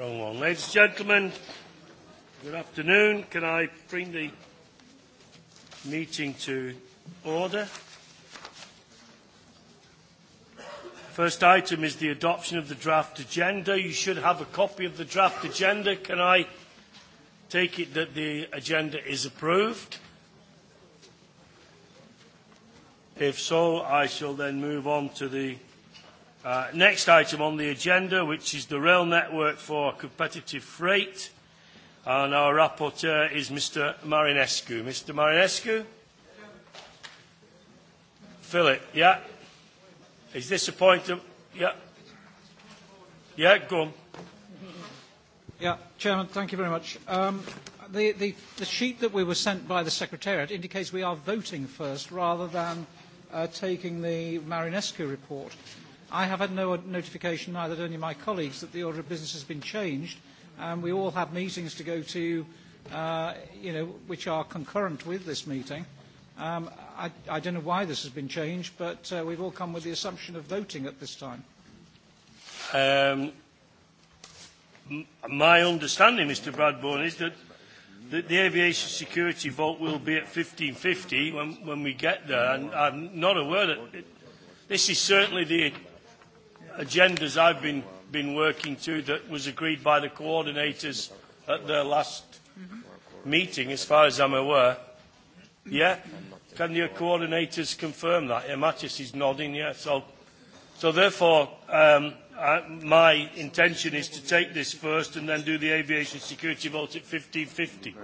Wrong one. Ladies and gentlemen, good afternoon. Can I bring the meeting to order? First item is the adoption of the draft agenda. You should have a copy of the draft agenda. Can I take it that the agenda is approved? If so, I shall then move on to the Uh, next item on the agenda, which is the rail network for competitive freight. And our rapporteur is Mr. Marinescu. Mr. Marinescu? Philip, yeah? Is this a point of... Yeah? Yeah, go on. Yeah, Chairman, thank you very much. Um, the, the, the sheet that we were sent by the Secretariat indicates we are voting first rather than uh, taking the Marinescu report. I have had no notification, neither did any of my colleagues, that the order of business has been changed. And we all have meetings to go to, uh, you know, which are concurrent with this meeting. Um, I, I don't know why this has been changed, but uh, we've all come with the assumption of voting at this time. Um, my understanding, Mr Bradbourne, is that the, the aviation security vote will be at 15.50 when, when we get there, and I'm not aware that... It, this is certainly the agendas I've been, been working to that was agreed by the coordinators at their last meeting, as far as I'm aware. Yeah? Can your coordinators confirm that? Yeah, Mattis is nodding, yeah. So, so therefore, um, I, my intention is to take this first and then do the aviation security vote at 15.50.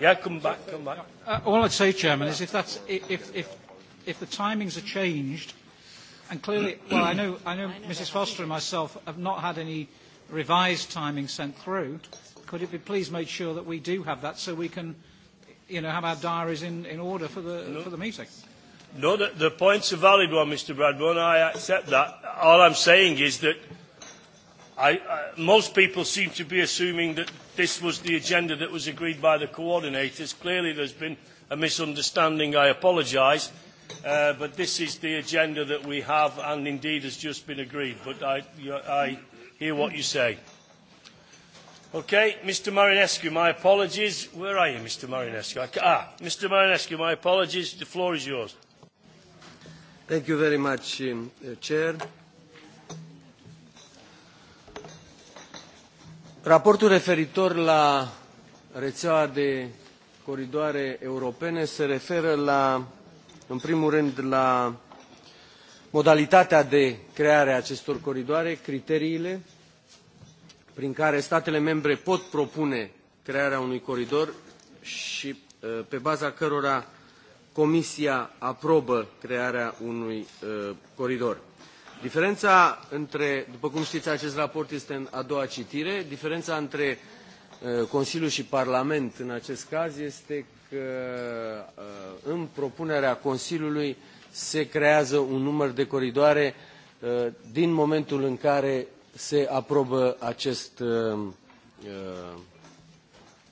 Yeah, come back, come back. Uh, all I'd say, Chairman, is if, that's, if, if, if the timings are changed, And clearly, well, I know, I know Mrs. Foster and myself have not had any revised timing sent through. Could it be please make sure that we do have that so we can, you know, have our diaries in, in order for the, no. for the meeting? No, the, the point's a valid one, Mr. Bradburn. I accept that. All I'm saying is that I, I, most people seem to be assuming that this was the agenda that was agreed by the coordinators. Clearly, there's been a misunderstanding. I apologise Uh, but this is the agenda that we have and indeed has just been agreed. But I, I hear what you say. Okay, Mr Marinescu, my apologies. Where are you, Mr Marinescu? I, ah, Mr Marinescu, my apologies. The floor is yours. Thank you very much, um, uh, Chair. Raportul referitor la rețeaua de coridoare europene se referă la în primul rând la modalitatea de creare a acestor coridoare, criteriile prin care statele membre pot propune crearea unui coridor și uh, pe baza cărora Comisia aprobă crearea unui uh, coridor. Diferența între, după cum știți, acest raport este în a doua citire, diferența între uh, Consiliu și Parlament în acest caz este Uh, în propunerea Consiliului se creează un număr de coridoare uh, din momentul în care se aprobă acest uh,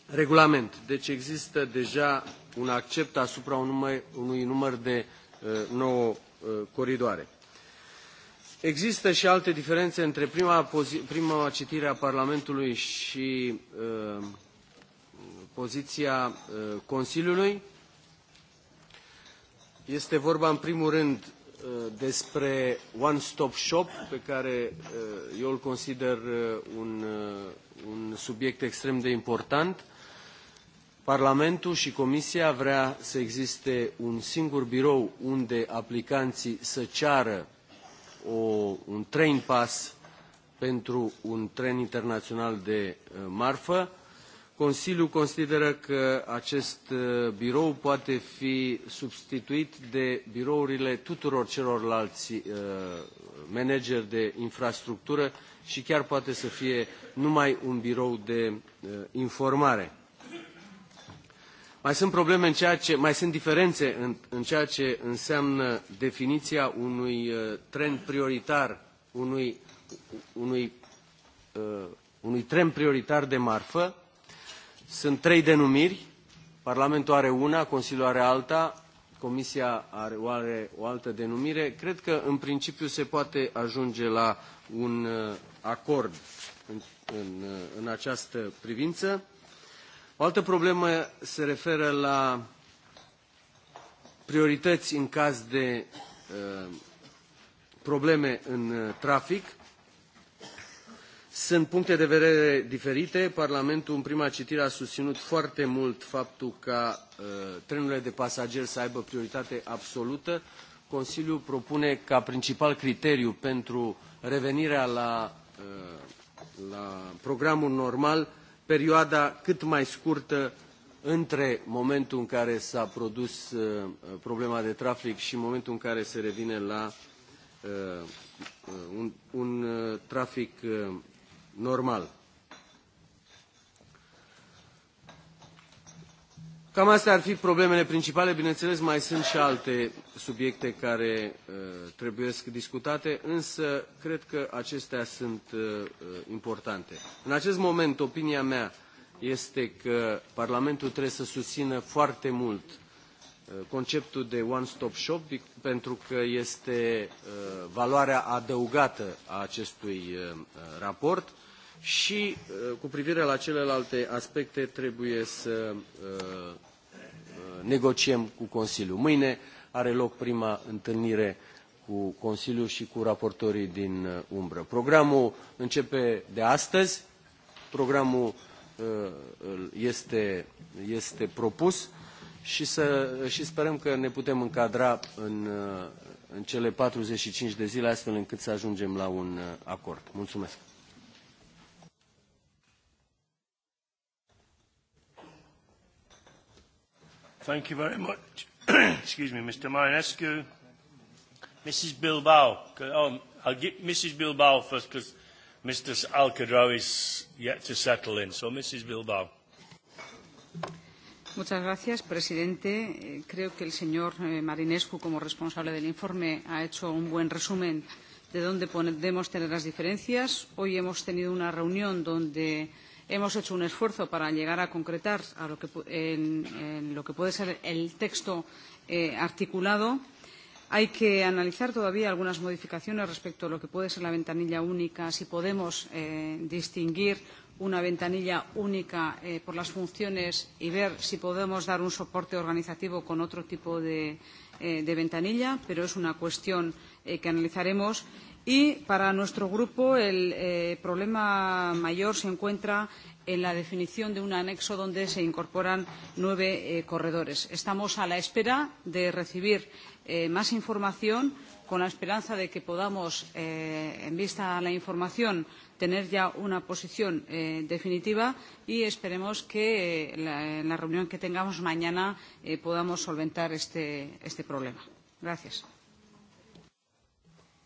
regulament. Deci există deja un accept asupra unui număr de nouă coridoare. Există și alte diferențe între prima, prima citire a Parlamentului și uh, poziția e, Consiliului. Este vorba, în primul rând, e, despre One Stop Shop, pe care e, eu îl consider un, un subiect extrem de important. Parlamentul și Comisia vrea să existe un singur birou unde aplicanții să ceară o, un train pass pentru un tren internațional de marfă Consiliul consideră că acest uh, birou poate fi substituit de birourile tuturor celorlalți uh, manageri de infrastructură și chiar poate să fie numai un birou de uh, informare. Mai sunt probleme în ceea ce, mai sunt diferențe în, în ceea ce înseamnă definiția unui tren prioritar, unui, unui, unui tren prioritar de marfă, Sunt trei denumiri. Parlamentul are una, Consiliul are alta, Comisia are o, are o altă denumire. Cred că, în principiu, se poate ajunge la un uh, acord în, în, uh, în această privință. O altă problemă se referă la priorități în caz de uh, probleme în uh, trafic. Sunt puncte de vedere diferite. Parlamentul în prima citire a susținut foarte mult faptul ca uh, trenurile de pasageri să aibă prioritate absolută. Consiliul propune ca principal criteriu pentru revenirea la, uh, la programul normal perioada cât mai scurtă între momentul în care s-a produs uh, problema de trafic și momentul în care se revine la uh, uh, un, un uh, trafic normal. Cam astea ar fi problemele principale, bineînțeles mai sunt și alte subiecte care uh, trebuie discutate, însă cred că acestea sunt uh, uh, importante. În acest moment, opinia mea este că Parlamentul trebuie să susțină foarte mult Uh, conceptul de one-stop shop pentru că este uh, valoarea adăugată a acestui uh, raport și cu privire la celelalte aspecte trebuie să negociem cu Consiliul. Mâine are loc prima întâlnire cu Consiliul și cu raportorii din umbră. Programul începe de astăzi, programul este, este propus și, să, și sperăm că ne putem încadra în, uh, în cele 45 de zile astfel încât să ajungem la un uh, acord. Mulțumesc! Thank you very much. Excuse me, Mr. Marinescu. Mrs. Bilbao. Oh, I'll get Mrs. Bilbao first because Mr. Alcadro is yet to settle in. So, Mrs. Bilbao. Señor presidente. Eh, creo que el señor eh, Marinescu, como responsable del informe, ha hecho un buen resumen de dónde podemos tener las diferencias. Hoy hemos tenido una reunión donde hemos hecho un esfuerzo para llegar a concretar a lo que, en, en, lo que puede ser el texto eh, articulado. Hay que analizar todavía algunas modificaciones respecto a lo que puede ser la ventanilla única, si podemos eh, distinguir una ventanilla única eh, por las funciones y ver si podemos dar un soporte organizativo con otro tipo de, eh, de ventanilla, pero es una cuestión eh, que analizaremos. Y para nuestro grupo el eh, problema mayor se encuentra en la definición de un anexo donde se incorporan nueve eh, corredores. Estamos a la espera de recibir eh, más información con la esperanza de que podamos, eh, en vista a la información, tener ya una posición eh, definitiva y esperemos que eh, la, en la reunión que tengamos mañana eh, podamos solventar este, este problema. Gracias.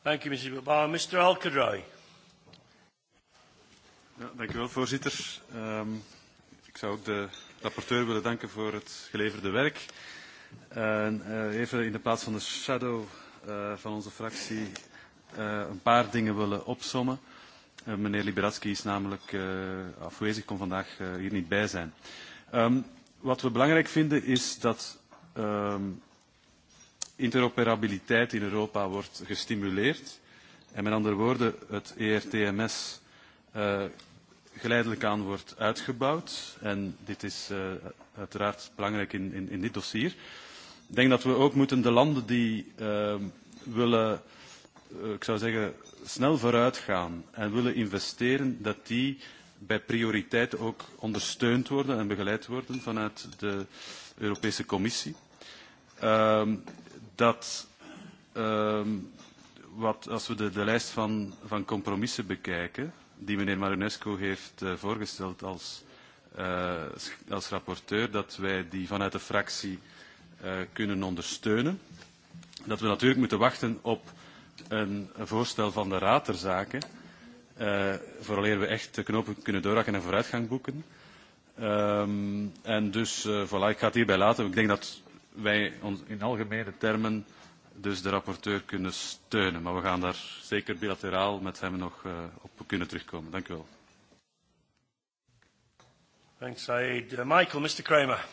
Thank you, Mr. Bilbao. Mr. Alcadray. Ja, dank u wel, voorzitter. Um, ik zou ook de rapporteur willen danken voor het geleverde werk. Uh, even in de plaats van de shadow Eh, van onze fractie eh, een paar dingen willen opsommen. Eh, meneer Liberatski is namelijk afwezig, kon vandaag hier niet bij zijn. Ehm, wat we belangrijk vinden is dat ehm, interoperabiliteit in Europa wordt gestimuleerd. En met andere woorden, het ERTMS geleidelijk aan wordt uitgebouwd. En dit is uiteraard belangrijk in, in, in dit dossier. Ik denk dat we ook moeten de landen die uh, willen, uh, ik zou zeggen, snel vooruit gaan en willen investeren, dat die bij prioriteit ook ondersteund worden en begeleid worden vanuit de Europese Commissie. Uh, dat uh, wat, als we de, de lijst van, van compromissen bekijken, die meneer Marunesco heeft uh, voorgesteld als, uh, als rapporteur, dat wij die vanuit de fractie uh, Eh, kunnen ondersteunen. Dat we natuurlijk moeten wachten op een voorstel van de Raad ter zake, eh, vooraleer we echt de knopen kunnen doorhakken en vooruitgang boeken. Um, en dus, uh, voilà, ik ga het hierbij laten. Ik denk dat wij ons in algemene termen dus de rapporteur kunnen steunen. Maar we gaan daar zeker bilateraal met hem nog uh, op kunnen terugkomen. Dank u wel. Thanks, Aid. Uh, Michael, Mr. Kramer.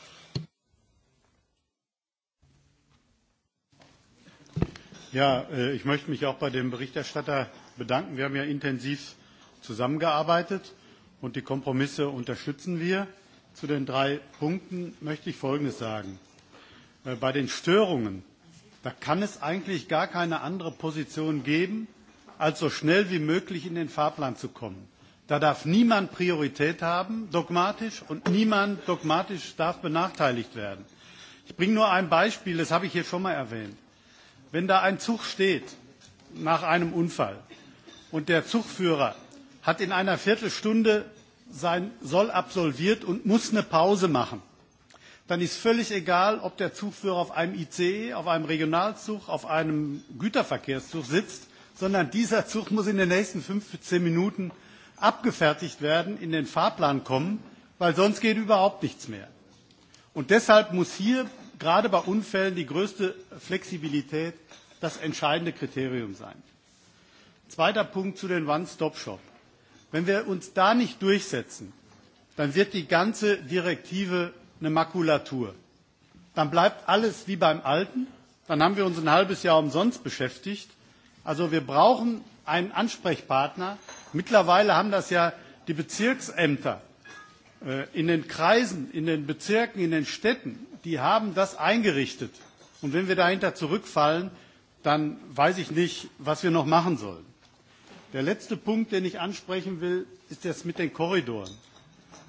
Ja, äh, ich möchte mich auch bei dem Berichterstatter bedanken. Wir haben ja intensiv zusammengearbeitet und die Kompromisse unterstützen wir. Zu den drei Punkten möchte ich Folgendes sagen. Äh, bei den Störungen, da kann es eigentlich gar keine andere Position geben, als so schnell wie möglich in den Fahrplan zu kommen. Da darf niemand Priorität haben, dogmatisch, und niemand dogmatisch darf benachteiligt werden. Ich bringe nur ein Beispiel, das habe ich hier schon mal erwähnt wenn da ein Zug steht nach einem Unfall und der Zugführer hat in einer Viertelstunde sein Soll absolviert und muss eine Pause machen, dann ist völlig egal, ob der Zugführer auf einem ICE, auf einem Regionalzug, auf einem Güterverkehrszug sitzt, sondern dieser Zug muss in den nächsten fünf bis zehn Minuten abgefertigt werden, in den Fahrplan kommen, weil sonst geht überhaupt nichts mehr. Und deshalb muss hier gerade bei Unfällen die größte Flexibilität das entscheidende Kriterium sein. Zweiter Punkt zu den One-Stop-Shop. Wenn wir uns da nicht durchsetzen, dann wird die ganze Direktive eine Makulatur. Dann bleibt alles wie beim Alten. Dann haben wir uns ein halbes Jahr umsonst beschäftigt. Also wir brauchen einen Ansprechpartner. Mittlerweile haben das ja die Bezirksämter äh, in den Kreisen, in den Bezirken, in den Städten die haben das eingerichtet. Und wenn wir dahinter zurückfallen, dann weiß ich nicht, was wir noch machen sollen. Der letzte Punkt, den ich ansprechen will, ist das mit den Korridoren.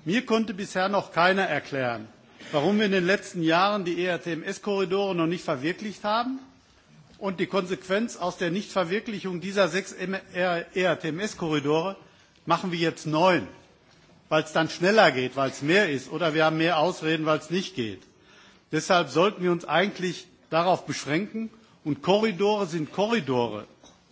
Mir konnte bisher noch keiner erklären, warum wir in den letzten Jahren die ERTMS-Korridore noch nicht verwirklicht haben und die Konsequenz aus der Nichtverwirklichung dieser sechs ERTMS-Korridore machen wir jetzt neun, weil es dann schneller geht, weil es mehr ist oder wir haben mehr Ausreden, weil es nicht geht. Deshalb sollten wir uns eigentlich darauf beschränken. Und Korridore sind Korridore.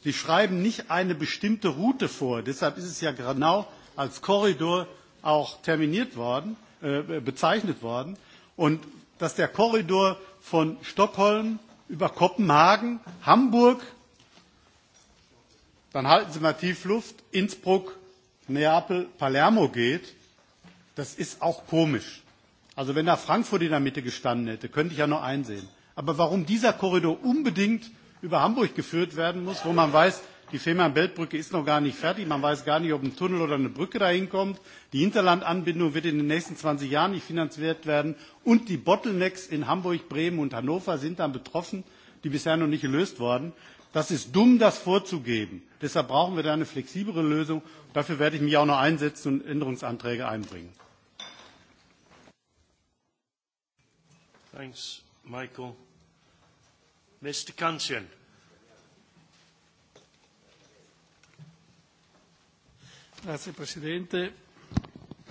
Sie schreiben nicht eine bestimmte Route vor. Deshalb ist es ja genau als Korridor auch terminiert worden, äh, bezeichnet worden. Und dass der Korridor von Stockholm über Kopenhagen, Hamburg, dann halten Sie mal Tiefluft, Innsbruck, Neapel, Palermo geht, das ist auch komisch. Also wenn da Frankfurt in der Mitte gestanden hätte, könnte ich ja noch einsehen. Aber warum dieser Korridor unbedingt über Hamburg geführt werden muss, wo man weiß, die fehmarn Beltbrücke ist noch gar nicht fertig, man weiß gar nicht, ob ein Tunnel oder eine Brücke dahin kommt, die Hinterlandanbindung wird in den nächsten 20 Jahren nicht finanziert werden und die Bottlenecks in Hamburg, Bremen und Hannover sind dann betroffen, die bisher noch nicht gelöst worden. Das ist dumm, das vorzugeben. Deshalb brauchen wir da eine flexiblere Lösung. Dafür werde ich mich auch noch einsetzen und Änderungsanträge einbringen. Thanks, Michael. Mr. Cancian. Grazie Presidente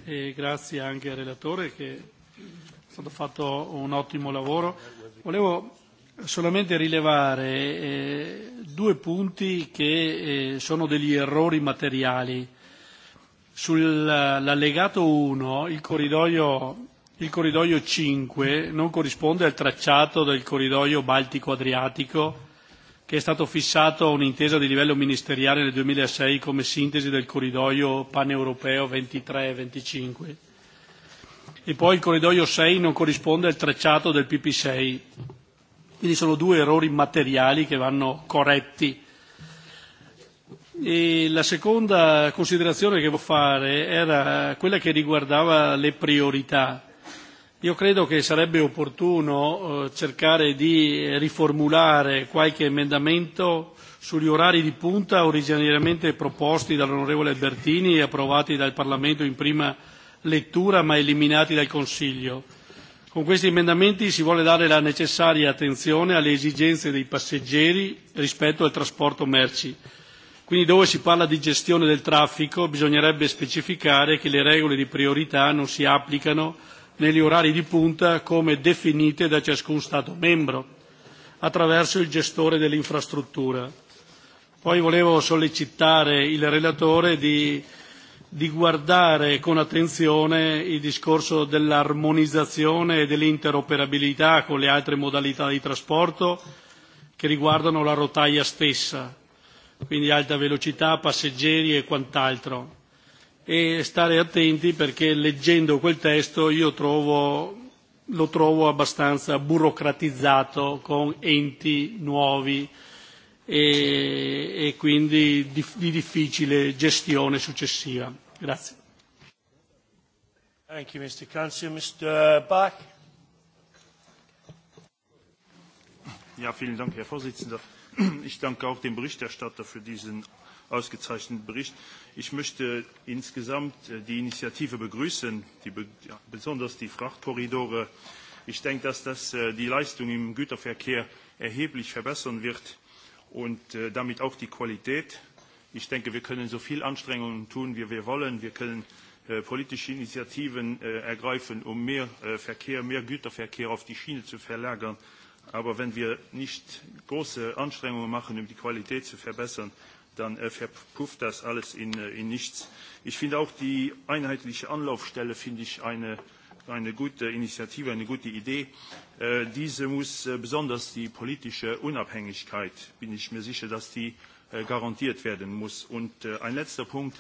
e grazie anche al relatore che è stato fatto un ottimo lavoro. Volevo solamente rilevare eh, due punti che eh, sono degli errori materiali. Sull'allegato 1, il corridoio il corridoio 5 non corrisponde al tracciato del corridoio Baltico-Adriatico che è stato fissato a un'intesa di livello ministeriale nel 2006 come sintesi del corridoio paneuropeo 23-25. E, e poi il corridoio 6 non corrisponde al tracciato del PP6. Quindi sono due errori materiali che vanno corretti. E la seconda considerazione che voglio fare era quella che riguardava le priorità. Io credo che sarebbe opportuno eh, cercare di riformulare qualche emendamento sugli orari di punta originariamente proposti dall'onorevole Albertini e approvati dal Parlamento in prima lettura ma eliminati dal Consiglio. Con questi emendamenti si vuole dare la necessaria attenzione alle esigenze dei passeggeri rispetto al trasporto merci. Quindi dove si parla di gestione del traffico bisognerebbe specificare che le regole di priorità non si applicano negli orari di punta come definite da ciascun Stato membro, attraverso il gestore dell'infrastruttura. Poi volevo sollecitare il relatore di, di guardare con attenzione il discorso dell'armonizzazione e dell'interoperabilità con le altre modalità di trasporto che riguardano la rotaia stessa, quindi alta velocità, passeggeri e quant'altro e stare attenti perché leggendo quel testo io trovo, lo trovo abbastanza burocratizzato con enti nuovi e, e quindi di, di difficile gestione successiva. Grazie. Thank you, Mr. Council. Mr. Bach. Ja, vielen Dank, Herr Vorsitzender. Ich danke auch dem Berichterstatter für diesen ausgezeichneten Bericht. Ich möchte insgesamt äh, die Initiative begrüßen, die, ja, besonders die Frachtkorridore. Ich denke, dass das äh, die Leistung im Güterverkehr erheblich verbessern wird und äh, damit auch die Qualität. Ich denke, wir können so viel Anstrengungen tun, wie wir wollen. Wir können politische Initiativen ergreifen, um mehr Verkehr, mehr Güterverkehr auf die Schiene zu verlagern. Aber wenn wir nicht große Anstrengungen machen, um die Qualität zu verbessern, dann äh, verpufft das alles in, äh, in nichts. Ich finde auch die einheitliche Anlaufstelle finde ich eine, eine gute Initiative, eine gute Idee. Äh, diese muss äh, besonders die politische Unabhängigkeit, bin ich mir sicher, dass die äh, garantiert werden muss. Und äh, ein letzter Punkt.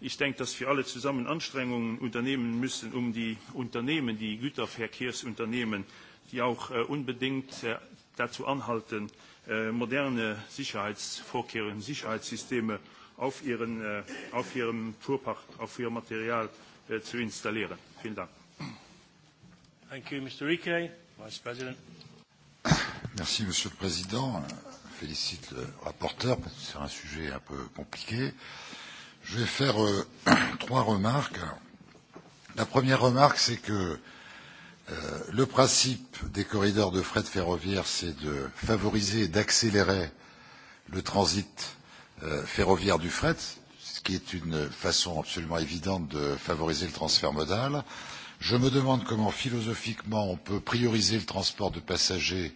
Ich denke, dass wir alle zusammen Anstrengungen unternehmen müssen, um die Unternehmen, die Güterverkehrsunternehmen, die auch äh, unbedingt äh, dazu anhalten, äh, Äh, moderne Sicherheitsvorkehrungen, Sicherheitssysteme auf, ihren, äh, auf ihrem Fuhrpark, auf ihrem Material äh, zu installieren. Vielen Dank. Thank you, Mr. Rike, Vice President. Merci, Monsieur le Président. Euh, félicite le rapporteur, parce que c'est un sujet un peu compliqué. Je vais faire euh, trois remarques. La première remarque, c'est que Euh, le principe des corridors de fret ferroviaire, c'est de favoriser et d'accélérer le transit euh, ferroviaire du fret, ce qui est une façon absolument évidente de favoriser le transfert modal. Je me demande comment philosophiquement on peut prioriser le transport de passagers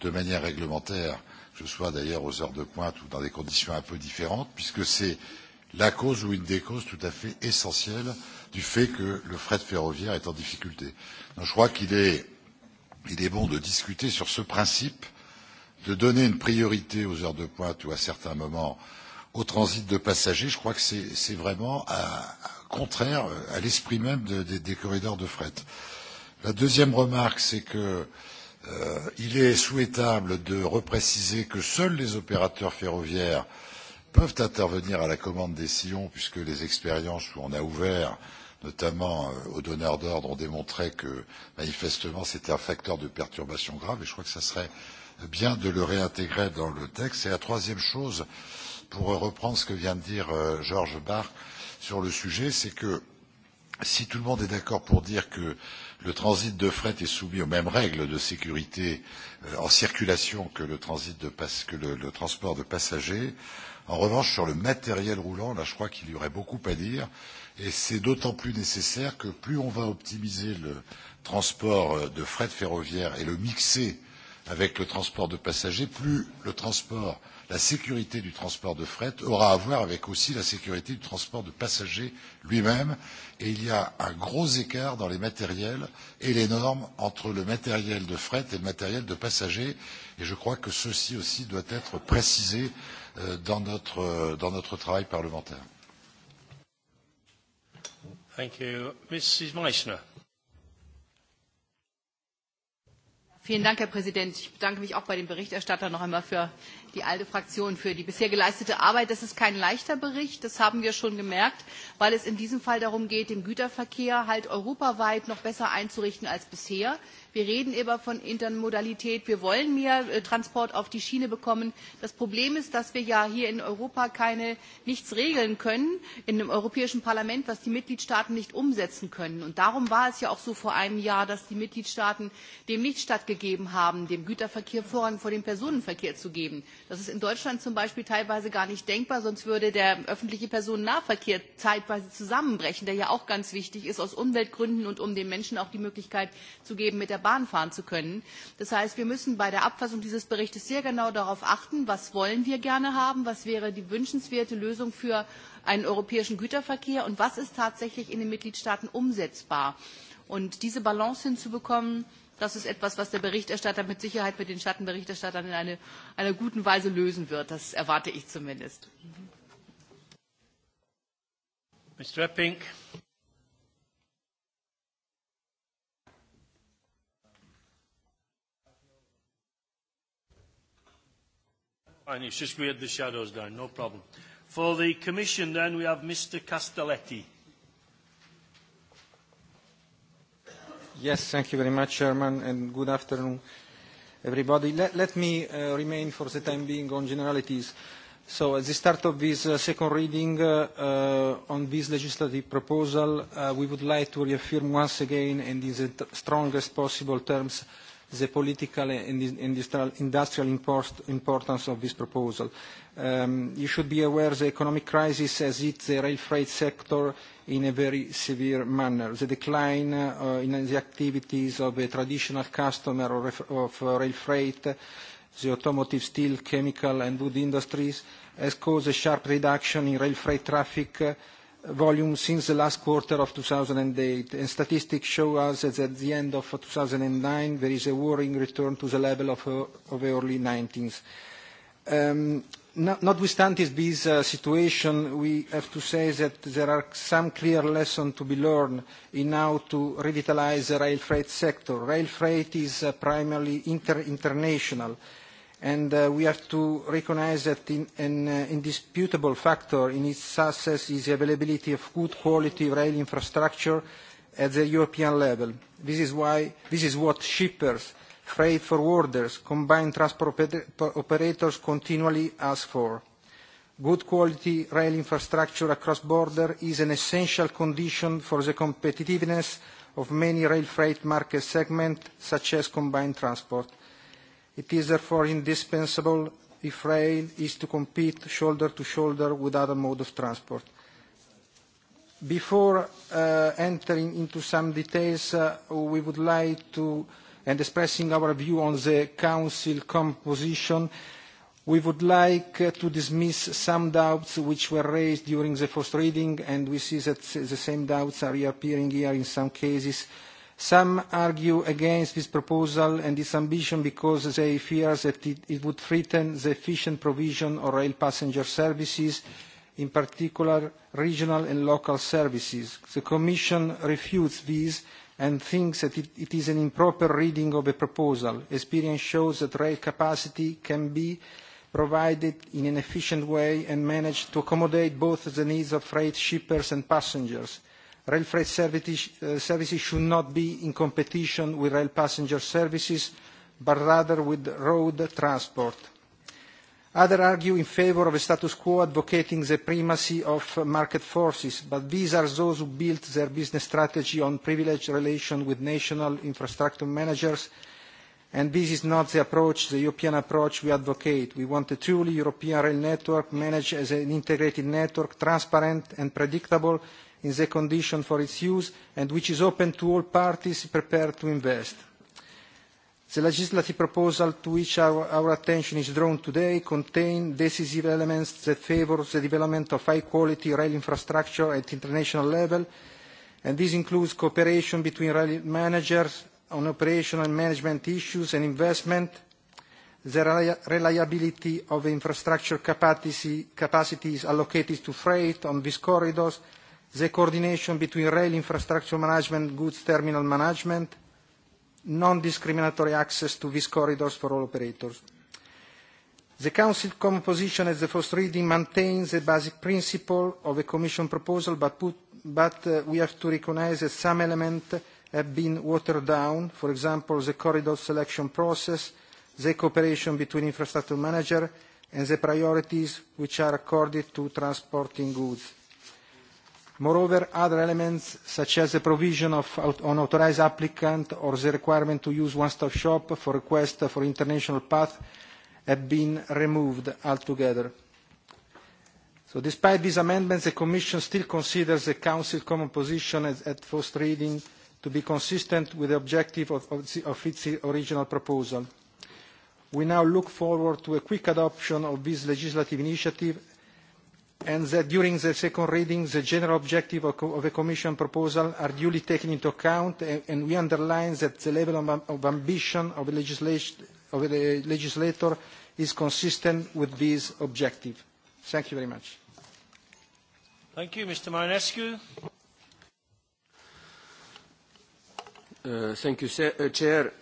de manière réglementaire, que ce soit d'ailleurs aux heures de pointe ou dans des conditions un peu différentes, puisque c'est la cause ou une des causes tout à fait essentielle du fait que le fret ferroviaire est en difficulté. Donc je crois qu'il est, il est bon de discuter sur ce principe, de donner une priorité aux heures de pointe ou à certains moments au transit de passagers. Je crois que c'est vraiment à, à, contraire à l'esprit même de, de, des corridors de fret. La deuxième remarque, c'est que euh, il est souhaitable de repréciser que seuls les opérateurs ferroviaires peuvent intervenir à la commande des sillons, puisque les expériences où on a ouvert euh, notamment euh, aux donneurs d'ordre, ont démontré que manifestement c'était un facteur de perturbation grave et je crois que ça serait bien de le réintégrer dans le texte. Et la troisième chose, pour reprendre ce que vient de dire euh, Georges Barr sur le sujet, c'est que si tout le monde est d'accord pour dire que le transit de fret est soumis aux mêmes règles de sécurité euh, en circulation que le transit de pas, que le, le transport de passagers, en revanche, sur le matériel roulant, là, je crois qu'il y aurait beaucoup à dire Et c'est d'autant plus nécessaire que plus on va optimiser le transport euh, de fret ferroviaire et le mixer avec le transport de passagers, plus le transport, la sécurité du transport de fret aura à voir avec aussi la sécurité du transport de passagers lui-même. Et il y a un gros écart dans les matériels et les normes entre le matériel de fret et le matériel de passagers. Et je crois que ceci aussi doit être précisé euh, dans notre, euh, dans notre travail parlementaire. Thank you. Mrs. Meissner. Vielen Dank, Herr Präsident. Ich bedanke mich auch bei dem Berichterstatter noch einmal für die ALDE Fraktion für die bisher geleistete Arbeit. Das ist kein leichter Bericht, das haben wir schon gemerkt, weil es in diesem Fall darum geht, den Güterverkehr halt europaweit noch besser einzurichten als bisher. Wir reden immer von Intermodalität. Wir wollen mehr äh, Transport auf die Schiene bekommen. Das Problem ist, dass wir ja hier in Europa keine, nichts regeln können, in dem Europäischen Parlament, was die Mitgliedstaaten nicht umsetzen können. Und darum war es ja auch so vor einem Jahr, dass die Mitgliedstaaten dem nicht stattgegeben haben, dem Güterverkehr Vorrang vor dem Personenverkehr zu geben. Das ist in Deutschland zum Beispiel teilweise gar nicht denkbar, sonst würde der öffentliche Personennahverkehr zeitweise zusammenbrechen, der ja auch ganz wichtig ist, aus Umweltgründen und um den Menschen auch die Möglichkeit zu geben, mit der Bahn fahren zu können. Das heißt, wir müssen bei der Abfassung dieses Berichts sehr genau darauf achten, was wollen wir gerne haben, was wäre die wünschenswerte Lösung für einen europäischen Güterverkehr und was ist tatsächlich in den Mitgliedstaaten umsetzbar. Und diese Balance hinzubekommen, das ist etwas, was der Berichterstatter mit Sicherheit mit den Schattenberichterstattern in eine, einer guten Weise lösen wird. Das erwarte ich zumindest. Mr. Epping. Fine, it's just we had the shadows down, no problem. For the Commission, then, we have Mr. Castelletti. Yes, thank you very much, Chairman, and good afternoon, everybody. Let, let me uh, remain for the time being on generalities. So at the start of this uh, second reading uh, uh, on this legislative proposal, uh, we would like to reaffirm once again and in the strongest possible terms the political and industrial, industrial import, importance of this proposal. Um, you should be aware the economic crisis has hit the rail freight sector in a very severe manner. The decline uh, in the activities of a traditional customer of uh, rail freight, the automotive, steel, chemical and wood industries, has caused a sharp reduction in rail freight traffic uh, volume since the last quarter of 2008, and statistics show us that at the end of 2009, there is a worrying return to the level of, the uh, early 1990s. Um, no, notwithstanding this uh, situation, we have to say that there are some clear lessons to be learned in how to revitalize the rail freight sector. Rail freight is uh, primarily inter international, and uh, we have to recognize that in, an uh, indisputable factor in its success is the availability of good quality rail infrastructure at the European level. This is, why, this is what shippers, freight forwarders, combined transport oper operators continually ask for. Good quality rail infrastructure across border is an essential condition for the competitiveness of many rail freight market segments, such as combined transport. It is therefore indispensable if rail is to compete shoulder to shoulder with other modes of transport. Before uh, entering into some details, uh, we would like to, and expressing our view on the Council composition, we would like uh, to dismiss some doubts which were raised during the first reading, and we see that the same doubts are reappearing here in some cases uh, Some argue against this proposal and its ambition because they fear that it, would threaten the efficient provision of rail passenger services, in particular regional and local services. The Commission refutes these and thinks that it, it is an improper reading of the proposal. Experience shows that rail capacity can be provided in an efficient way and managed to accommodate both the needs of freight shippers and passengers rail freight eh, services should not be in competition with rail passenger services, but rather with road transport. Others argue in favour of a status quo advocating the primacy of market forces, but these are those who built their business strategy on privileged relations with national infrastructure managers, and this is not the approach, the European approach we advocate. We want a truly European rail network managed as an integrated network, transparent and predictable, in the condition for its use and which is open to all parties prepared to invest. The legislative proposal to which our, our attention is drawn today contains decisive elements that favour the development of high-quality rail infrastructure at international level, and this includes cooperation between rail managers on operational and management issues and investment, the reliability of infrastructure capacity, allocated to freight on these corridors, the coordination between rail infrastructure management, goods terminal management, non-discriminatory access to these corridors for all operators. The Council composition at the first reading maintains the basic principle of the Commission proposal, but, put, but uh, we have to recognise that some elements have been watered down, for example, the corridor selection process, the cooperation between infrastructure managers, and the priorities which are accorded to transporting goods. Moreover, other elements such as the provision of unauthorised applicant or the requirement to use one-stop shop for requests for international path have been removed altogether. So despite these amendments, the Commission still considers the Council common position as, at first reading to be consistent with the objective of, of, of its original proposal. We now look forward to a quick adoption of this legislative initiative and that during the second reading the general objective of the Commission proposal are duly taken into account and we underline that the level of ambition of the legislator is consistent with this objective. Thank you very much. Thank you, Mr. Marinescu. Uh, thank you, uh, Chair.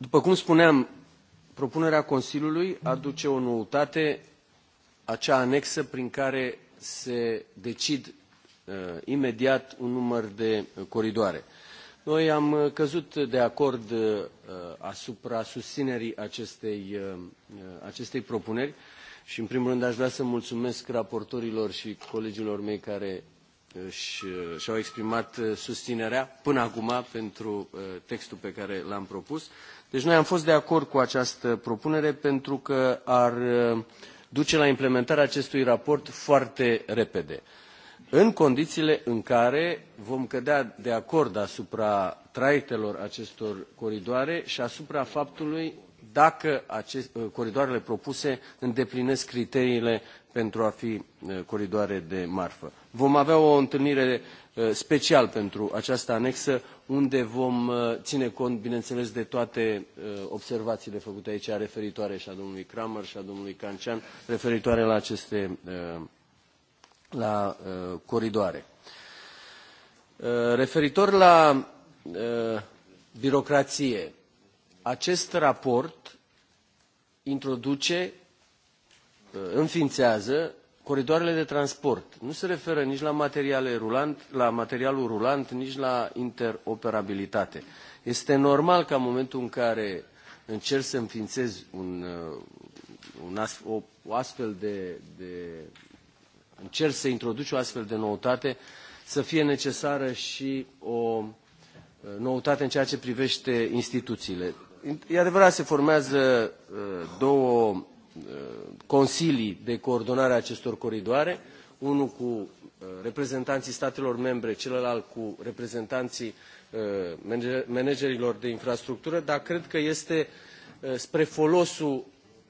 După cum spuneam, propunerea Consiliului aduce o noutate acea anexă prin care se decid uh, imediat un număr de uh, coridoare. Noi am uh, căzut de acord asupra susținerii acestei, acestei propuneri și, în primul rând, aș vrea să mulțumesc raportorilor și colegilor mei care și-au exprimat susținerea până acum pentru textul pe care l-am propus. Deci noi am fost de acord cu această propunere pentru că ar duce la implementarea acestui raport foarte repede în condițiile în care vom cădea de acord asupra traiectelor acestor coridoare și asupra faptului dacă acest, uh, coridoarele propuse îndeplinesc criteriile pentru a fi uh, coridoare de marfă. Vom avea o întâlnire uh, special pentru această anexă, unde vom uh, ține cont, bineînțeles, de toate uh, observațiile făcute aici referitoare și a domnului Kramer și a domnului Cancian, referitoare la aceste uh, la coridoare. Referitor la birocrație, acest raport introduce, înființează coridoarele de transport nu se referă nici la, materiale rulant, la materialul rulant, nici la interoperabilitate. Este normal ca în momentul în care încerci să înființezi un, uh, un ast, o, o astfel de, de... încerci să introduci o astfel de noutate, să fie necesară și o uh, noutate în ceea ce privește instituțiile. E adevărat, se formează uh, două Uh, consilii de coordonare a acestor coridoare, unul cu uh, reprezentanții statelor membre, celălalt cu reprezentanții uh, managerilor de infrastructură, dar cred că este spre folosul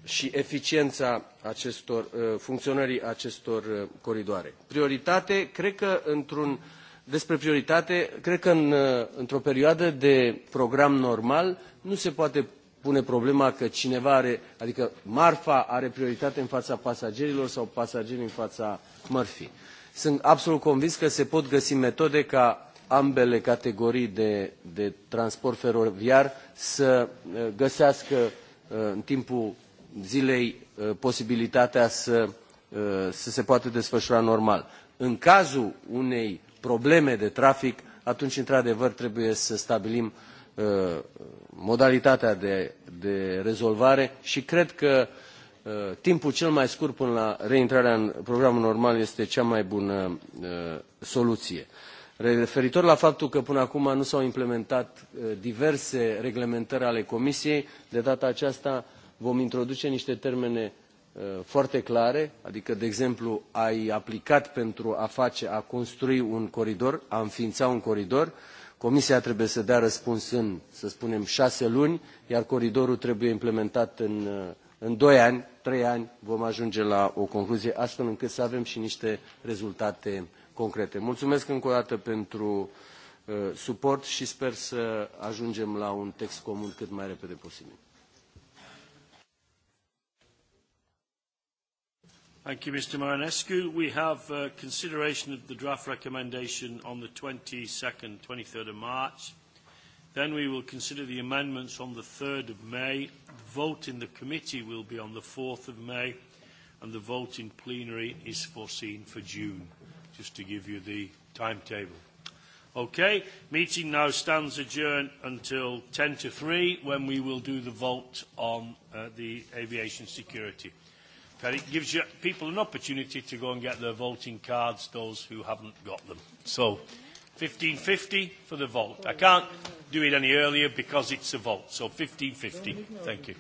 și eficiența acestor, funcționării acestor coridoare. Prioritate, cred că într-un despre prioritate, cred că în, într-o perioadă de program normal nu se poate pune problema că cineva are, adică marfa are prioritate în fața pasagerilor sau pasagerii în fața mărfii. Sunt absolut convins că se pot găsi metode ca ambele categorii de, de transport feroviar să uh, găsească uh, în timpul zilei uh, posibilitatea să, să se poată desfășura normal. În cazul unei probleme de trafic, atunci, într-adevăr, trebuie să stabilim Uh, modalitatea de, de rezolvare și cred că uh, timpul cel mai scurt până la reintrarea în programul normal este cea mai bună uh, soluție. Referitor la faptul că până acum nu s-au implementat diverse reglementări ale Comisiei, de data aceasta vom introduce niște termene foarte clare, adică, de exemplu, ai aplicat pentru a face, a construi un coridor, a înființa un coridor, uh, Comisia trebuie să dea răspuns în, să spunem, șase luni, iar coridorul trebuie implementat în, uh, în doi ani, trei ani, vom ajunge la o concluzie, astfel încât să avem și niște rezultate concrete. Mulțumesc încă o dată pentru uh, suport și sper să ajungem la un text comun cât mai repede posibil. Thank you, Mr. Marinescu. We have uh, consideration of the draft recommendation on the 22nd, 23rd of March. Then we will consider the amendments on the 3rd of May. The vote in the committee will be on the 4th of May, and the vote in plenary is foreseen for June, just to give you the timetable. Okay, meeting now stands adjourned until 10 to 3 when we will do the vote on uh, the aviation security that it gives you people an opportunity to go and get their voting cards, those who haven't got them. So 1550 for the vote. I can't do it any earlier because it's a vote. So 1550. Thank you.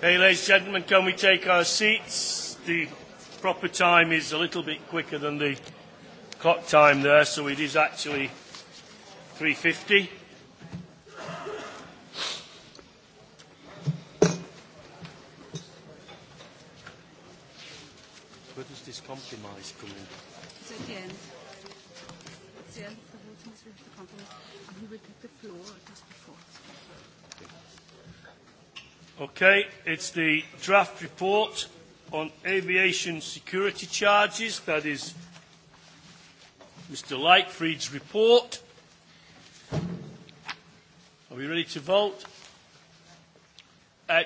Hey, ladies and gentlemen, can we take our seats? The proper time is a little bit quicker than the clock time there, so it is actually 3.50. Where does this compromise come in? Okay, it's the draft report on aviation security charges. That is Mr. Lightfried's report. Are we ready to vote? Uh,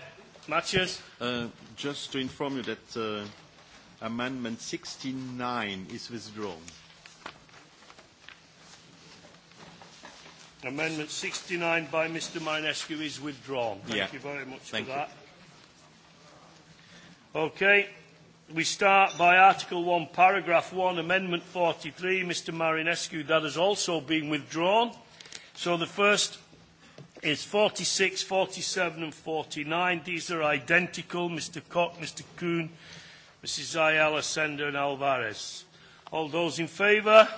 Matthias? Uh, just to inform you that uh, Amendment 69 is withdrawn. Amendment 69 by Mr. Minescu is withdrawn. Thank yeah. you very much Thank for that. You. Okay. We start by Article 1, Paragraph 1, Amendment 43. Mr. Marinescu, that has also been withdrawn. So the first is 46, 47 and 49. These are identical. Mr. Cock, Mr. Kuhn, Mrs. Ayala, Sender and Alvarez. All those in favour?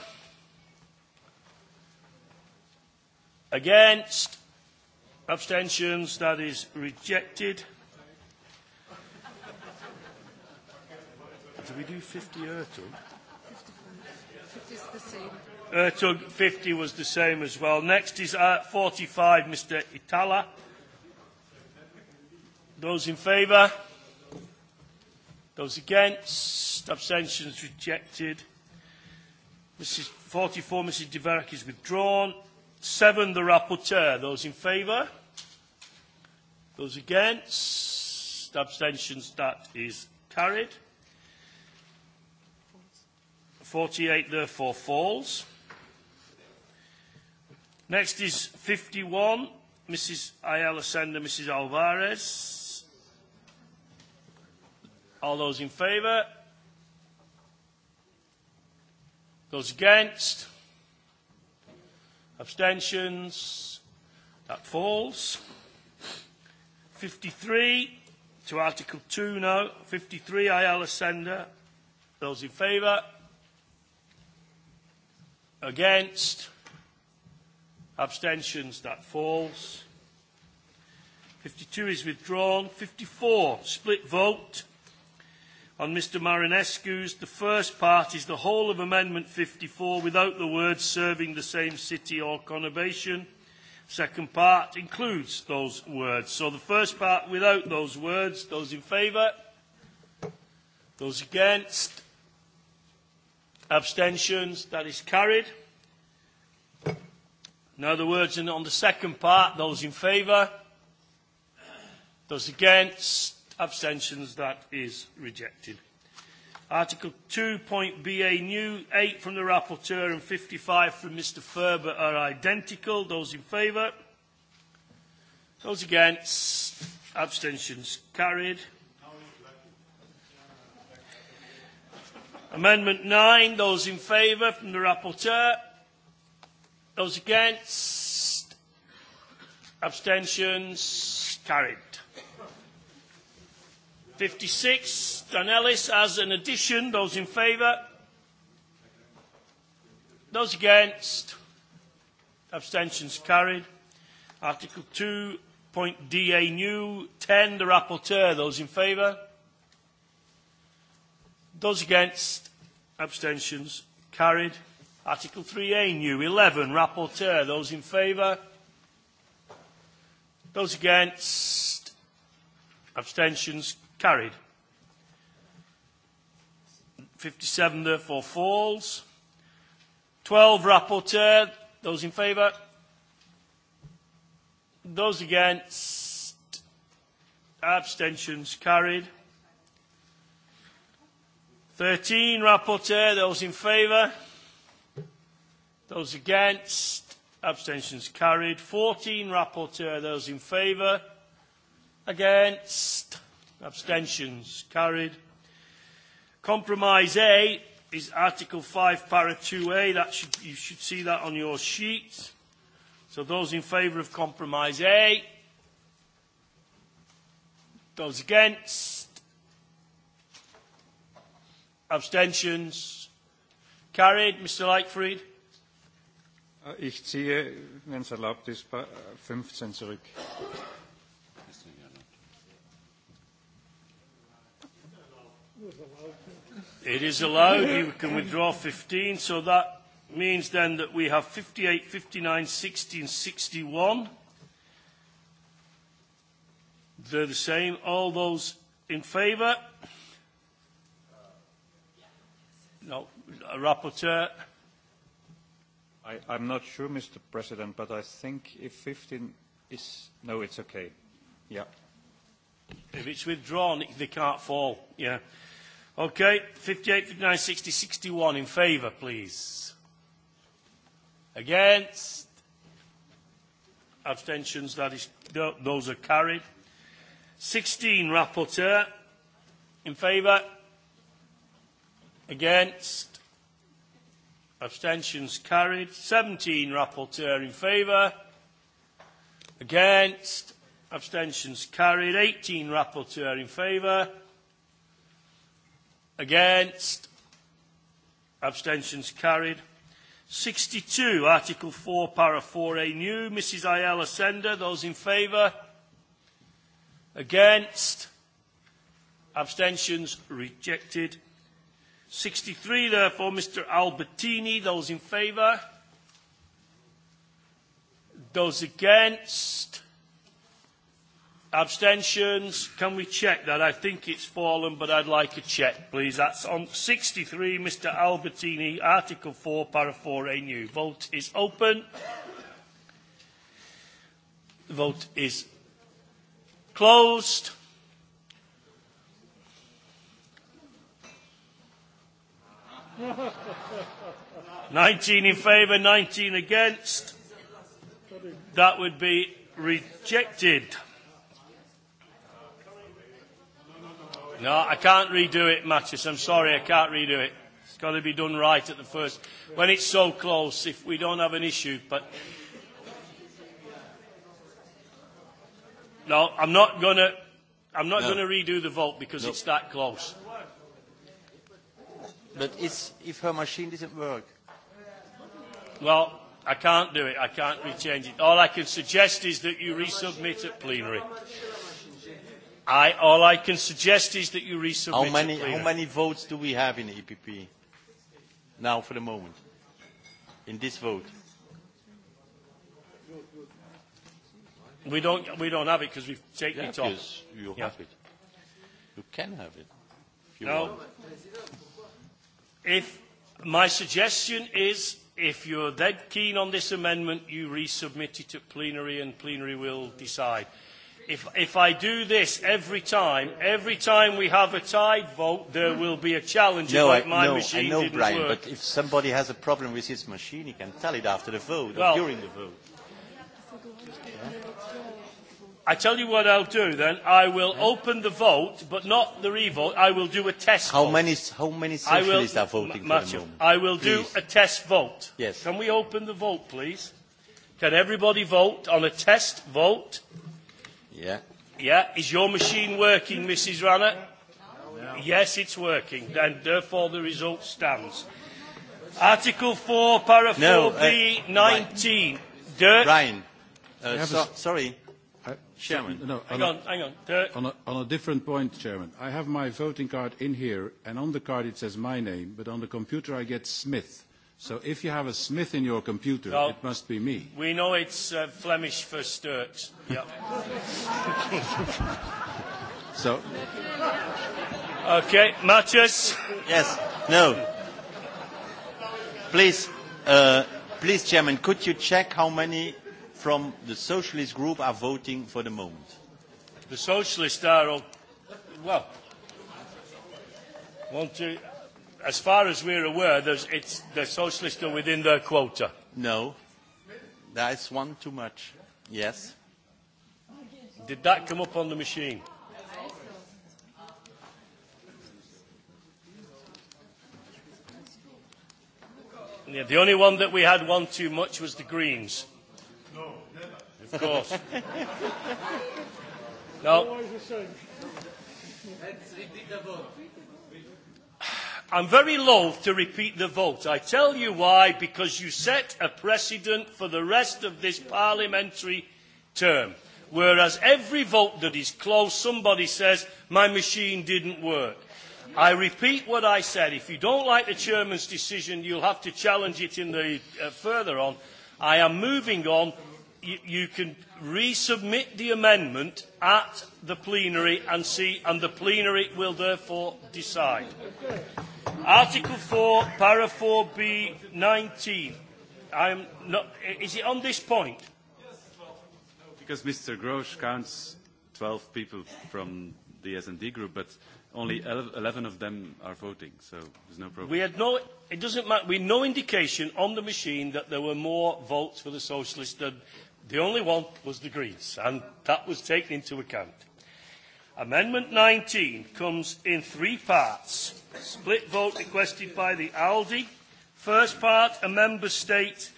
Against? Abstentions? That is rejected. Did we do 50 Ertug? 50 is the same. Ertug 50 was the same as well. Next is uh, 45, Mr. Itala. Those in favour? Those against? Abstentions rejected. Mrs. 44, Mrs. Deverick is withdrawn. Seven, the rapporteur. Those in favour? Those against? Abstentions? That is carried. 48 therefore falls. Next is 51, Mrs. Ayala Sender, Mrs. Alvarez. All those in favour? Those against? Abstentions? That falls. 53 to Article 2 no. 53 Ayala Sender. Those in favour? Against? Abstentions? That falls. 52 is withdrawn. 54, split vote on Mr Marinescu's. The first part is the whole of Amendment 54 without the words serving the same city or conurbation. Second part includes those words. So the first part without those words, those in favour, those against, abstentions, that is carried. Now the words on the second part, those in favour, those against, Abstentions. That is rejected. Article 2.ba point BA new, 8 from the rapporteur and 55 from Mr Ferber are identical. Those in favour? Those against? Abstentions carried. Amendment 9, those in favour from the rapporteur? Those against? Abstentions carried. 56, Ellis as an addition. Those in favour? Those against? Abstentions carried. Article 2, point DA new. 10, the rapporteur. Those in favour? Those against? Abstentions carried. Article 3A new. 11, rapporteur. Those in favour? Those against? Abstentions Carried. 57 therefore falls. 12 rapporteur. Those in favour? Those against? Abstentions carried. 13 rapporteur. Those in favour? Those against? Abstentions carried. 14 rapporteur. Those in favour? Against? Abstentions? Carried. Compromise A is Article 5, Para 2A. That should, you should see that on your sheet. So those in favour of Compromise A? Those against? Abstentions? Carried. Mr Leichfried? Äh, ich ziehe, wenn es erlaubt ist, 15 zurück. It is allowed. You can withdraw 15. So that means then that we have 58, 59, 60 and 61. They're the same. All those in favour? No. A rapporteur? I, I'm not sure, Mr. President, but I think if 15 is... No, it's okay. Yeah. If it's withdrawn, they can't fall. Yeah. Okay, 58, 59, 60, 61 in favour, please. Against? Abstentions, that is, those are carried. 16, rapporteur. In favour? Against? Abstentions carried. 17, rapporteur. In favour? Against? Abstentions carried. 18, rapporteur. In favour? Against? Abstentions carried. 62, Article 4, Para 4A new. Mrs Ayala Sender, those in favour? Against? Abstentions rejected. 63, therefore, Mr Albertini, those in favour? Those against? Abstentions? Can we check that? I think it's fallen, but I'd like a check, please. That's on 63, Mr Albertini, Article 4, Para 4A New. Vote is open. The vote is closed. Nineteen in favour, nineteen against. That would be rejected. No, I can't redo it, Mattis. I'm sorry, I can't redo it. It's got to be done right at the first. When it's so close, if we don't have an issue, but. No, I'm not going to. I'm not no. going to redo the vote because no. it's that close. But it's, if her machine doesn't work. Well, I can't do it. I can't rechange it. All I can suggest is that you resubmit at plenary. I, all I can suggest is that you resubmit how many, it How many votes do we have in the EPP now for the moment, in this vote? We don't, we don't have it because we've taken yeah, it off. Yes, you yeah. have it. You can have it. If you no. Want. If my suggestion is, if you're that keen on this amendment, you resubmit it at plenary and plenary will decide if, if I do this every time, every time we have a tied vote, there hmm. will be a challenge. No, like I, my no, machine I know, didn't Brian, work. but if somebody has a problem with his machine, he can tell it after the vote well, or during the vote. I tell you what I'll do then. I will yeah. open the vote, but not the revote. I will do a test how vote. Many, how many socialists will, are voting Matthew, for the moment? I will please. do a test vote. Yes. Can we open the vote, please? Can everybody vote on a test vote? Yeah. Yeah. Is your machine working, Mrs. Ranner? No. Yes, it's working. Then, therefore, the result stands. Article 4, paragraph no, 4B, uh, 19. Ryan. Dirt. Ryan. Uh, so, a... sorry. Chairman. no, hang on, a, hang on. Dirk. On a, on a different point, Chairman. I have my voting card in here, and on the card it says my name, but on the computer I get Smith. So if you have a Smith in your computer, no. it must be me. We know it's uh, Flemish for Sturt. Yep. so. Okay, Matthias. Yes. No. Please, uh, please, Chairman, could you check how many from the Socialist group are voting for the moment? The Socialists are, all, well, one, two as far as we're aware, there's, it's, the socialists are within their quota. No. That's one too much. Yes. Did that come up on the machine? Yeah, the only one that we had one too much was the Greens. No, never. Of course. no. Let's repeat the vote. I'm very loath to repeat the vote. I tell you why, because you set a precedent for the rest of this parliamentary term. Whereas every vote that is close, somebody says, my machine didn't work. I repeat what I said. If you don't like the chairman's decision, you'll have to challenge it in the, uh, further on. I am moving on you, you can resubmit the amendment at the plenary and see, and the plenary will therefore decide. Article 4, para 4b 19. am not, is it on this point? Because Mr. Grosch counts 12 people from the S&D group, but only 11 of them are voting, so there's no problem. We had no, it doesn't matter, we had no indication on the machine that there were more votes for the Socialists than The only one was the Greens, and that was taken into account. Amendment 19 comes in three parts. Split vote requested by the ALDI. First part, a member state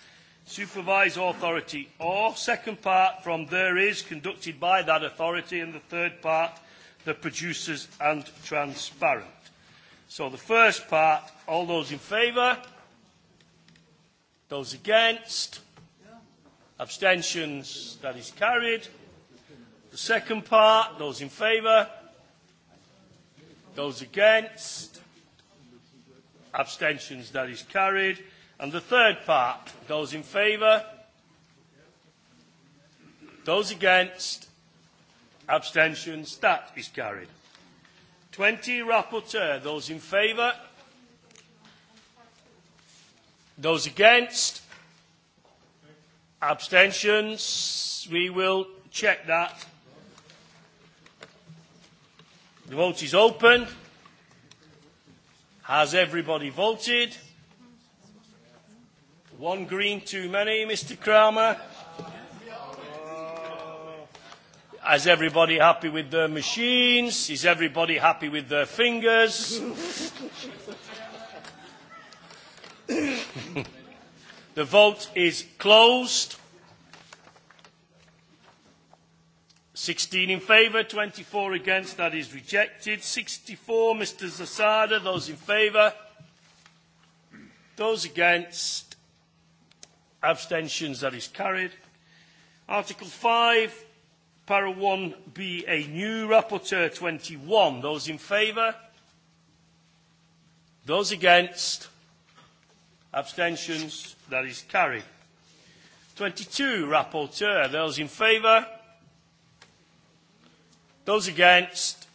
supervise authority or. Second part, from there is, conducted by that authority. And the third part, the producers and transparent. So the first part, all those in favour? Those against? Abstentions? That is carried. The second part, those in favour? Those against? Abstentions? That is carried. And the third part, those in favour? Those against? Abstentions? That is carried. 20, Rapporteur. Those in favour? Those against? Abstentions? We will check that. The vote is open. Has everybody voted? One green too many, Mr. Kramer. Is everybody happy with their machines? Is everybody happy with their fingers? The vote is closed. 16 in favour, 24 against. That is rejected. 64, Mr Zasada. Those in favour. Those against. Abstentions. That is carried. Article 5, para 1 be a new rapporteur 21. Those in favour. Those against. Abstentions? That is carried. 22, Rapporteur. Those in favour? Those against?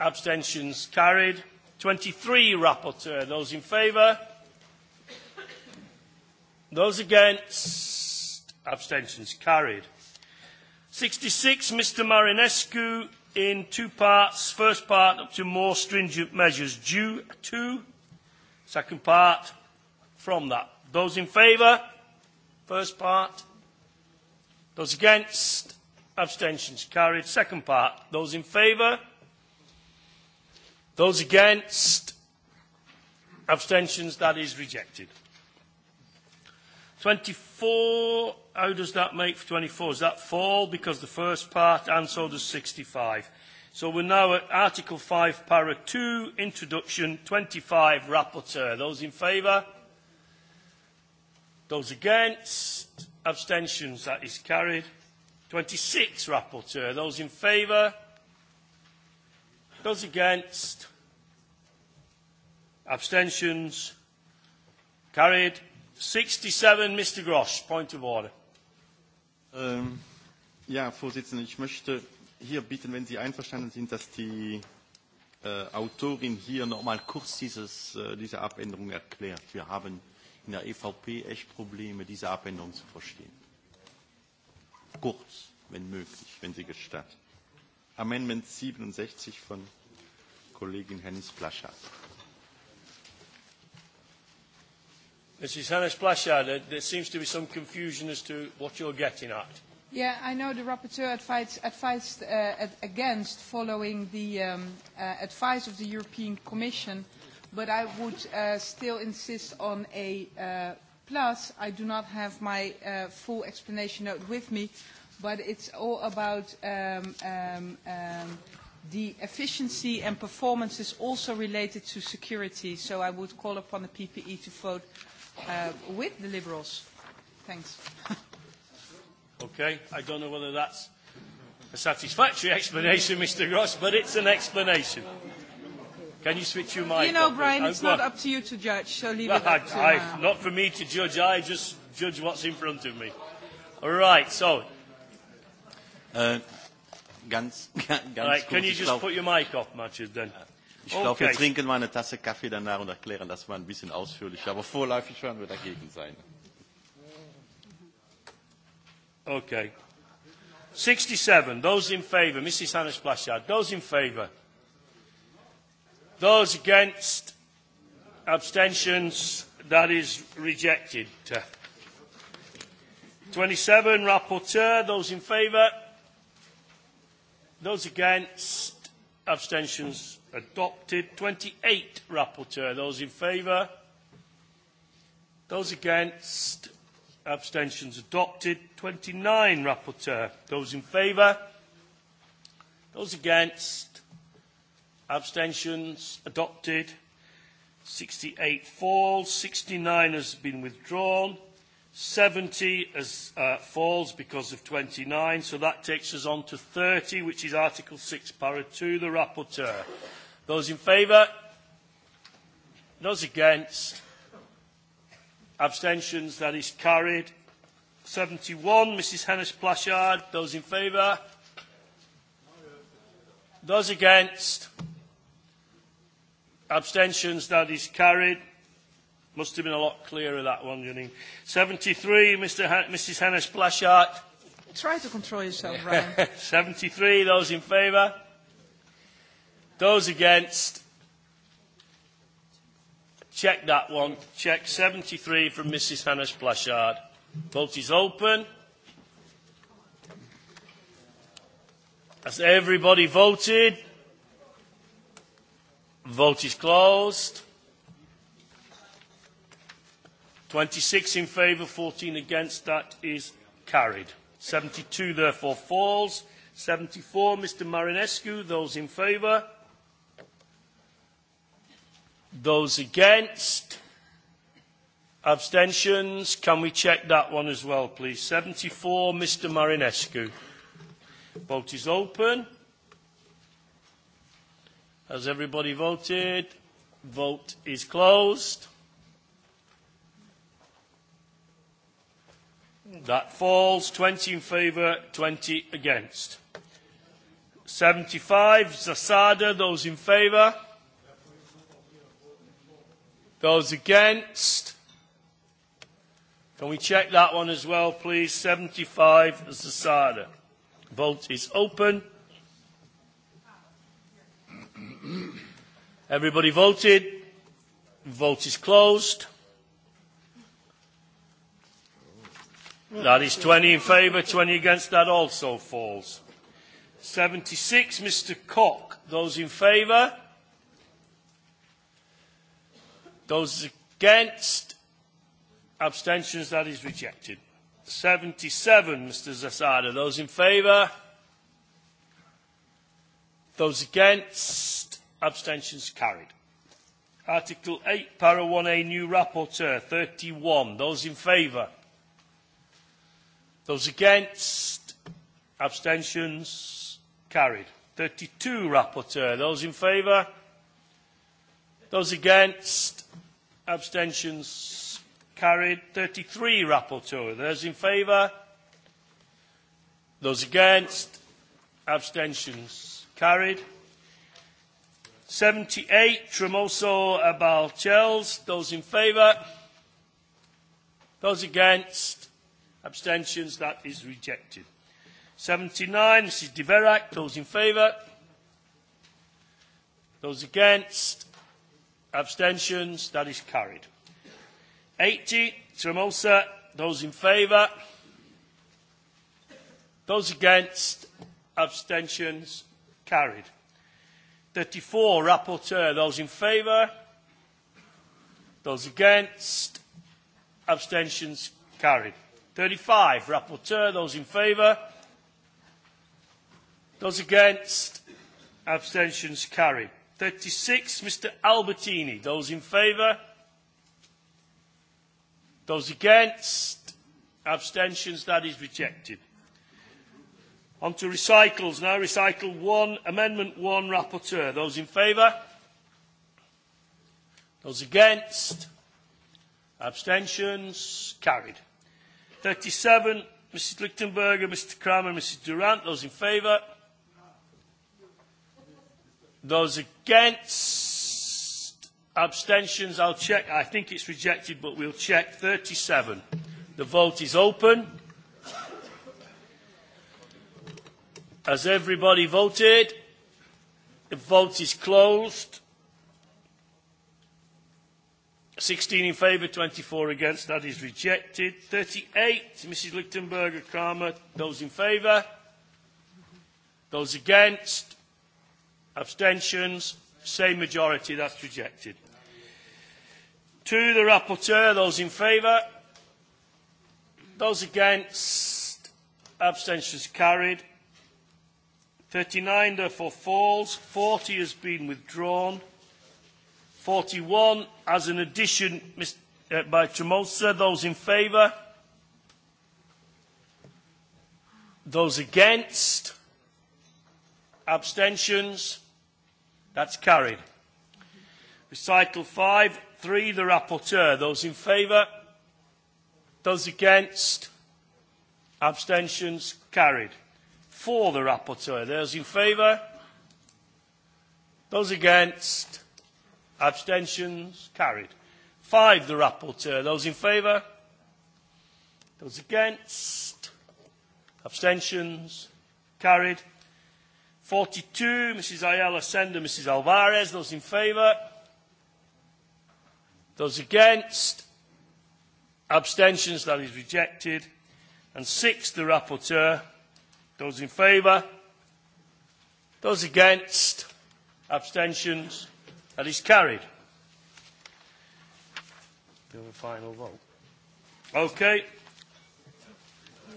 Abstentions carried. 23, Rapporteur. Those in favour? Those against? Abstentions carried. 66, Mr Marinescu, in two parts. First part, up to more stringent measures due to. Second part, from that. Those in favour? First part. Those against? Abstentions carried. Second part. Those in favour? Those against? Abstentions. That is rejected. 24. How does that make for 24? Is that fall? Because the first part and so does 65. So we're now at Article 5, Para 2, Introduction, 25, Rapporteur. Those in favour? Those against? Abstentions? That is carried. 26, Rapporteur. Those in favour? Those against? Abstentions? Carried. 67, Mr. Grosch. Point of order. Um, ja, Vorsitzender, ich möchte hier bitten, wenn Sie einverstanden sind, dass die äh, Autorin hier nochmal kurz dieses, äh, diese Abänderung erklärt. Wir haben in der EVP echt Probleme, diese Abänderung zu verstehen. Kurz, wenn möglich, wenn Sie gestatten. Amendment 67 von Kollegin Hennis Plaschard. Mrs. Hennis Plaschard, there, there seems to be some confusion as to what you're getting at. Yeah, I know the rapporteur advised, advised uh, against following the um, uh, advice of the European Commission but I would uh, still insist on a uh, plus. I do not have my uh, full explanation note with me, but it's all about um, um, um, the efficiency and performance is also related to security, so I would call upon the PPE to vote uh, with the Liberals. Thanks. okay, I don't know whether that's a satisfactory explanation, Mr Ross, but it's an explanation. Can you switch your mic? You know, Brian, uh, it's not up to you to judge, so leave it up to I, uh, Not for me to judge. I just judge what's in front of me. All right, so. Uh, ganz, ganz All right, can you just glaub, put your mic off, Matthew, then? Ich okay. glaube, wir trinken mal eine Tasse Kaffee danach und erklären das mal ein bisschen ausführlicher. Aber vorläufig werden wir dagegen sein. Okay. 67, those in favor. Mrs. Hannes Blashard, those in favor. Those against? Abstentions? That is rejected. 27, Rapporteur. Those in favour? Those against? Abstentions? Adopted. 28, Rapporteur. Those in favour? Those against? Abstentions adopted. 29, Rapporteur. Those in favour? Those against? Abstentions adopted. 68 falls. 69 has been withdrawn. 70 as, uh, falls because of 29. So that takes us on to 30, which is Article 6, Para 2, the rapporteur. Those in favour? Those against? Abstentions? That is carried. 71, Mrs. Hennis Plashard. Those in favour? Those against? Abstentions, that is carried. Must have been a lot clearer, that one, Janine. 73, Mr. Mrs. Hennes Plashart. Try to control yourself, Ryan. 73, those in favour? Those against? Check that one. Check 73 from Mrs. Hennes Plashard. Vote is open. Has everybody voted? Vote is closed. 26 in favour, 14 against. That is carried. 72 therefore falls. 74, Mr Marinescu. Those in favour? Those against? Abstentions? Can we check that one as well, please? 74, Mr Marinescu. Vote is open. Has everybody voted? Vote is closed. That falls. 20 in favour, 20 against. 75, Zasada. Those in favour? Those against? Can we check that one as well, please? 75, Zasada. Vote is open. Everybody voted. Vote is closed. That is 20 in favour, 20 against. That also falls. 76, Mr Cock. Those in favour? Those against? Abstentions. That is rejected. 77, Mr Zasada. Those in favour? Those against? abstentions carried. Article 8, Para 1A, new rapporteur, 31. Those in favour? Those against? Abstentions carried. 32, rapporteur. Those in favour? Those against? Abstentions carried. 33, rapporteur. Those in favour? Those against? Abstentions carried. 78, Tremoso Abal-Chels. Those in favour? Those against? Abstentions? That is rejected. 79, Mrs. De Verac. Those in favour? Those against? Abstentions? That is carried. 80, Tremosa. Those in favour? Those against? Abstentions? Carried. 34, rapporteur. Those in favour? Those against? Abstentions carried. 35, rapporteur. Those in favour? Those against? Abstentions carried. 36, Mr Albertini. Those in favour? Those against? Abstentions, that is rejected. On to recycles now. Recycle One, Amendment one, Rapporteur. Those in favour? Those against? Abstentions? Carried. 37, Mrs Lichtenberger, Mr Cramer, Mrs Durant. Those in favour? Those against? Abstentions? I'll check. I think it's rejected, but we'll check. 37. The vote is open. Has everybody voted? The vote is closed. 16 in favour, 24 against. That is rejected. 38, Mrs Lichtenberger, Karma. Those in favour? Those against? Abstentions? Same majority. That's rejected. To the rapporteur, those in favour? Those against? Abstentions carried. 39 therefore falls. 40 has been withdrawn. 41 as an addition uh, by Tremosa. Those in favour? Those against? Abstentions? That's carried. Recital 5, 3, the rapporteur. Those in favour? Those against? Abstentions? Carried for the rapporteur. Those in favour? Those against? Abstentions? Carried. Five, the rapporteur. Those in favour? Those against? Abstentions? Carried. 42, Mrs Ayala Sender, Mrs Alvarez. Those in favour? Those against? Abstentions? That is rejected. And six, the rapporteur. Those in favour? Those against? Abstentions? That is carried. Do a final vote. Okay.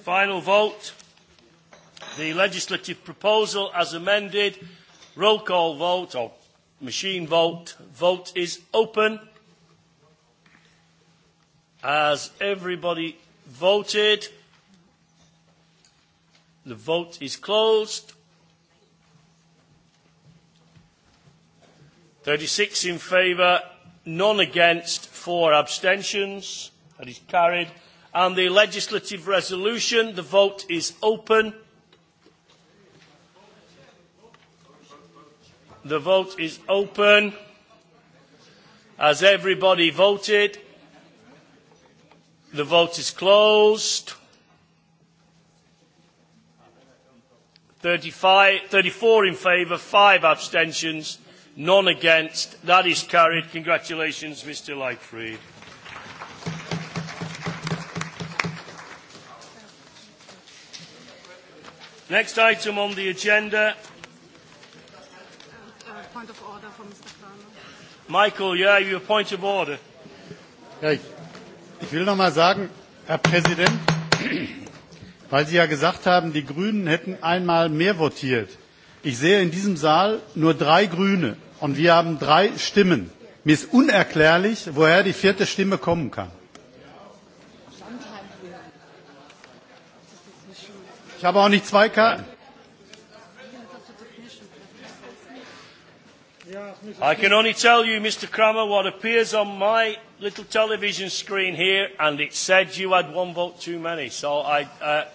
Final vote. The legislative proposal as amended. Roll call vote or machine vote. Vote is open. Has everybody voted? The vote is closed. 36 in favour, none against, four abstentions. That is carried. And the legislative resolution, the vote is open. The vote is open. Has everybody voted? The vote is closed. 35, 34 in favour, 5 abstentions, none against. That is carried. Congratulations, Mr Lightfried. Next item on the agenda. Uh, uh point of order for Mr. Michael, yeah, your point of order. Ja, ich, ich will noch mal sagen, Herr Präsident, weil Sie ja gesagt haben, die Grünen hätten einmal mehr votiert. Ich sehe in diesem Saal nur drei Grüne und wir haben drei Stimmen. Mir ist unerklärlich, woher die vierte Stimme kommen kann. Ich habe auch nicht zwei Karten. I can only tell you, Mr Cramer, what appears on my little television screen here, and it said you had one vote too many. So I, uh,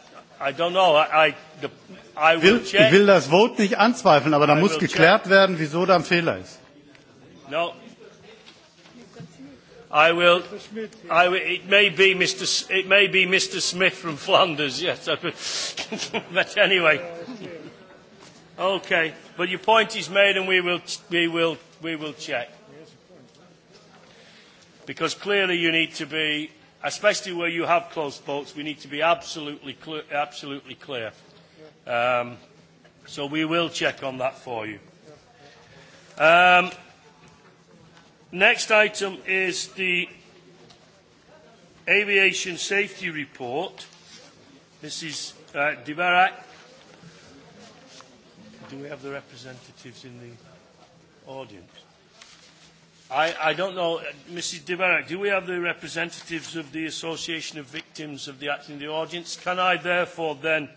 I don't know. I, I, the, I will will, check. Ich will das Vote nicht anzweifeln, aber da muss geklärt check. werden, wieso da ein Fehler ist. No. I will, I will, it may be Mr. S it may be Mr. Smith from Flanders, yes, but, but anyway. Okay, but your point is made and we will, we will, we will check. Because clearly you need to be, especially where you have close votes, we need to be absolutely clear. Absolutely clear. Um, so we will check on that for you. Um, next item is the aviation safety report. Mrs. Uh, Divarak do we have the representatives in the audience? I, I don't know, uh, Mrs. Deverak, do we have the representatives of the Association of Victims of the Act in the audience? Can I therefore then,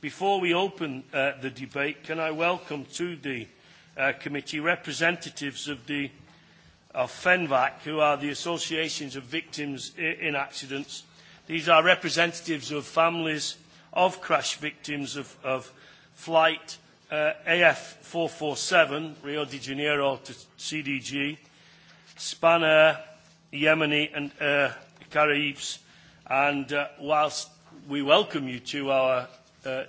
before we open uh, the debate, can I welcome to the uh, committee representatives of the of FENVAC, who are the associations of victims in accidents. These are representatives of families of crash victims of, of flight uh, AF447, Rio de Janeiro to CDG, Spanair, Yemeni and uh, Caribs. And uh, whilst we welcome you to our uh,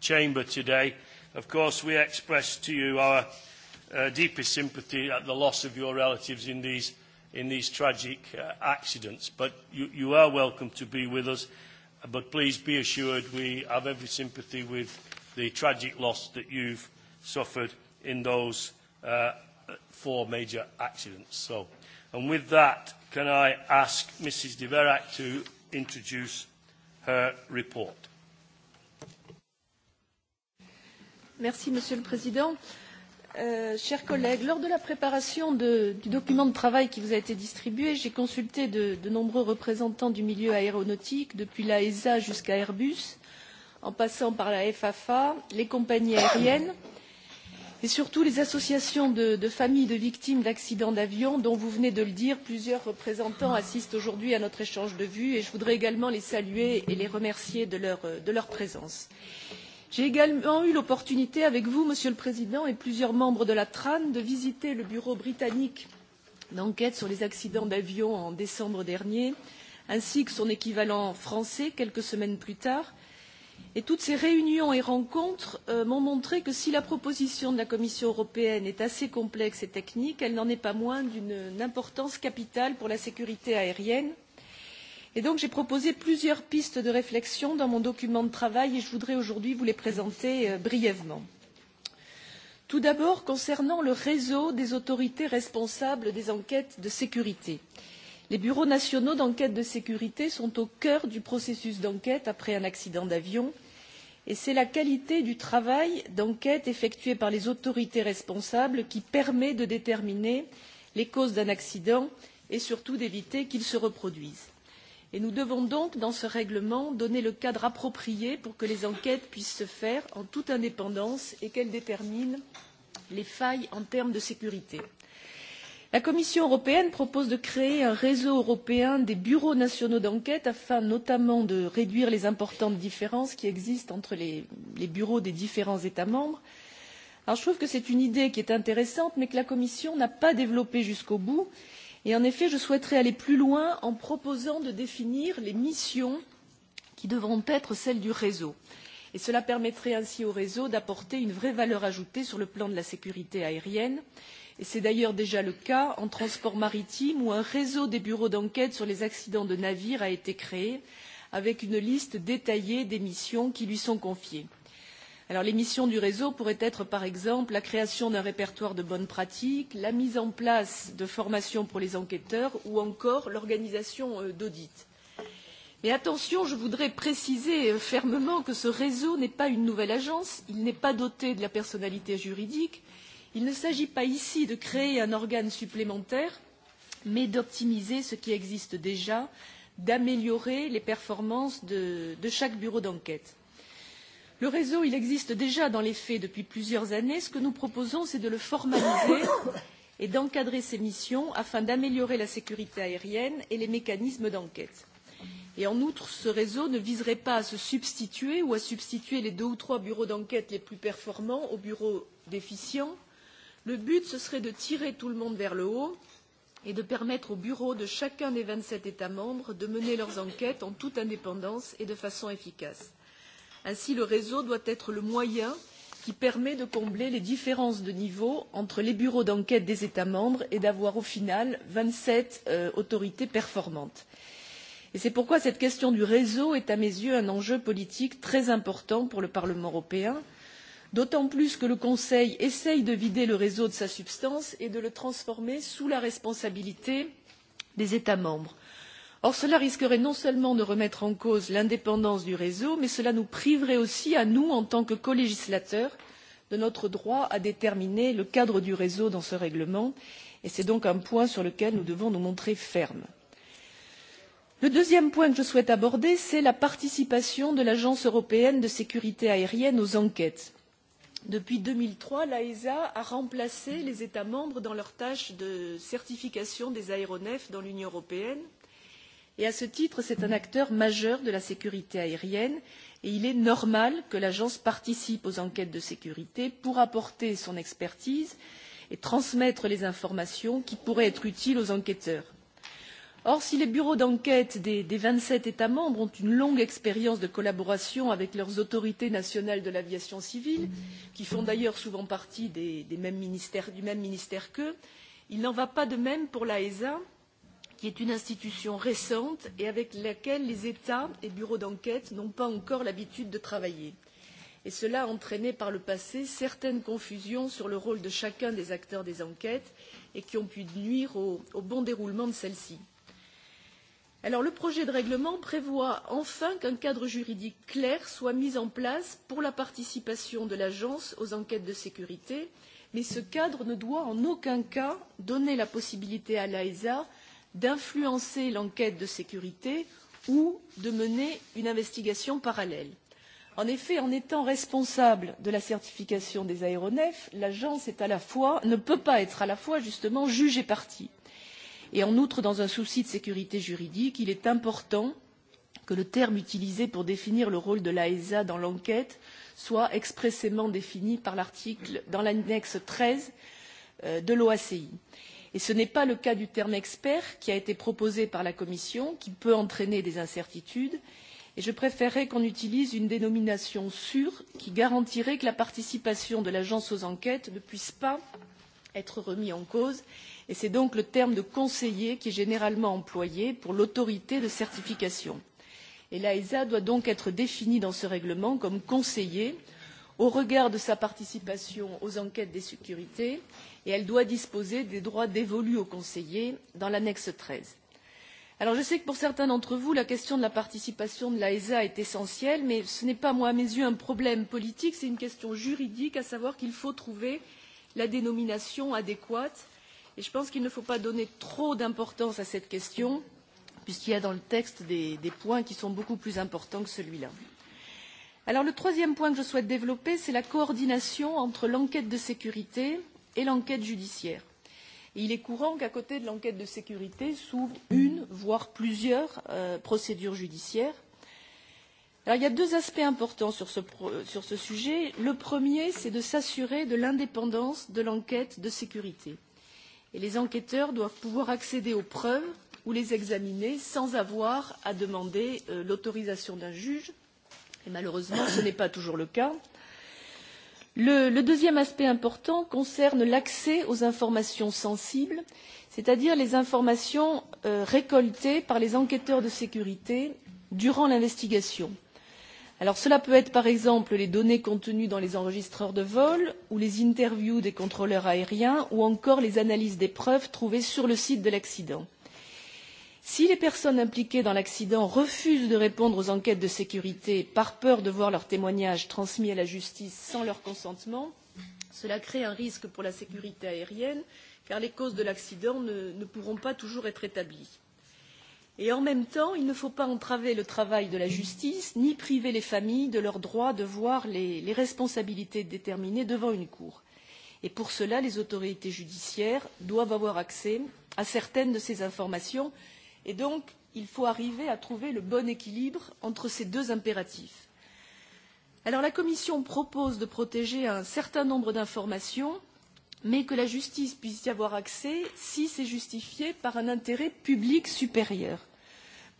chamber today, of course we express to you our uh, deepest sympathy at the loss of your relatives in these, in these tragic uh, accidents. But you, you are welcome to be with us. But please be assured we have every sympathy with the tragic loss that you've suffered in those uh, four major accidents. So, and with that, can I ask Mrs. De Verac to introduce her report? Merci, Monsieur le Président. Euh, chers collègues, lors de la préparation de, du document de travail qui vous a été distribué, j'ai consulté de, de nombreux représentants du milieu aéronautique, depuis l'AESA jusqu'à Airbus, en passant par la fafa les compagnies aériennes et surtout les associations de, familles de victimes d'accidents d'avion dont vous venez de le dire plusieurs représentants assistent aujourd'hui à notre échange de vues et je voudrais également les saluer et les remercier de leur, de leur présence. j'ai également eu l'opportunité avec vous monsieur le président et plusieurs membres de la tran de visiter le bureau britannique d'enquête sur les accidents d'avion en décembre dernier ainsi que son équivalent français quelques semaines plus tard Et toutes ces réunions et rencontres euh, m'ont montré que si la proposition de la Commission européenne est assez complexe et technique, elle n'en est pas moins d'une importance capitale pour la sécurité aérienne. Et donc j'ai proposé plusieurs pistes de réflexion dans mon document de travail et je voudrais aujourd'hui vous les présenter euh, brièvement. Tout d'abord, concernant le réseau des autorités responsables des enquêtes de sécurité. Euh, les bureaux nationaux d'enquête de sécurité sont au cœur du processus d'enquête après un accident d'avion et c'est la qualité du travail d'enquête effectué par les autorités responsables qui permet de déterminer les causes d'un accident et surtout d'éviter qu'il se reproduise. Et nous devons donc dans ce règlement donner le cadre approprié pour que les enquêtes puissent se faire en toute indépendance et qu'elles déterminent les failles en termes de sécurité la commission européenne propose de créer un réseau européen des bureaux nationaux d'enquête afin notamment de réduire les importantes différences qui existent entre les, bureaux des différents états membres. je trouve que c'est une idée qui est intéressante mais que la commission n'a pas développée jusqu'au bout et en effet je souhaiterais aller plus loin en proposant de définir les missions qui devront être celles du réseau et cela permettrait ainsi au réseau d'apporter une vraie valeur ajoutée sur le plan de la sécurité aérienne et et c'est d'ailleurs déjà le cas en transport maritime où un réseau des bureaux d'enquête sur les accidents de navires a été créé avec une liste détaillée des missions qui lui sont confiées. Alors, les missions du réseau pourraient être par exemple la création d'un répertoire de bonnes pratiques la mise en place de formations pour les enquêteurs ou encore l'organisation euh, d'audits. mais attention je voudrais préciser euh, fermement que ce réseau n'est pas une nouvelle agence il n'est pas doté de la personnalité juridique il ne s'agit pas ici de créer un organe supplémentaire mais d'optimiser ce qui existe déjà d'améliorer les performances de, de chaque bureau d'enquête. le réseau existe déjà dans les faits depuis plusieurs années ce que nous proposons c'est de le formaliser et d'encadrer ses missions afin d'améliorer la sécurité aérienne et les mécanismes d'enquête. Et en outre ce réseau ne viserait pas à se substituer ou à substituer les deux ou trois bureaux d'enquête les plus performants aux bureaux déficients le but ce serait de tirer tout le monde vers le haut et de permettre aux bureaux de chacun des vingt sept états membres de mener leurs enquêtes en toute indépendance et de façon efficace. ainsi le réseau doit être le moyen qui permet de combler les différences de niveau entre les bureaux d'enquête des états membres et d'avoir au final vingt sept euh, autorités performantes. c'est pourquoi cette question du réseau est à mes yeux un enjeu politique très important pour le parlement européen d'autant plus que le conseil essaie de vider le réseau de sa substance et de le transformer sous la responsabilité des états membres. or cela risquerait non seulement de remettre en cause l'indépendance du réseau mais cela nous priverait aussi à nous en tant que colégislateurs de notre droit à déterminer le cadre du réseau dans ce règlement et c'est donc un point sur lequel nous devons nous montrer fermes. le deuxième point que je souhaite aborder c'est la participation de l'agence européenne de sécurité aérienne aux enquêtes. Depuis deux mille trois, l'AESA a remplacé les États membres dans leur tâche de certification des aéronefs dans l'Union européenne. Et à ce titre, c'est un acteur majeur de la sécurité aérienne et il est normal que l'agence participe aux enquêtes de sécurité pour apporter son expertise et transmettre les informations qui pourraient être utiles aux enquêteurs or si les bureaux d'enquête des vingt sept états membres ont une longue expérience de collaboration avec leurs autorités nationales de l'aviation civile qui font d'ailleurs souvent partie du même ministère qu'eux il n'en va pas de même pour l'aesa qui est une institution récente et avec laquelle les états et bureaux d'enquête n'ont pas encore l'habitude de travailler et cela a entraîné par le passé certaines confusions sur le rôle de chacun des acteurs des enquêtes et qui ont pu nuire au bon déroulement de celles ci. Alors, le projet de règlement prévoit enfin qu'un cadre juridique clair soit mis en place pour la participation de l'agence aux enquêtes de sécurité, mais ce cadre ne doit en aucun cas donner la possibilité à l'AESA d'influencer l'enquête de sécurité ou de mener une investigation parallèle. En effet, en étant responsable de la certification des aéronefs, l'agence ne peut pas être à la fois justement juge et partie et en outre dans un souci de sécurité juridique il est important que le terme utilisé pour définir le rôle de l'aesa dans l'enquête soit expressément défini par l'article dans l'annexe treize euh, de l'oaci et ce n'est pas le cas du terme expert qui a été proposé par la commission qui peut entraîner des incertitudes et je préférerais qu'on utilise une dénomination sûre qui garantirait que la participation de l'agence aux enquêtes ne puisse pas être remise en cause et et c'est donc le terme de conseiller qui est généralement employé pour l'autorité de certification. l'aesa doit donc être définie dans ce règlement comme conseiller au regard de sa participation aux enquêtes des sécurités et elle doit disposer des droits dévolus aux conseillers dans l'annexe. treize je sais que pour certains d'entre vous la question de la participation de l'aesa est essentielle mais ce n'est pas à mes yeux un problème politique c'est une question juridique à savoir qu'il faut trouver la dénomination adéquate Et je pense qu'il ne faut pas donner trop d'importance à cette question, puisqu'il y a dans le texte des, des points qui sont beaucoup plus importants que celui-là. Alors le troisième point que je souhaite développer, c'est la coordination entre l'enquête de sécurité et l'enquête judiciaire. Et il est courant qu'à côté de l'enquête de sécurité s'ouvrent une, voire plusieurs euh, procédures judiciaires. Alors, il y a deux aspects importants sur ce, sur ce sujet. Le premier, c'est de s'assurer de l'indépendance de l'enquête de sécurité et les enquêteurs doivent pouvoir accéder aux preuves ou les examiner sans avoir à demander euh, l'autorisation d'un juge et malheureusement ce n'est pas toujours le cas. Le, deuxième aspect important concerne l'accès aux informations sensibles, c'est à dire les informations euh, récoltées par les enquêteurs de sécurité durant l'investigation cela peut être par exemple les données contenues dans les enregistreurs de vol ou les interviews des contrôleurs aériens ou encore les analyses des preuves trouvées sur le site de l'accident. Si les personnes impliquées dans l'accident refusent de répondre aux enquêtes de sécurité par peur de voir leur témoignage transmis à la justice sans leur consentement, cela crée un risque pour la sécurité aérienne car les causes de l'accident ne pourront pas toujours être établies et en même temps il ne faut pas entraver le travail de la justice ni priver les familles de leur droit de voir les, responsabilités déterminées devant une cour et pour cela les autorités judiciaires doivent avoir accès à certaines de ces informations et donc il faut arriver à trouver le bon équilibre entre ces deux impératifs. Alors, la commission propose de protéger un certain nombre d'informations mais que la justice puisse y avoir accès si c'est justifié par un intérêt public supérieur.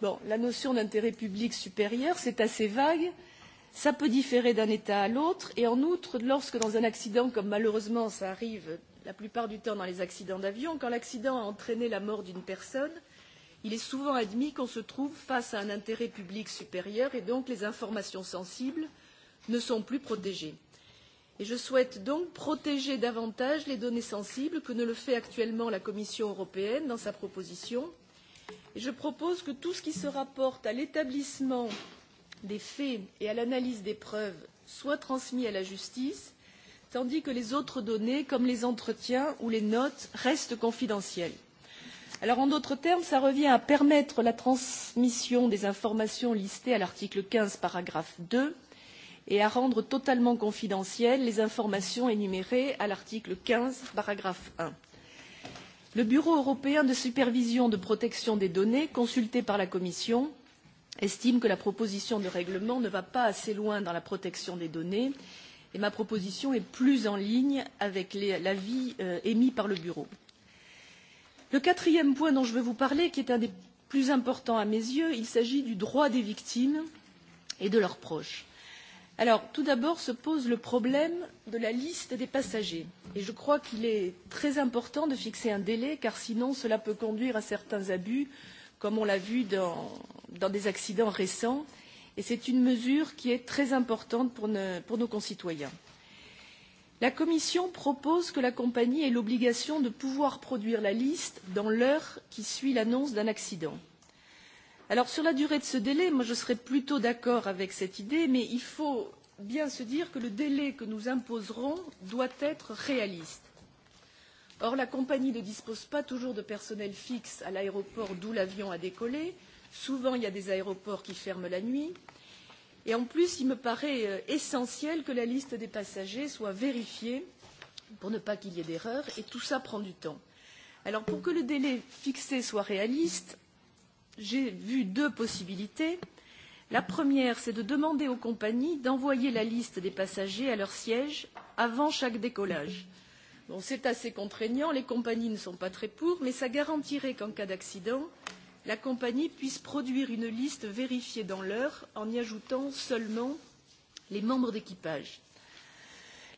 Bon, la notion d'intérêt public supérieur, c'est assez vague. Ça peut différer d'un État à l'autre. Et en outre, lorsque dans un accident, comme malheureusement ça arrive la plupart du temps dans les accidents d'avion, quand l'accident a entraîné la mort d'une personne, il est souvent admis qu'on se trouve face à un intérêt public supérieur et donc les informations sensibles ne sont plus protégées. Et je souhaite donc protéger davantage les données sensibles que ne le fait actuellement la Commission européenne dans sa proposition je propose que tout ce qui se rapporte à l'établissement des faits et à l'analyse des preuves soit transmis à la justice tandis que les autres données comme les entretiens ou les notes restent confidentielles. Alors, en d'autres termes cela revient à permettre la transmission des informations listées à l'article quinze paragraphe deux et à rendre totalement confidentielles les informations énumérées à l'article quinze paragraphe un le bureau européen de supervision de protection des données consulté par la commission estime que la proposition de règlement ne va pas assez loin dans la protection des données et ma proposition est plus en ligne avec l'avis euh, émis par le bureau. le quatrième point dont je veux vous parler qui est un des plus importants à mes yeux il s'agit du droit des victimes et de leurs proches Alors, tout d'abord se pose le problème de la liste des passagers. Et je crois qu'il est très important de fixer un délai, car sinon cela peut conduire à certains abus, comme on l'a vu dans, dans des accidents récents. Et c'est une mesure qui est très importante pour, ne, pour nos concitoyens. La Commission propose que la compagnie ait l'obligation de pouvoir produire la liste dans l'heure qui suit l'annonce d'un accident Alors, sur la durée de ce délai moi, je serais plutôt d'accord avec cette idée mais il faut bien se dire que le délai que nous imposerons doit être réaliste. or la compagnie ne dispose pas toujours de personnel fixe à l'aéroport d'où l'avion a décollé souvent il y a des aéroports qui ferment la nuit et en plus il me paraît euh, essentiel que la liste des passagers soit vérifiée pour ne pas qu'il y ait d'erreur et tout cela prend du temps. alors pour que le délai fixé soit réaliste j'ai vu deux possibilités. La première, c'est de demander aux compagnies d'envoyer la liste des passagers à leur siège avant chaque décollage. Bon, c'est assez contraignant, les compagnies ne sont pas très pour, mais ça garantirait qu'en cas d'accident, la compagnie puisse produire une liste vérifiée dans l'heure en y ajoutant seulement les membres d'équipage.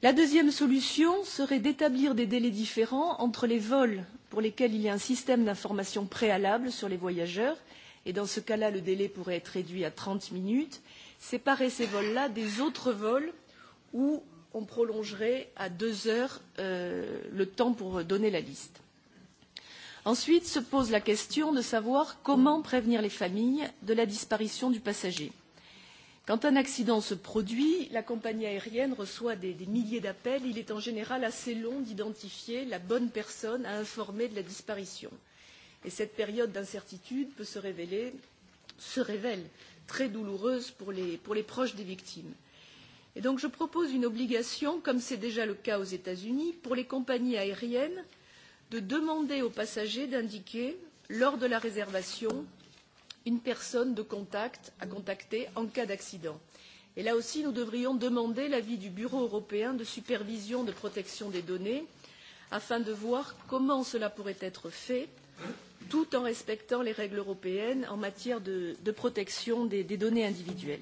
La deuxième solution serait d'établir des délais différents entre les vols pour lesquels il y a un système d'information préalable sur les voyageurs, et dans ce cas-là, le délai pourrait être réduit à 30 minutes, séparer ces vols-là des autres vols où on prolongerait à deux heures euh, le temps pour donner la liste. Ensuite se pose la question de savoir comment prévenir les familles de la disparition du passager quand un accident se produit la compagnie aérienne reçoit des, des milliers d'appels il est en général assez long d'identifier la bonne personne à informer de la disparition et cette période d'incertitude peut se révéler se révèle très douloureuse pour les, pour les proches des victimes. Et donc je propose une obligation, comme c'est déjà le cas aux États-Unis, pour les compagnies aériennes de demander aux passagers d'indiquer, lors de la réservation, une personne de contact à contacter en cas d'accident. Et là aussi, nous devrions demander l'avis du Bureau européen de supervision de protection des données afin de voir comment cela pourrait être fait tout en respectant les règles européennes en matière de, de protection des, des données individuelles.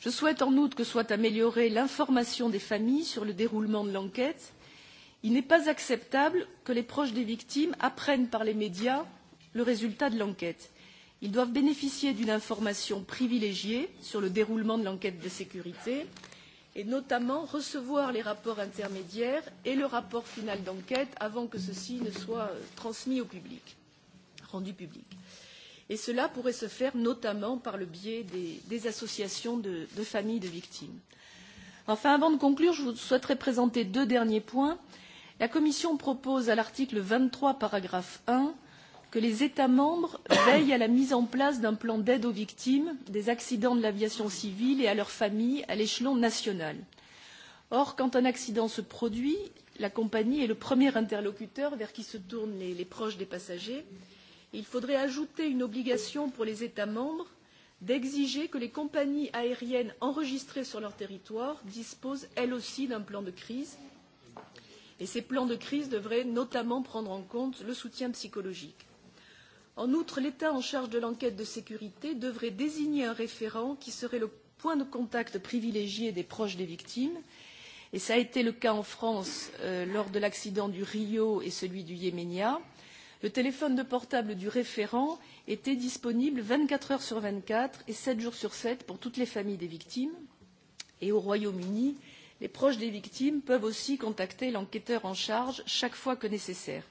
Je souhaite en outre que soit améliorée l'information des familles sur le déroulement de l'enquête. Il n'est pas acceptable que les proches des victimes apprennent par les médias le résultat de l'enquête Ils doivent bénéficier d'une information privilégiée sur le déroulement de l'enquête de sécurité et notamment recevoir les rapports intermédiaires et le rapport final d'enquête avant que ceux-ci ne soient euh, transmis au public, rendu public. Et cela pourrait se faire notamment par le biais des, des associations de, de familles de victimes. Enfin, avant de conclure, je vous souhaiterais présenter deux derniers points. La Commission propose à l'article 23, paragraphe 1, que les états membres veillent à la mise en place d'un plan d'aide aux victimes des accidents de l'aviation civile et à leurs familles à l'échelon national. or quand un accident se produit la compagnie est le premier interlocuteur vers qui se tournent les, les proches des passagers et il faudrait ajouter une obligation pour les états membres d'exiger que les compagnies aériennes enregistrées sur leur territoire disposent elles aussi d'un plan de crise et ces plans de crise devraient notamment prendre en compte le soutien psychologique. En outre, l'État en charge de l'enquête de sécurité devrait désigner un référent qui serait le point de contact privilégié des proches des victimes. Et ça a été le cas en France euh, lors de l'accident du Rio et celui du Yemenia. Le téléphone de portable du référent était disponible 24 heures sur 24 et 7 jours sur 7 pour toutes les familles des victimes. Et au Royaume-Uni, les proches des victimes peuvent aussi contacter l'enquêteur en charge chaque fois que nécessaire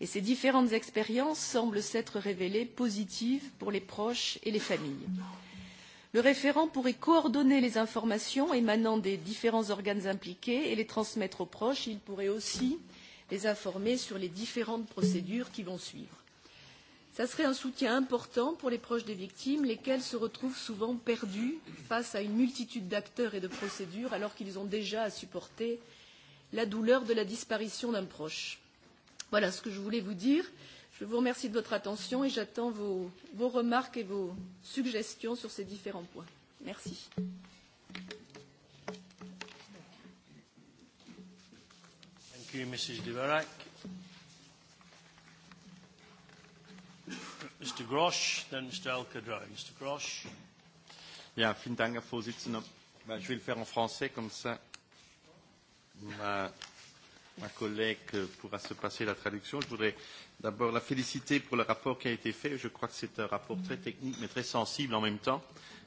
et ces différentes expériences semblent s'être révélées positives pour les proches et les familles. le référent pourrait coordonner les informations émanant des différents organes impliqués et les transmettre aux proches. il pourrait aussi les informer sur les différentes procédures qui vont suivre. ce serait un soutien important pour les proches des victimes lesquels se retrouvent souvent perdus face à une multitude d'acteurs et de procédures alors qu'ils ont déjà à supporter la douleur de la disparition d'un proche Voilà ce que je voulais vous dire. Je vous remercie de votre attention et j'attends vos, vos remarques et vos suggestions sur ces différents points. Merci. Thank you, Mrs. Dibarac. Mr. Grosch, then Mr. Alcadra. Mr. Grosch. Ja, vielen Dank, Herr Vorsitzender. Ich will faire en français, comme ça, ma ma collègue pourra se passer la traduction. Je voudrais d'abord la féliciter pour le rapport qui a été fait. Je crois que c'est un rapport très technique mais très sensible en même temps.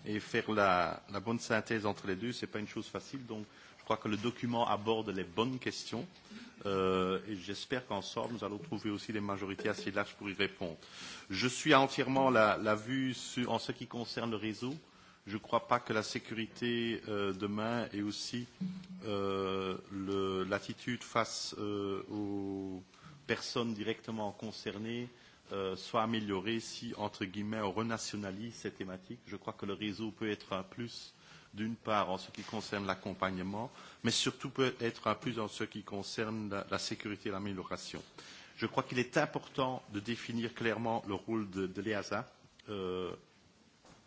Et faire la, la bonne synthèse entre les deux, ce n'est pas une chose facile. Donc je crois que le document aborde les bonnes questions. Euh, et j'espère qu'ensemble, nous allons trouver aussi des majorités assez larges pour y répondre. Je suis entièrement la, la vue sur, en ce qui concerne le réseau. Euh, je ne crois pas que la sécurité euh, demain et aussi euh, l'attitude face euh, aux personnes directement concernées euh, soit améliorée si, entre guillemets, on renationalise ces thématiques. Je crois que le réseau peut être un plus, d'une part, en ce qui concerne l'accompagnement, mais surtout peut être un plus en ce qui concerne la, la sécurité et l'amélioration. Je crois qu'il est important de définir clairement le rôle de, de l'EASA euh,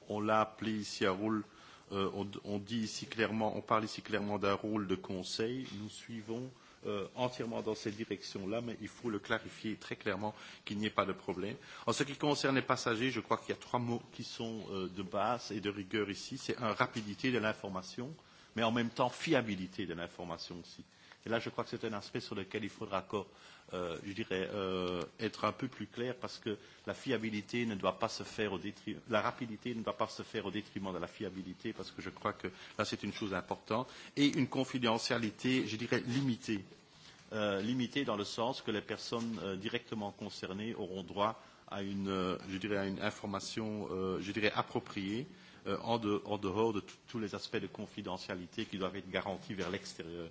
on l'a appelé ici un rôle, euh, on, on dit ici clairement, on parle ici clairement d'un rôle de conseil. Nous suivons euh, entièrement dans cette direction-là, mais il faut le clarifier très clairement qu'il n'y ait pas de problème. En ce qui concerne les passagers, je crois qu'il y a trois mots qui sont euh, de base et de rigueur ici. C'est un rapidité de l'information, mais en même temps fiabilité de l'information aussi. Euh, Et là, je crois que c'est un aspect sur lequel il faudra encore, euh, je dirais, euh, être un peu plus clair parce que la fiabilité ne doit pas se faire au détriment, la rapidité ne doit pas se faire au détriment de la fiabilité parce que je crois que là, c'est une chose importante. Et une confidentialité, je dirais, limitée. Euh, limitée dans le sens que les personnes euh, directement concernées auront droit à une, euh, je dirais, à une information, euh, je dirais, appropriée euh, en, de, en dehors de tous les aspects de confidentialité qui doivent être garantis vers l'extérieur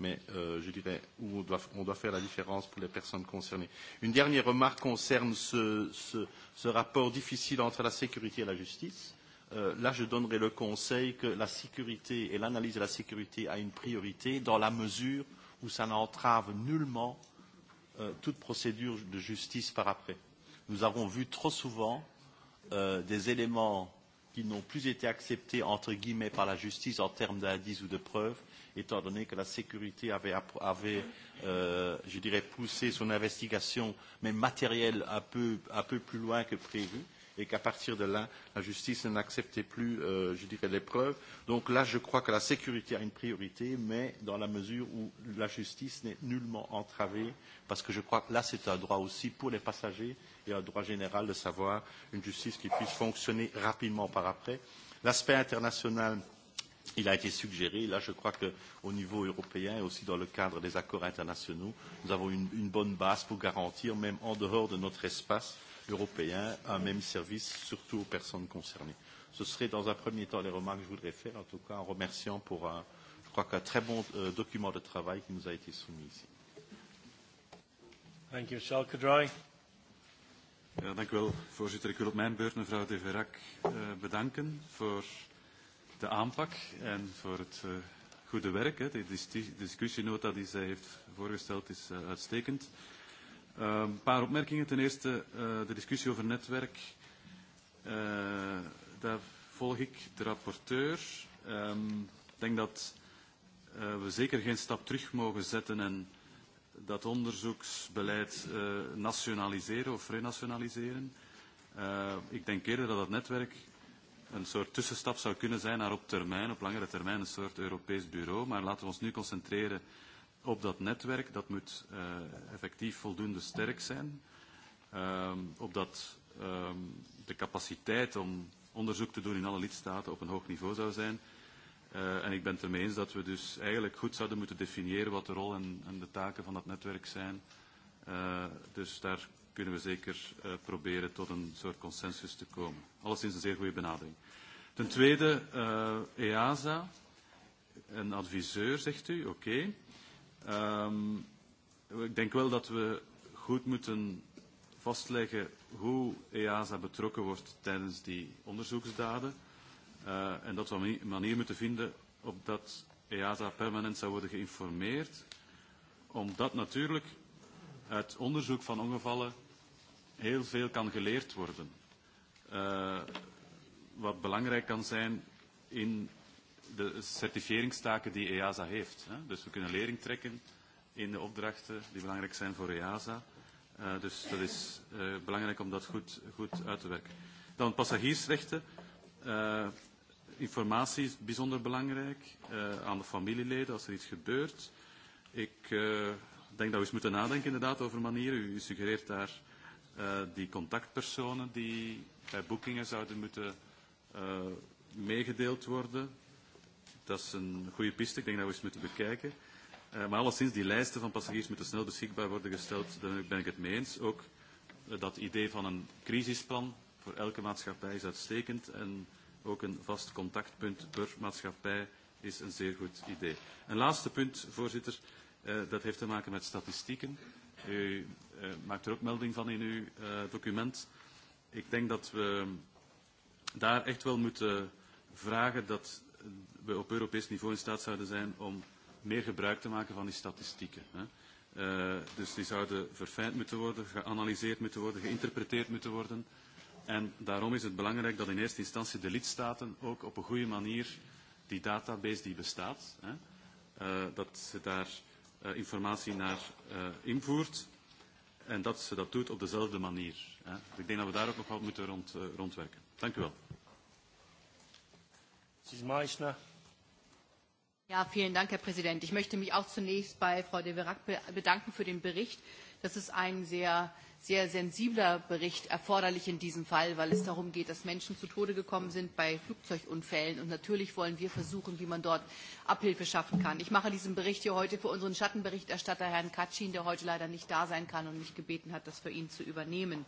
mais euh, je dirais où on doit, on doit faire la différence pour les personnes concernées. Une dernière remarque concerne ce, ce, ce rapport difficile entre la sécurité et la justice. Euh, là, je donnerai le conseil que la sécurité et l'analyse de la sécurité a une priorité dans la mesure où ça n'entrave nullement euh, toute procédure de justice par après. Nous avons vu trop souvent euh, des éléments qui n'ont plus été acceptés entre guillemets par la justice en termes d'indices ou de preuves étant donné que la sécurité avait, avait euh, je dirais, poussé son investigation, mais matérielle, un peu, un peu plus loin que prévu et qu'à partir de là, la justice n'acceptait plus, euh, je dirais, les preuves. Donc là, je crois que la sécurité a une priorité, mais dans la mesure où la justice n'est nullement entravée, parce que je crois que là, c'est un droit aussi pour les passagers et un droit général de savoir une justice qui puisse fonctionner rapidement par après. L'aspect international euh, il a été suggéré. Là, je crois qu'au niveau européen et aussi dans le cadre des accords internationaux, nous avons une, une bonne base pour garantir, même en dehors de notre espace européen, un même service, surtout aux personnes concernées. Ce serait dans un premier temps les remarques que je voudrais faire, en tout cas en remerciant pour, un, je crois, un très bon euh, document de travail qui nous a été soumis ici. Thank you, Charles Cadray. Ja, dank u wel, voorzitter. Ik wil op mijn beurt mevrouw De Verac uh, bedanken voor de aanpak en voor het uh, goede werk. Hè. De discussienota die zij heeft voorgesteld is uh, uitstekend. Ehm, een uh, paar opmerkingen. Ten eerste uh, de discussie over netwerk. Uh, daar volg ik de rapporteur. Um, ik denk dat uh, we zeker geen stap terug mogen zetten en dat onderzoeksbeleid uh, nationaliseren of renationaliseren. Uh, ik denk eerder dat het netwerk een soort tussenstap zou kunnen zijn naar op termijn, op langere termijn, een soort Europees bureau. Maar laten we ons nu concentreren op dat netwerk. Dat moet uh, effectief voldoende sterk zijn. Uh, op dat uh, de capaciteit om onderzoek te doen in alle lidstaten op een hoog niveau zou zijn. Uh, en ik ben het ermee eens dat we dus eigenlijk goed zouden moeten definiëren wat de rol en, en de taken van dat netwerk zijn. Uh, dus daar kunnen we zeker uh, proberen tot een soort consensus te komen. Alles is een zeer goede benadering. Ten tweede, uh, eh, EASA, een adviseur, zegt u, oké. Okay. Um, ehm, ik denk wel dat we goed moeten vastleggen hoe EASA betrokken wordt tijdens die onderzoeksdaden. Uh, en dat we een manier moeten vinden op dat EASA permanent zou worden geïnformeerd. Omdat natuurlijk uit onderzoek van ongevallen heel veel kan geleerd worden. Uh, wat belangrijk kan zijn in de certificeringstaken die EASA heeft. Hè. Dus we kunnen lering trekken in de opdrachten die belangrijk zijn voor EASA. Uh, eh, dus dat is uh, belangrijk om dat goed, goed uit te werken. Dan passagiersrechten. Uh, informatie is bijzonder belangrijk uh, aan de familieleden als er iets gebeurt. Ik uh, denk dat we eens moeten nadenken inderdaad over manieren. U suggereert daar uh, die contactpersonen die bij boekingen zouden moeten uh, meegedeeld worden. Dat is een goede piste, ik denk dat we eens moeten bekijken. Uh, maar alleszins, die lijsten van passagiers moeten snel beschikbaar worden gesteld. Daar ben ik het mee eens. Ook uh, dat idee van een crisisplan voor elke maatschappij is uitstekend. En ook een vast contactpunt per maatschappij is een zeer goed idee. Een laatste punt, voorzitter. Uh, dat heeft te maken met statistieken. U uh, maakt er ook melding van in uw uh, document. Ik denk dat we daar echt wel moeten vragen dat we op Europees niveau in staat zouden zijn om meer gebruik te maken van die statistieken. Hè. Uh, dus die zouden verfijnd moeten worden, geanalyseerd moeten worden, geïnterpreteerd moeten worden. En daarom is het belangrijk dat in eerste instantie de lidstaten ook op een goede manier die database die bestaat, hè, uh, dat ze daar Eh, informatie naar uh, invoert. En dat ze dat doet op dezelfde manier. Hè. Dus ik denk dat we daar ook nog wat moeten rond, uh, eh, rondwerken. Dank u wel. Ja, vielen Dank, Herr Präsident. Ich möchte mich auch zunächst bei Frau de Verac bedanken für den Bericht. Das ist ein sehr sehr sensibler Bericht erforderlich in diesem Fall, weil es darum geht, dass Menschen zu Tode gekommen sind bei Flugzeugunfällen. Und natürlich wollen wir versuchen, wie man dort Abhilfe schaffen kann. Ich mache diesen Bericht hier heute für unseren Schattenberichterstatter, Herrn Katschin, der heute leider nicht da sein kann und mich gebeten hat, das für ihn zu übernehmen.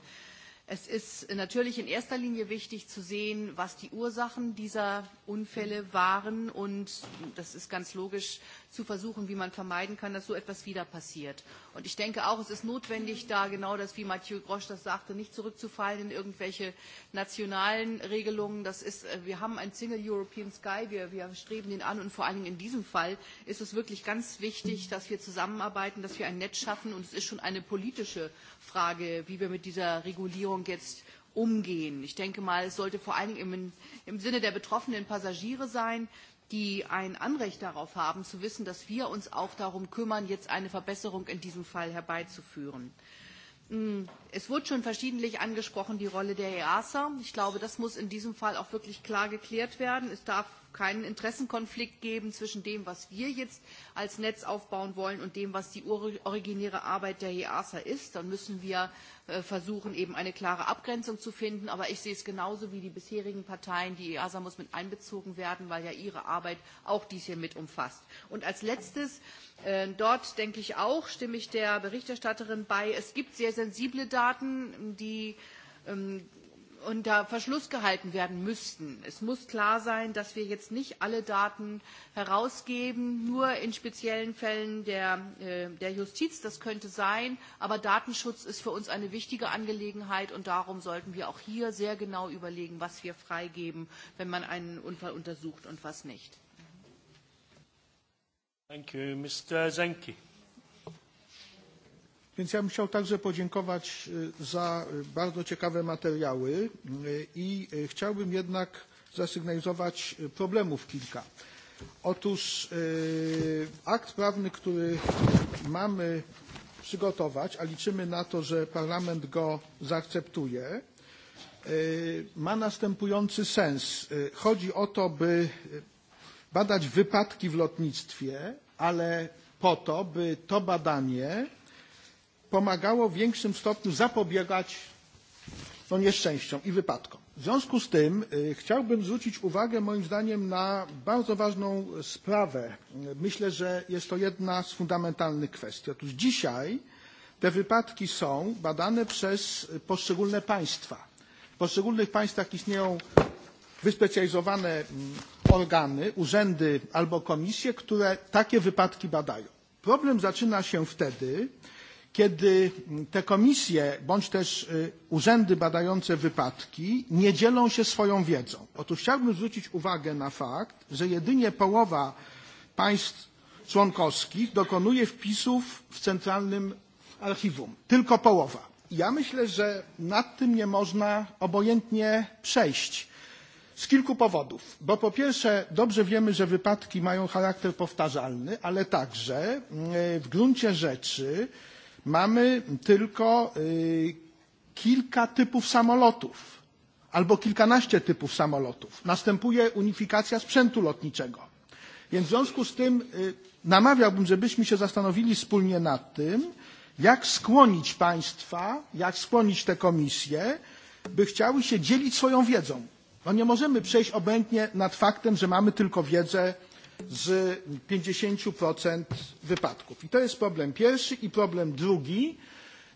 Es ist natürlich in erster Linie wichtig zu sehen, was die Ursachen dieser Unfälle waren. Und das ist ganz logisch, zu versuchen, wie man vermeiden kann, dass so etwas wieder passiert. Und ich denke auch, es ist notwendig, da genau das, wie Mathieu Grosch das sagte, nicht zurückzufallen in irgendwelche nationalen Regelungen. Das ist, äh, wir haben ein Single European Sky, wir, wir streben den an und vor allen Dingen in diesem Fall ist es wirklich ganz wichtig, dass wir zusammenarbeiten, dass wir ein Netz schaffen und es ist schon eine politische Frage, wie wir mit dieser Regulierung jetzt umgehen. Ich denke mal, es sollte vor allem im, im Sinne der betroffenen Passagiere sein die ein Anrecht darauf haben, zu wissen, dass wir uns auch darum kümmern, jetzt eine Verbesserung in diesem Fall herbeizuführen. Hm. Es wurde schon verschiedentlich angesprochen, die Rolle der EASA. Ich glaube, das muss in diesem Fall auch wirklich klar geklärt werden. Es darf keinen Interessenkonflikt geben zwischen dem, was wir jetzt als Netz aufbauen wollen und dem, was die originäre Arbeit der EASA ist. Dann müssen wir äh, versuchen, eben eine klare Abgrenzung zu finden. Aber ich sehe es genauso wie die bisherigen Parteien. Die EASA muss mit einbezogen werden, weil ja ihre Arbeit auch dies hier mit umfasst. Und als letztes, äh, dort denke ich auch, stimme ich der Berichterstatterin bei, es gibt sehr sensible Daten. Mitgliedstaaten, die ähm, unter Verschluss gehalten werden müssten. Es muss klar sein, dass wir jetzt nicht alle Daten herausgeben, nur in speziellen Fällen der, äh, der Justiz, das könnte sein, aber Datenschutz ist für uns eine wichtige Angelegenheit und darum sollten wir auch hier sehr genau überlegen, was wir freigeben, wenn man einen Unfall untersucht und was nicht. Thank you, Mr. Zenki. Więc ja bym chciał także podziękować za bardzo ciekawe materiały i chciałbym jednak zasygnalizować problemów kilka. Otóż akt prawny, który mamy przygotować, a liczymy na to, że Parlament go zaakceptuje, ma następujący sens. Chodzi o to, by badać wypadki w lotnictwie, ale po to, by to badanie pomagało w większym stopniu zapobiegać no, nieszczęściom i wypadkom. W związku z tym chciałbym zwrócić uwagę moim zdaniem na bardzo ważną sprawę. Myślę, że jest to jedna z fundamentalnych kwestii. Otóż dzisiaj te wypadki są badane przez poszczególne państwa. W poszczególnych państwach istnieją wyspecjalizowane mm, organy, urzędy albo komisje, które takie wypadki badają. Problem zaczyna się wtedy, kiedy te komisje bądź też urzędy badające wypadki nie dzielą się swoją wiedzą. Otóż chciałbym zwrócić uwagę na fakt, że jedynie połowa państw członkowskich dokonuje wpisów w centralnym archiwum. Tylko połowa. Ja myślę, że nad tym nie można obojętnie przejść. Z kilku powodów. Bo po pierwsze, dobrze wiemy, że wypadki mają charakter powtarzalny, ale także w gruncie rzeczy Mamy tylko kilka typów samolotów albo kilkanaście typów samolotów. Następuje unifikacja sprzętu lotniczego. Więc w związku z tym namawiałbym, żebyśmy się zastanowili wspólnie nad tym, jak skłonić państwa, jak skłonić te komisje, by chciały się dzielić swoją wiedzą. No nie możemy przejść obojętnie nad faktem, że mamy tylko wiedzę z 50% wypadków. I to jest problem pierwszy. I problem drugi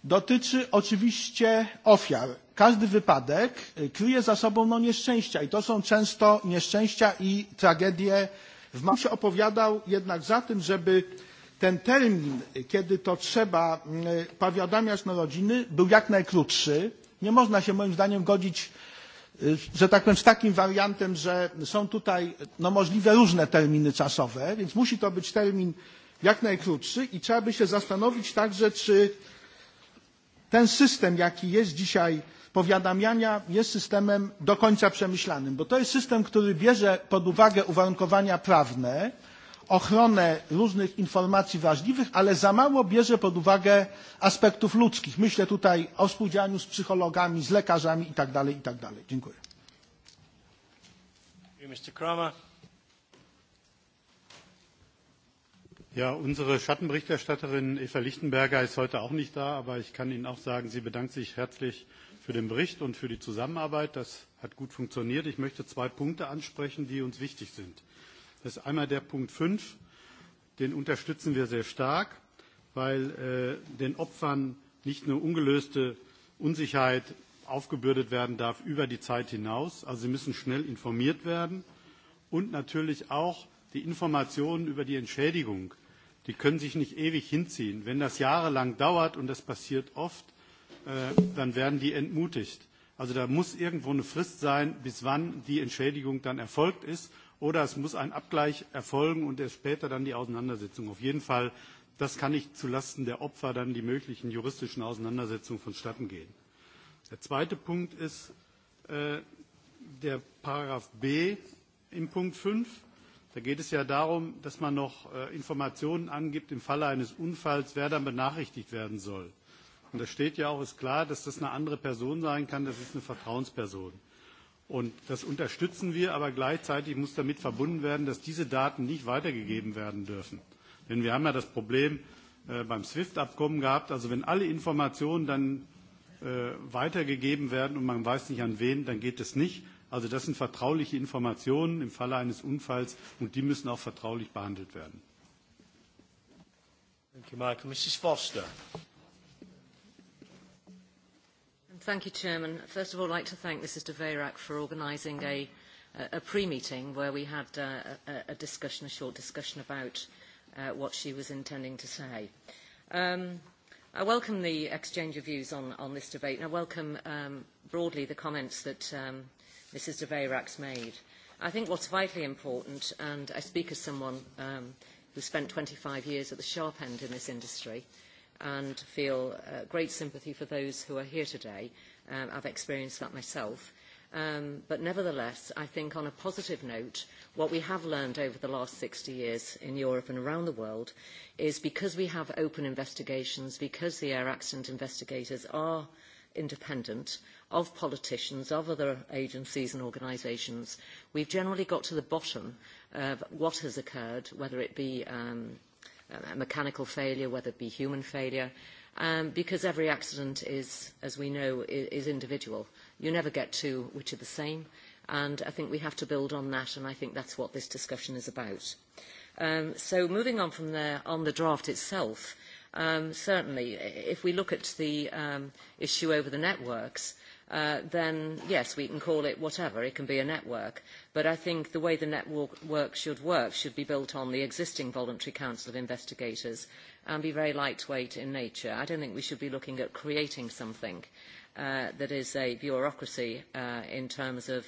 dotyczy oczywiście ofiar. Każdy wypadek kryje za sobą no, nieszczęścia i to są często nieszczęścia i tragedie. W mam się opowiadał jednak za tym, żeby ten termin, kiedy to trzeba powiadamiać na rodziny, był jak najkrótszy. Nie można się moim zdaniem godzić że tak powiem, z takim wariantem, że są tutaj no, możliwe różne terminy czasowe, więc musi to być termin jak najkrótszy i trzeba by się zastanowić także, czy ten system, jaki jest dzisiaj powiadamiania, jest systemem do końca przemyślanym, bo to jest system, który bierze pod uwagę uwarunkowania prawne, ochronę różnych informacji wrażliwych, ale za mało bierze pod uwagę aspektów ludzkich. Myślę tutaj o współdziałaniu z psychologami, z lekarzami itd. itd. Dziękuję. Ja, unsere Schattenberichterstatterin Eva Lichtenberger ist heute auch nicht da, aber ich kann Ihnen auch sagen, sie bedankt sich herzlich für den Bericht und für die Zusammenarbeit. Das hat gut funktioniert. Ich möchte zwei Punkte ansprechen, die uns wichtig sind. Das ist einmal der Punkt 5. Den unterstützen wir sehr stark, weil äh, den Opfern nicht nur ungelöste Unsicherheit aufgebürdet werden darf über die Zeit hinaus. Also sie müssen schnell informiert werden und natürlich auch die Informationen über die Entschädigung. Die können sich nicht ewig hinziehen. Wenn das jahrelang dauert, und das passiert oft, äh, dann werden die entmutigt. Also da muss irgendwo eine Frist sein, bis wann die Entschädigung dann erfolgt ist oder es muss ein Abgleich erfolgen und erst später dann die Auseinandersetzung. Auf jeden Fall, das kann nicht zulasten der Opfer dann die möglichen juristischen Auseinandersetzungen vonstatten gehen. Der zweite Punkt ist äh, der Paragraph B im Punkt 5. Da geht es ja darum, dass man noch äh, Informationen angibt im Falle eines Unfalls, wer dann benachrichtigt werden soll. Und da steht ja auch, ist klar, dass das eine andere Person sein kann, das ist eine Vertrauensperson. Und das unterstützen wir, aber gleichzeitig muss damit verbunden werden, dass diese Daten nicht weitergegeben werden dürfen. Denn wir haben ja das Problem äh, beim SWIFT-Abkommen gehabt, also wenn alle Informationen dann äh, weitergegeben werden und man weiß nicht an wen, dann geht es nicht. Also das sind vertrauliche Informationen im Falle eines Unfalls und die müssen auch vertraulich behandelt werden. Thank you, Michael. Mrs. Foster. Thank you, Chairman. First of all, I'd like to thank Mrs de Veyrac for organising a, a pre-meeting where we had uh, a, a, discussion, a short discussion about uh, what she was intending to say. Um, I welcome the exchange of views on, on this debate, and I welcome um, broadly the comments that um, Mrs de Veyrac's made. I think what's vitally important, and I speak as someone um, who spent 25 years at the sharp end in this industry, uh, and feel uh, great sympathy for those who are here today. Um, I've experienced that myself. Um, but nevertheless, I think on a positive note, what we have learned over the last 60 years in Europe and around the world is because we have open investigations, because the air accident investigators are independent of politicians, of other agencies and organisations, we've generally got to the bottom of what has occurred, whether it be um, Um, mechanical failure, whether it be human failure, um, because every accident is, as we know, is, is individual. You never get two which are the same, and I think we have to build on that, and I think that's what this discussion is about. Um, so moving on from there, on the draft itself, um, certainly, if we look at the um, issue over the networks, Uh, then yes, we can call it whatever. It can be a network. But I think the way the network should work should be built on the existing voluntary council of investigators and be very lightweight in nature. I don't think we should be looking at creating something uh, that is a bureaucracy uh, in terms of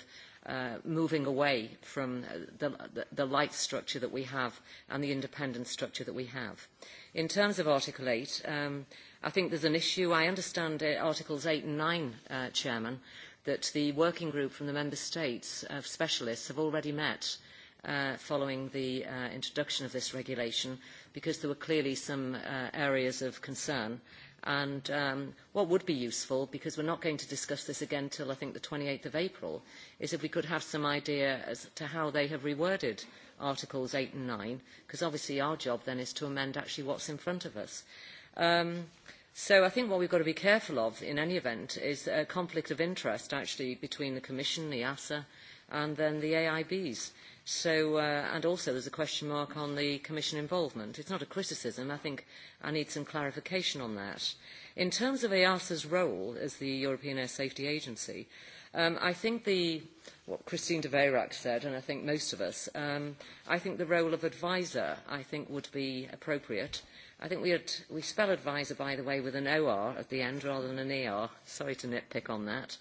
uh, moving away from the, the, the light structure that we have and the independent structure that we have. In terms of Article 8, um, I think there's an issue. I understand uh, Articles 8 and 9, uh, Chairman, that the working group from the Member States of specialists have already met uh, following the uh, introduction of this regulation because there were clearly some uh, areas of concern And um, what would be useful, because we're not going to discuss this again until I think the 28th of April, is if we could have some idea as to how they have reworded Articles 8 and 9, because obviously our job then is to amend actually what's in front of us. Um, so I think what we've got to be careful of in any event is a conflict of interest actually between the Commission, the EASA, and then the AIBs so, uh, and also there's a question mark on the Commission involvement. It's not a criticism. I think I need some clarification on that. In terms of EASA's role as the European Air Safety Agency, um, I think the, what Christine de Veyrac said, and I think most of us, um, I think the role of advisor, I think, would be appropriate. I think we, had, we spell advisor, by the way, with an OR at the end rather than an ER. Sorry to nitpick on that.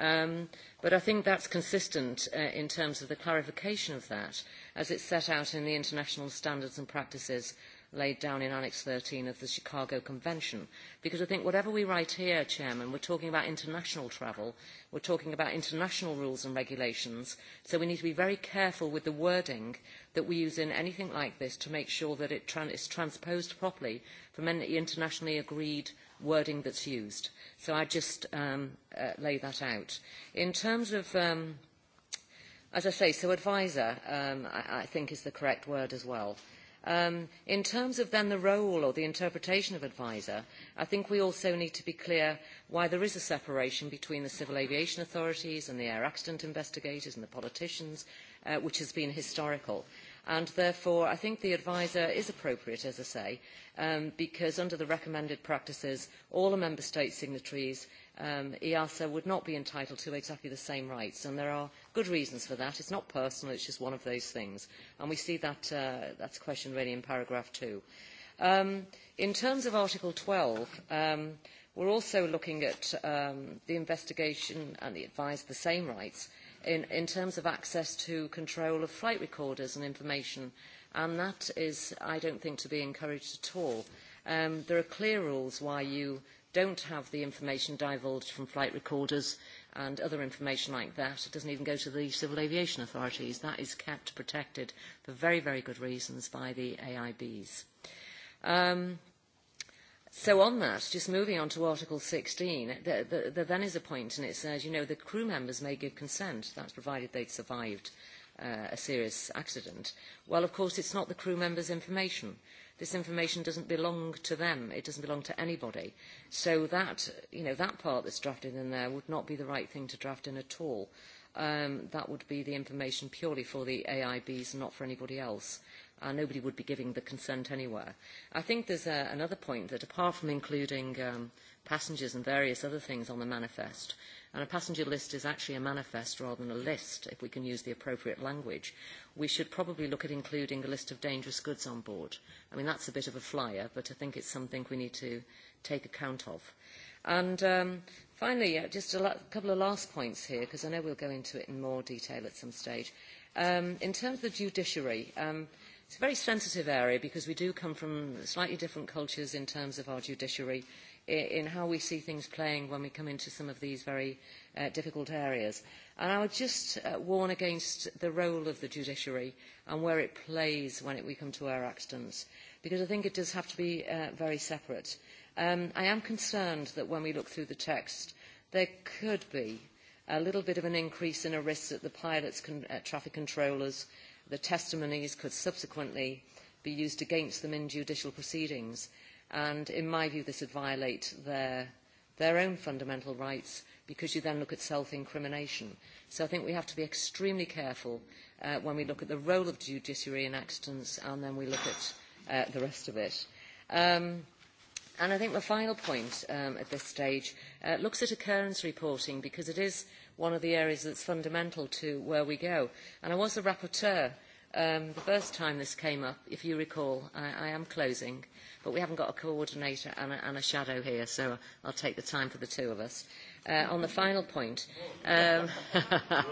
Um, but I think that's consistent uh, in terms of the clarification of that, as it's set out in the international standards and practices laid down in Annex 13 of the Chicago Convention. Because I think whatever we write here, Chairman, we're talking about international travel, we're talking about international rules and regulations, so we need to be very careful with the wording that we use in anything like this to make sure that it tran is transposed properly from any internationally agreed wording that's used. So I just um, uh, lay that out. In terms of, um, as I say, so advisor, um, I, I think is the correct word as well. Um, in terms of then the role or the interpretation of advisor, I think we also need to be clear why there is a separation between the civil aviation authorities and the air accident investigators and the politicians, uh, which has been historical and therefore I think the advisor is appropriate, as I say, um, because under the recommended practices, all the member state signatories, um, EASA would not be entitled to exactly the same rights, and there are good reasons for that. It is not personal, it is just one of those things, and we see that uh, that's questioned really in paragraph two. Um, in terms of Article twelve, um, we are also looking at um, the investigation and the advice the same rights in, in terms of access to control of flight recorders and information. And that is, I don't think, to be encouraged at all. Um, there are clear rules why you don't have the information divulged from flight recorders and other information like that. It doesn't even go to the civil aviation authorities. That is kept protected for very, very good reasons by the AIBs. Um, so on that, just moving on to Article 16, there, there, there then is a point, and it says, you know, the crew members may give consent. That's provided they'd survived uh, a serious accident. Well, of course, it's not the crew members' information. This information doesn't belong to them. It doesn't belong to anybody. So that, you know, that part that's drafted in there would not be the right thing to draft in at all. Um, that would be the information purely for the AIBs and not for anybody else. Uh, uh, nobody would be giving the consent anywhere. I think there's uh, another point that apart from including um, passengers and various other things on the manifest, and a passenger list is actually a manifest rather than a list, if we can use the appropriate language, we should probably look at including a list of dangerous goods on board. I mean, that's a bit of a flyer, but I think it's something we need to take account of. And um, finally, uh, just a couple of last points here, because I know we'll go into it in more detail at some stage. Um, in terms of the judiciary, um, It's a very sensitive area because we do come from slightly different cultures in terms of our judiciary, in how we see things playing when we come into some of these very uh, difficult areas. And I would just uh, warn against the role of the judiciary and where it plays when it, we come to our accidents, because I think it does have to be uh, very separate. Um, I am concerned that when we look through the text, there could be a little bit of an increase in a risk that the pilots, con uh, traffic controllers, the testimonies could subsequently be used against them in judicial proceedings. And in my view, this would violate their, their own fundamental rights because you then look at self-incrimination. So I think we have to be extremely careful uh, when we look at the role of the judiciary in accidents and then we look at uh, the rest of it. Um, and I think the final point um, at this stage uh, looks at occurrence reporting because it is one of the areas that is fundamental to where we go. And I was a rapporteur um, the first time this came up, if you recall. I, I am closing, but we haven't got a coordinator and a, and a shadow here, so I'll take the time for the two of us. Uh, on the final point, um,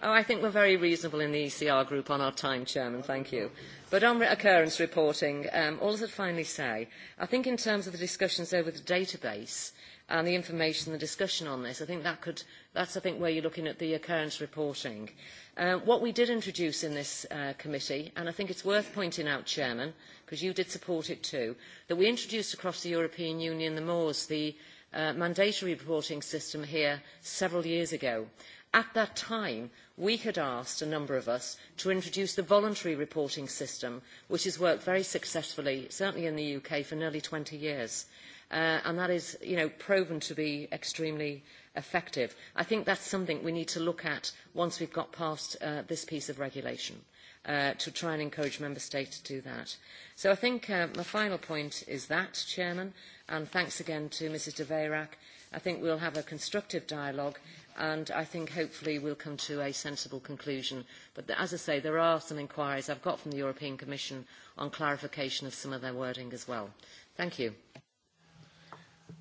Oh, I think we're very reasonable in the ECR group on our time, Chairman, thank you. But on occurrence reporting, um, all that I'd finally say, I think in terms of the discussions over the database, and the information, the discussion on this. I think that could, that's, I think, where you're looking at the occurrence reporting. Uh, what we did introduce in this uh, committee, and I think it's worth pointing out, Chairman, because you did support it too, that we introduced across the European Union the Moors the uh, mandatory reporting system here several years ago. At that time, we had asked a number of us to introduce the voluntary reporting system, which has worked very successfully, certainly in the UK, for nearly 20 years uh, and that is you know, proven to be extremely effective. I think that's something we need to look at once we've got past uh, this piece of regulation uh, to try and encourage member states to do that. So I think uh, my final point is that, Chairman, and thanks again to Mrs de Veyrac. I think we'll have a constructive dialogue and I think hopefully we'll come to a sensible conclusion. But as I say, there are some inquiries I've got from the European Commission on clarification of some of their wording as well. Thank you.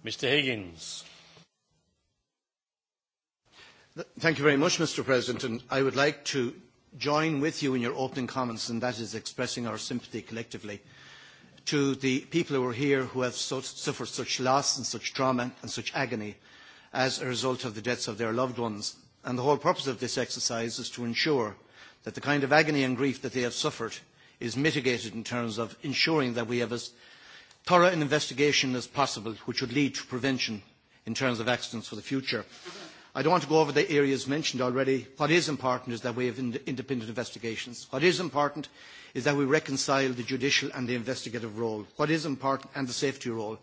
Mr. Higgins. Thank you very much, Mr. President, and I would like to join with you in your opening comments, and that is expressing our sympathy collectively to the people who are here who have so, suffered such loss and such trauma and such agony as a result of the deaths of their loved ones. And the whole purpose of this exercise is to ensure that the kind of agony and grief that they have suffered is mitigated in terms of ensuring that we have as thorough an investigation as possible, which would lead to prevention in terms of accidents for the future. I don't want to go over the areas mentioned already. What is important is that we have ind independent investigations. What is important is that we reconcile the judicial and the investigative role. What is important and the safety role.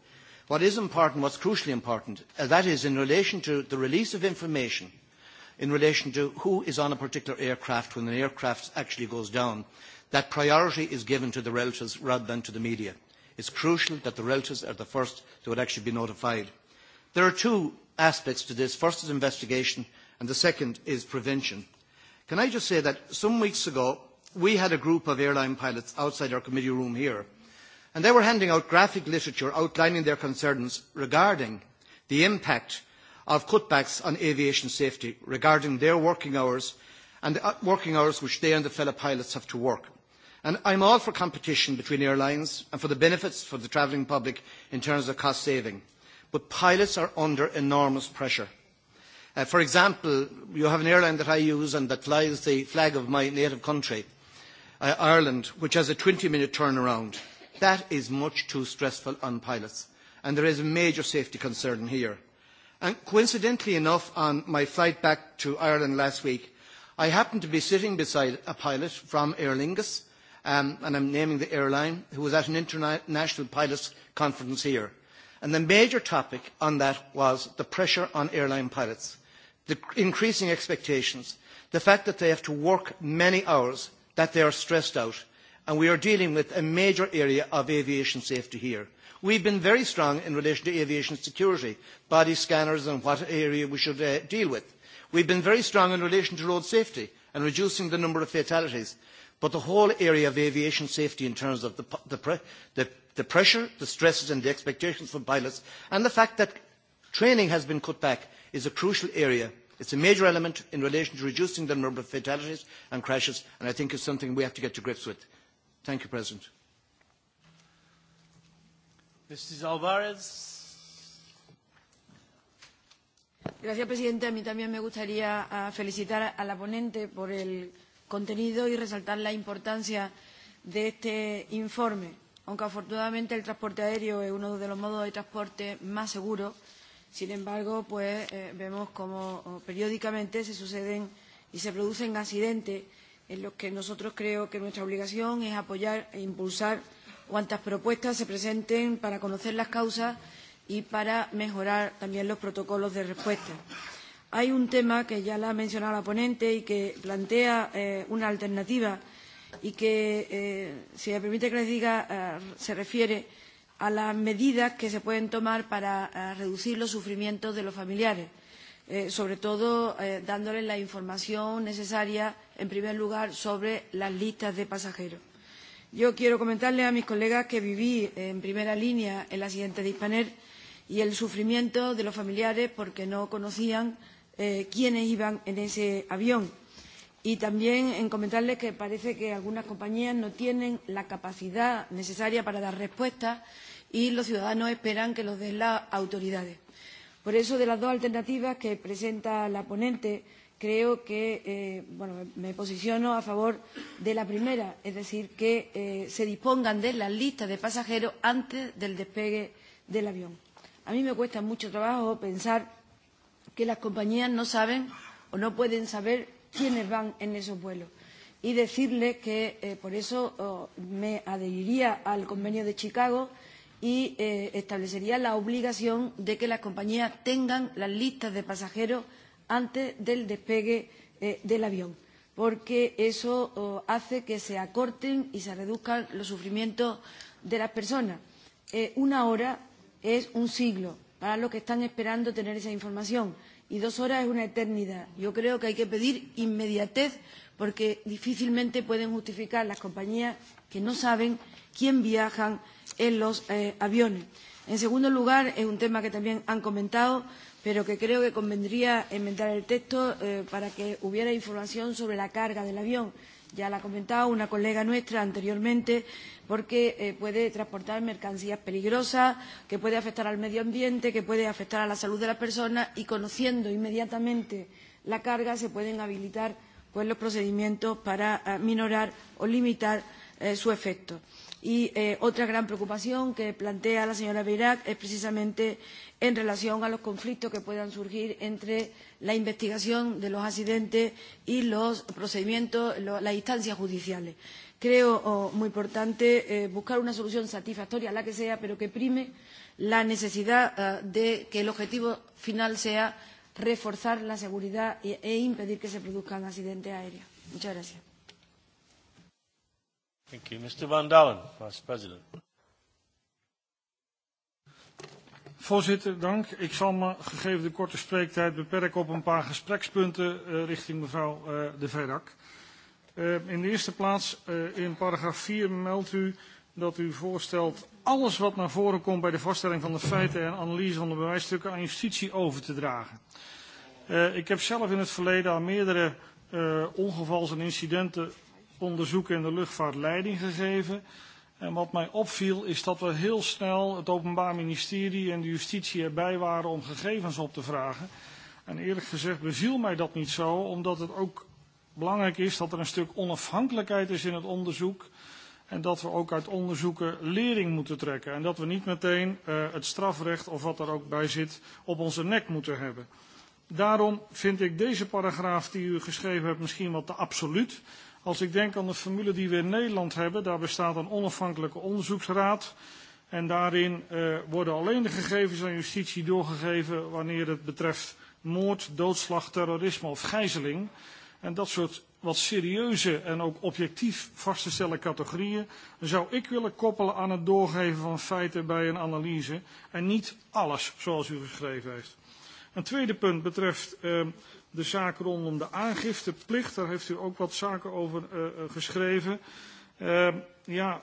What is important, what's crucially important, uh, that is in relation to the release of information, in relation to who is on a particular aircraft when an aircraft actually goes down, that priority is given to the relatives rather than to the media. It is crucial that the relatives are the first that would actually be notified. There are two aspects to this. First is investigation, and the second is prevention. Can I just say that some weeks ago, we had a group of airline pilots outside our committee room here, and they were handing out graphic literature outlining their concerns regarding the impact of cutbacks on aviation safety, regarding their working hours and the uh, working hours which they and the fellow pilots have to work. I am all for competition between airlines and for the benefits for the travelling public in terms of cost saving. But pilots are under enormous pressure. Uh, for example, you have an airline that I use and that flies the flag of my native country, uh, Ireland, which has a twenty minute turnaround. That is much too stressful on pilots. And there is a major safety concern here. And coincidentally enough, on my flight back to Ireland last week, I happened to be sitting beside a pilot from Aer Lingus um, and I'm naming the airline, who was at an international pilots conference here. And the major topic on that was the pressure on airline pilots, the increasing expectations, the fact that they have to work many hours, that they are stressed out, and we are dealing with a major area of aviation safety here. We have been very strong in relation to aviation security, body scanners and what area we should uh, deal with. We have been very strong in relation to road safety and reducing the number of fatalities. But the whole area of aviation safety in terms of the, the, the, the pressure, the stresses and the expectations from pilots and the fact that training has been cut back is a crucial area It is a major element in relation to reducing the number of fatalities and crashes, and I think it is something we have to get to grips with. Thank you, President. A mí también me gustaría ah, felicitar a la ponente por el contenido y resaltar la importancia de este informe. Aunque afortunadamente el transporte aéreo es uno de los modos de transporte más seguros, sin embargo, pues eh, vemos como periódicamente se suceden y se producen accidentes en los que nosotros creo que nuestra obligación es apoyar e impulsar cuantas propuestas se presenten para conocer las causas y para mejorar también los protocolos de respuesta. Hay un tema que ya la ha mencionado la ponente y que plantea eh, una alternativa y que, eh, si me permite que les diga, eh, se refiere a las medidas que se pueden tomar para eh, reducir los sufrimientos de los familiares, eh, sobre todo eh, dándoles la información necesaria, en primer lugar, sobre las listas de pasajeros. Yo quiero comentarles a mis colegas que viví en primera línea el accidente de Hispaner y el sufrimiento de los familiares porque no conocían eh, quiénes iban en ese avión. Y también en comentarles que parece que algunas compañías no tienen la capacidad necesaria para dar respuesta y los ciudadanos esperan que los den las autoridades. Por eso, de las dos alternativas que presenta la ponente, creo que eh, bueno, me posiciono a favor de la primera, es decir, que eh, se dispongan de las listas de pasajeros antes del despegue del avión. A mí me cuesta mucho trabajo pensar que las compañías no saben o no pueden saber quiénes van en esos vuelos. Y decirles que eh, por eso oh, me adheriría al convenio de Chicago y eh, establecería la obligación de que las compañías tengan las listas de pasajeros antes del despegue eh, del avión, porque eso oh, hace que se acorten y se reduzcan los sufrimientos de las personas. Eh, una hora es un siglo para los que están esperando tener esa información. Y dos horas es una eternidad. Yo creo que hay que pedir inmediatez porque difícilmente pueden justificar las compañías que no saben quién viajan en los eh, aviones. En segundo lugar, es un tema que también han comentado, pero que creo que convendría enmendar el texto eh, para que hubiera información sobre la carga del avión ya la ha comentado una colega nuestra anteriormente, porque eh, puede transportar mercancías peligrosas, que puede afectar al medio ambiente, que puede afectar a la salud de las personas y conociendo inmediatamente la carga se pueden habilitar pues, los procedimientos para ah, minorar o limitar eh, su efecto. Y eh, otra gran preocupación que plantea la señora Beirac es precisamente en relación a los conflictos que puedan surgir entre la investigación de los accidentes y los procedimientos, lo, las instancias judiciales. Creo oh, muy importante eh, buscar una solución satisfactoria, la que sea, pero que prime la necesidad uh, de que el objetivo final sea reforzar la seguridad e, e impedir que se produzcan accidentes aéreos. Muchas gracias. Thank you. Mr. Van Dalen, Vice President. Voorzitter, dank. Ik zal me, gegeven de korte spreektijd, beperken op een paar gesprekspunten uh, richting mevrouw uh, de Verak. Uh, eh, in de eerste plaats, uh, in paragraaf 4 meldt u dat u voorstelt alles wat naar voren komt bij de vaststelling van de feiten en analyse van de bewijsstukken aan justitie over te dragen. Uh, ik heb zelf in het verleden aan meerdere uh, ongevals en incidenten Onderzoek in de luchtvaart leiding gegeven. En wat mij opviel is dat we heel snel het Openbaar Ministerie en de justitie erbij waren om gegevens op te vragen. En eerlijk gezegd beviel mij dat niet zo, omdat het ook belangrijk is dat er een stuk onafhankelijkheid is in het onderzoek. En dat we ook uit onderzoeken lering moeten trekken. En dat we niet meteen uh, het strafrecht of wat er ook bij zit op onze nek moeten hebben. Daarom vind ik deze paragraaf die u geschreven hebt misschien wat te absoluut. Als ik denk aan de formule die we in Nederland hebben, daar bestaat een onafhankelijke onderzoeksraad. En daarin uh, worden alleen de gegevens aan justitie doorgegeven wanneer het betreft moord, doodslag, terrorisme of gijzeling. En dat soort wat serieuze en ook objectief vast te stellen categorieën zou ik willen koppelen aan het doorgeven van feiten bij een analyse en niet alles zoals u geschreven heeft. Een tweede punt betreft uh, de zaak rondom de aangifteplicht. Daar heeft u ook wat zaken over uh, geschreven. Uh, ja,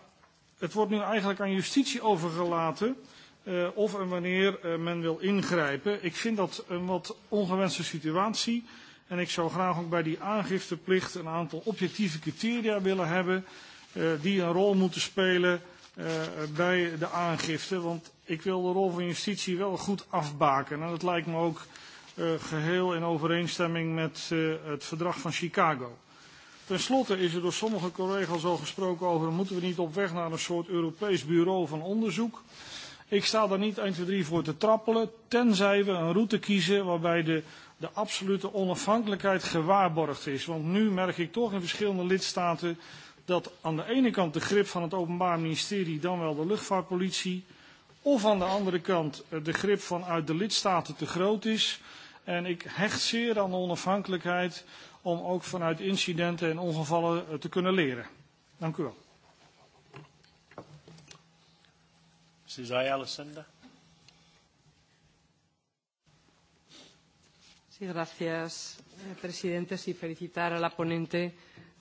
het wordt nu eigenlijk aan justitie overgelaten uh, of en wanneer uh, men wil ingrijpen. Ik vind dat een wat ongewenste situatie. En ik zou graag ook bij die aangifteplicht een aantal objectieve criteria willen hebben uh, die een rol moeten spelen uh, bij de aangifte. Want ik wil de rol van justitie wel goed afbaken. En dat lijkt me ook uh, Eh, geheel in overeenstemming met eh, het verdrag van Chicago. Ten slotte is er door sommige collega's al gesproken over moeten we niet op weg naar een soort Europees bureau van onderzoek. Ik sta daar niet 1, 2, 3 voor te trappelen, tenzij we een route kiezen waarbij de, de absolute onafhankelijkheid gewaarborgd is. Want nu merk ik toch in verschillende lidstaten dat aan de ene kant de grip van het Openbaar Ministerie, dan wel de luchtvaartpolitie, of aan de andere kant de grip vanuit de lidstaten te groot is En ik hecht zeer aan de onafhankelijkheid om ook vanuit incidenten en ongevallen eh, te kunnen leren. Dank u wel. Mrs. Ayala Sí, gracias, eh, presidente. Sí, felicitar a la ponente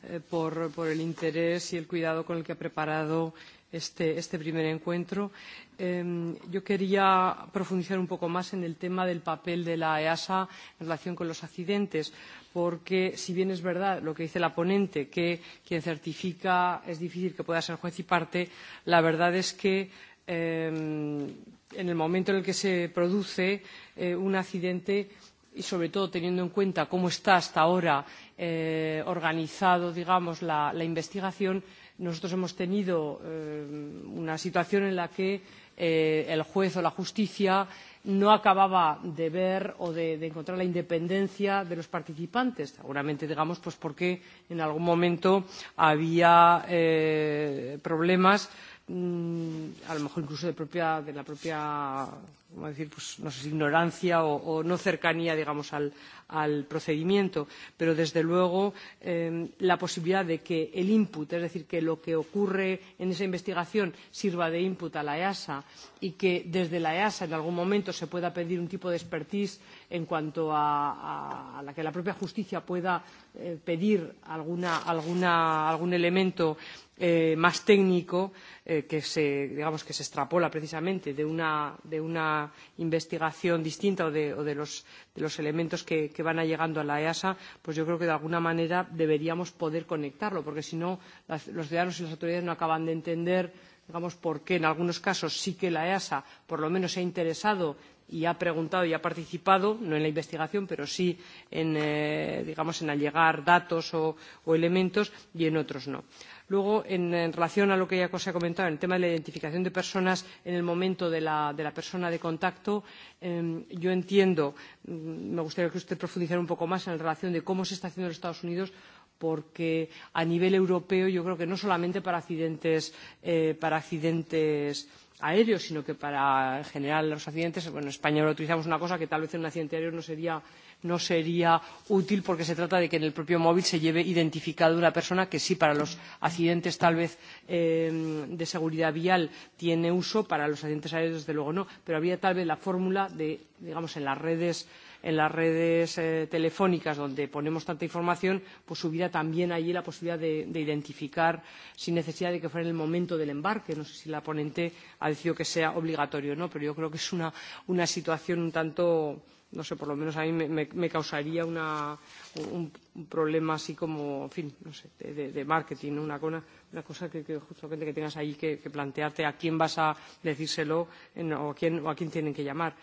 eh, por, por el interés y el cuidado con el que ha preparado este, este primer encuentro. Eh, yo quería profundizar un poco más en el tema del papel de la EASA en relación con los accidentes, porque si bien es verdad lo que dice la ponente, que quien certifica es difícil que pueda ser juez y parte, la verdad es que eh, en el momento en el que se produce eh, un accidente y sobre todo teniendo en cuenta cómo está hasta ahora eh, organizado digamos la, la investigación nosotros hemos tenido eh, una situación en la que eh, el juez o la justicia no acababa de ver o de, de encontrar la independencia de los participantes seguramente digamos pues porque en algún momento había eh, problemas mm, a lo mejor incluso de, propia, de la propia como decir, pues, no sé si ignorancia o, o no cercanía, digamos, al, al procedimiento, pero desde luego eh, la posibilidad de que el input, es decir, que lo que ocurre en esa investigación sirva de input a la EASA y que desde la EASA en algún momento se pueda pedir un tipo de expertise en cuanto a, a, a la que la propia justicia pueda eh, pedir alguna, alguna, algún elemento eh, más técnico eh, que, se, digamos, que se extrapola precisamente de una, de una una investigación distinta o de, o de, los, de los, elementos que, que, van llegando a la EASA, pues yo creo que de alguna manera deberíamos poder conectarlo, porque si no, las, los ciudadanos y las autoridades no acaban de entender digamos, por qué en algunos casos sí que la EASA por lo menos se ha interesado y ha preguntado y ha participado, no en la investigación, pero sí en, eh, digamos, en allegar datos o, o elementos y en otros no. Luego, en, en relación a lo que ya se ha comentado, en el tema de la identificación de personas en el momento de la, de la persona de contacto, eh, yo entiendo, mm, me gustaría que usted profundizara un poco más en relación de cómo se está haciendo en los Estados Unidos porque a nivel europeo yo creo que no solamente para accidentes, eh, para accidentes aéreo, sino que para generar los accidentes, bueno, en España ahora utilizamos una cosa que tal vez en un accidente aéreo no sería, no sería útil porque se trata de que en el propio móvil se lleve identificado una persona que sí para los accidentes tal vez eh, de seguridad vial tiene uso, para los accidentes aéreos desde luego no, pero habría tal vez la fórmula de, digamos, en las redes eh, en las redes eh, telefónicas donde ponemos tanta información, pues hubiera también allí la posibilidad de, de identificar sin necesidad de que fuera en el momento del embarque. No sé si la ponente ha decidido que sea obligatorio o no, pero yo creo que es una, una situación un tanto no sé, por lo menos a mí me, me, me causaría una, un, un problema así como, en fin, no sé, de, de, de marketing, ¿no? una, una, una cosa que, que justamente que tengas ahí que, que plantearte a quién vas a decírselo en, o, a quién, o a quién tienen que llamar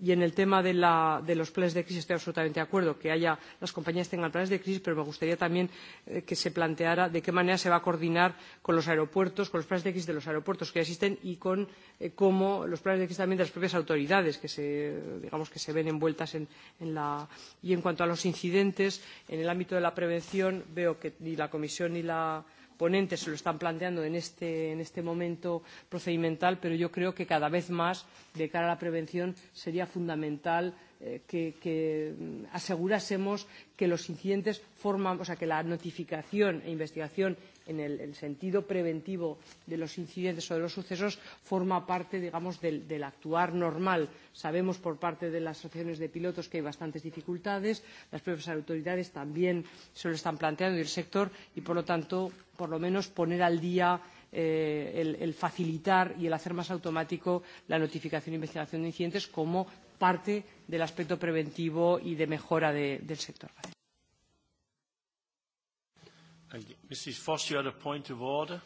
y en el tema de, la, de los planes de crisis estoy absolutamente de acuerdo que haya, las compañías tengan planes de crisis pero me gustaría también eh, que se planteara de qué manera se va a coordinar con los aeropuertos con los planes de crisis de los aeropuertos que ya existen y con eh, cómo los planes de crisis también de las propias autoridades que se, digamos que se ven envueltas en, en la. y en cuanto a los incidentes en el ámbito de la prevención veo que ni la comisión ni la ponentes se lo están planteando en este, en este momento procedimental, pero yo creo que cada vez más, de cara a la prevención, sería fundamental eh, que, que mm, asegurásemos que los incidentes forman, o sea, que la notificación e investigación en el, el sentido preventivo de los incidentes o de los sucesos forma parte, digamos, del, del actuar normal. Sabemos por parte de las asociaciones de pilotos que hay bastantes dificultades, las propias autoridades también se lo están planteando y el sector, y por lo tanto, por lo menos poner al día eh, el, el facilitar y el hacer más automático la notificación e investigación de incidentes como parte del aspecto preventivo y de mejora de, del sector. Gracias. You. Mrs. Foss, you had a point of order.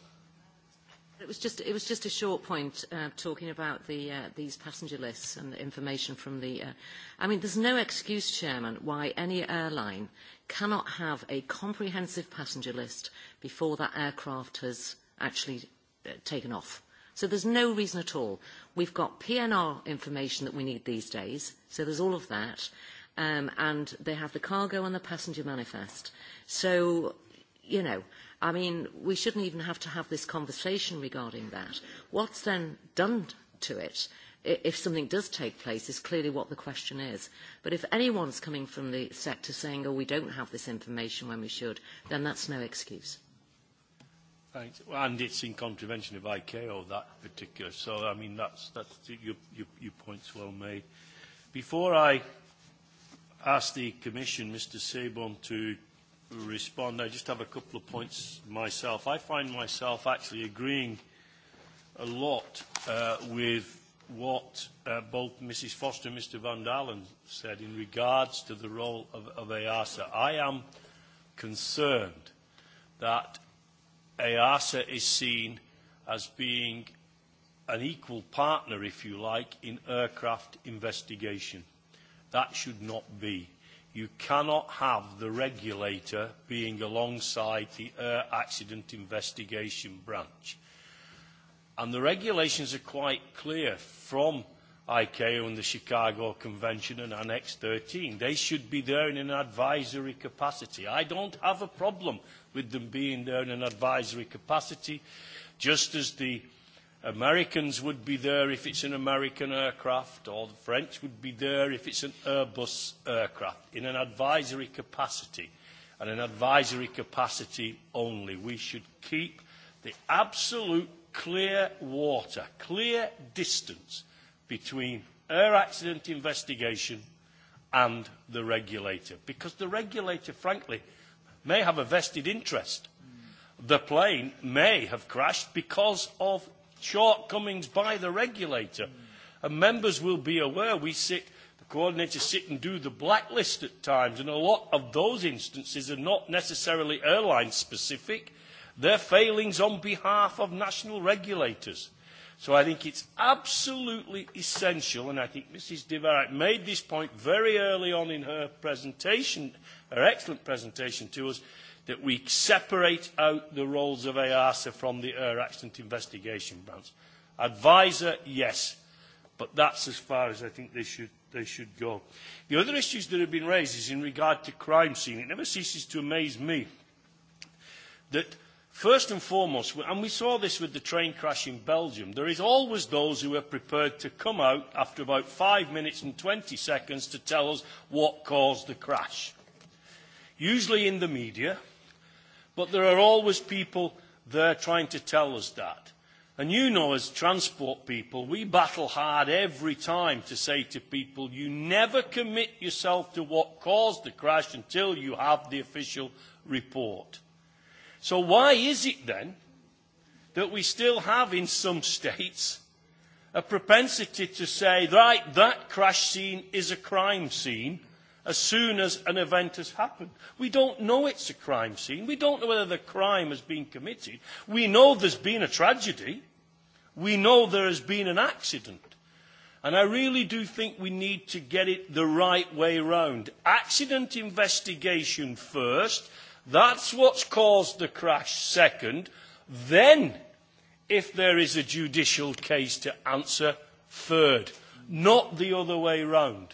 It was just, it was just a short point uh, talking about the, uh, these passenger lists and the information from the... Uh, I mean, there's no excuse, Chairman, why any airline cannot have a comprehensive passenger list before that aircraft has actually uh, taken off. So there's no reason at all. We've got PNR information that we need these days, so there's all of that. Um, and they have the cargo and the passenger manifest. So you know, I mean, we shouldn't even have to have this conversation regarding that. What's then done to it, if something does take place, is clearly what the question is. But if anyone's coming from the sector saying, oh, we don't have this information when we should, then that's no excuse. Thanks. And it's in contravention of ICAO, that particular. So, I mean, that's, that's your, your, your point's well made. Before I ask the Commission, Mr. Sabon, to respond. I just have a couple of points myself. I find myself actually agreeing a lot uh, with what uh, both Mrs. Foster and Mr. Van Dalen said in regards to the role of, of EASA. I am concerned that EASA is seen as being an equal partner, if you like, in aircraft investigation. That should not be you cannot have the regulator being alongside the Air Accident Investigation Branch. And the regulations are quite clear from ICAO and the Chicago Convention and Annex 13. They should be there in an advisory capacity. I don't have a problem with them being there in an advisory capacity, just as the Americans would be there if it's an American aircraft, or the French would be there if it's an Airbus aircraft, in an advisory capacity, and an advisory capacity only. We should keep the absolute clear water, clear distance between air accident investigation and the regulator, because the regulator, frankly, may have a vested interest. The plane may have crashed because of shortcomings by the regulator. And members will be aware we sit, the coordinators sit and do the blacklist at times, and a lot of those instances are not necessarily airline specific. They're failings on behalf of national regulators. So I think it's absolutely essential, and I think Mrs. Devarak made this point very early on in her presentation, her excellent presentation to us, that we separate out the roles of EASA from the Air Accident Investigation Branch. Advisor, yes, but that's as far as I think they should, they should go. The other issues that have been raised is in regard to crime scene. It never ceases to amaze me that first and foremost, and we saw this with the train crash in Belgium, there is always those who are prepared to come out after about five minutes and 20 seconds to tell us what caused the crash. Usually in the media, But there are always people there trying to tell us that. And you know, as transport people, we battle hard every time to say to people, you never commit yourself to what caused the crash until you have the official report. So why is it then that we still have in some states a propensity to say, right, that crash scene is a crime scene, as soon as an event has happened. We don't know it's a crime scene. We don't know whether the crime has been committed. We know there's been a tragedy. We know there has been an accident. And I really do think we need to get it the right way round. Accident investigation first. That's what's caused the crash second. Then, if there is a judicial case to answer, third. Not the other way round.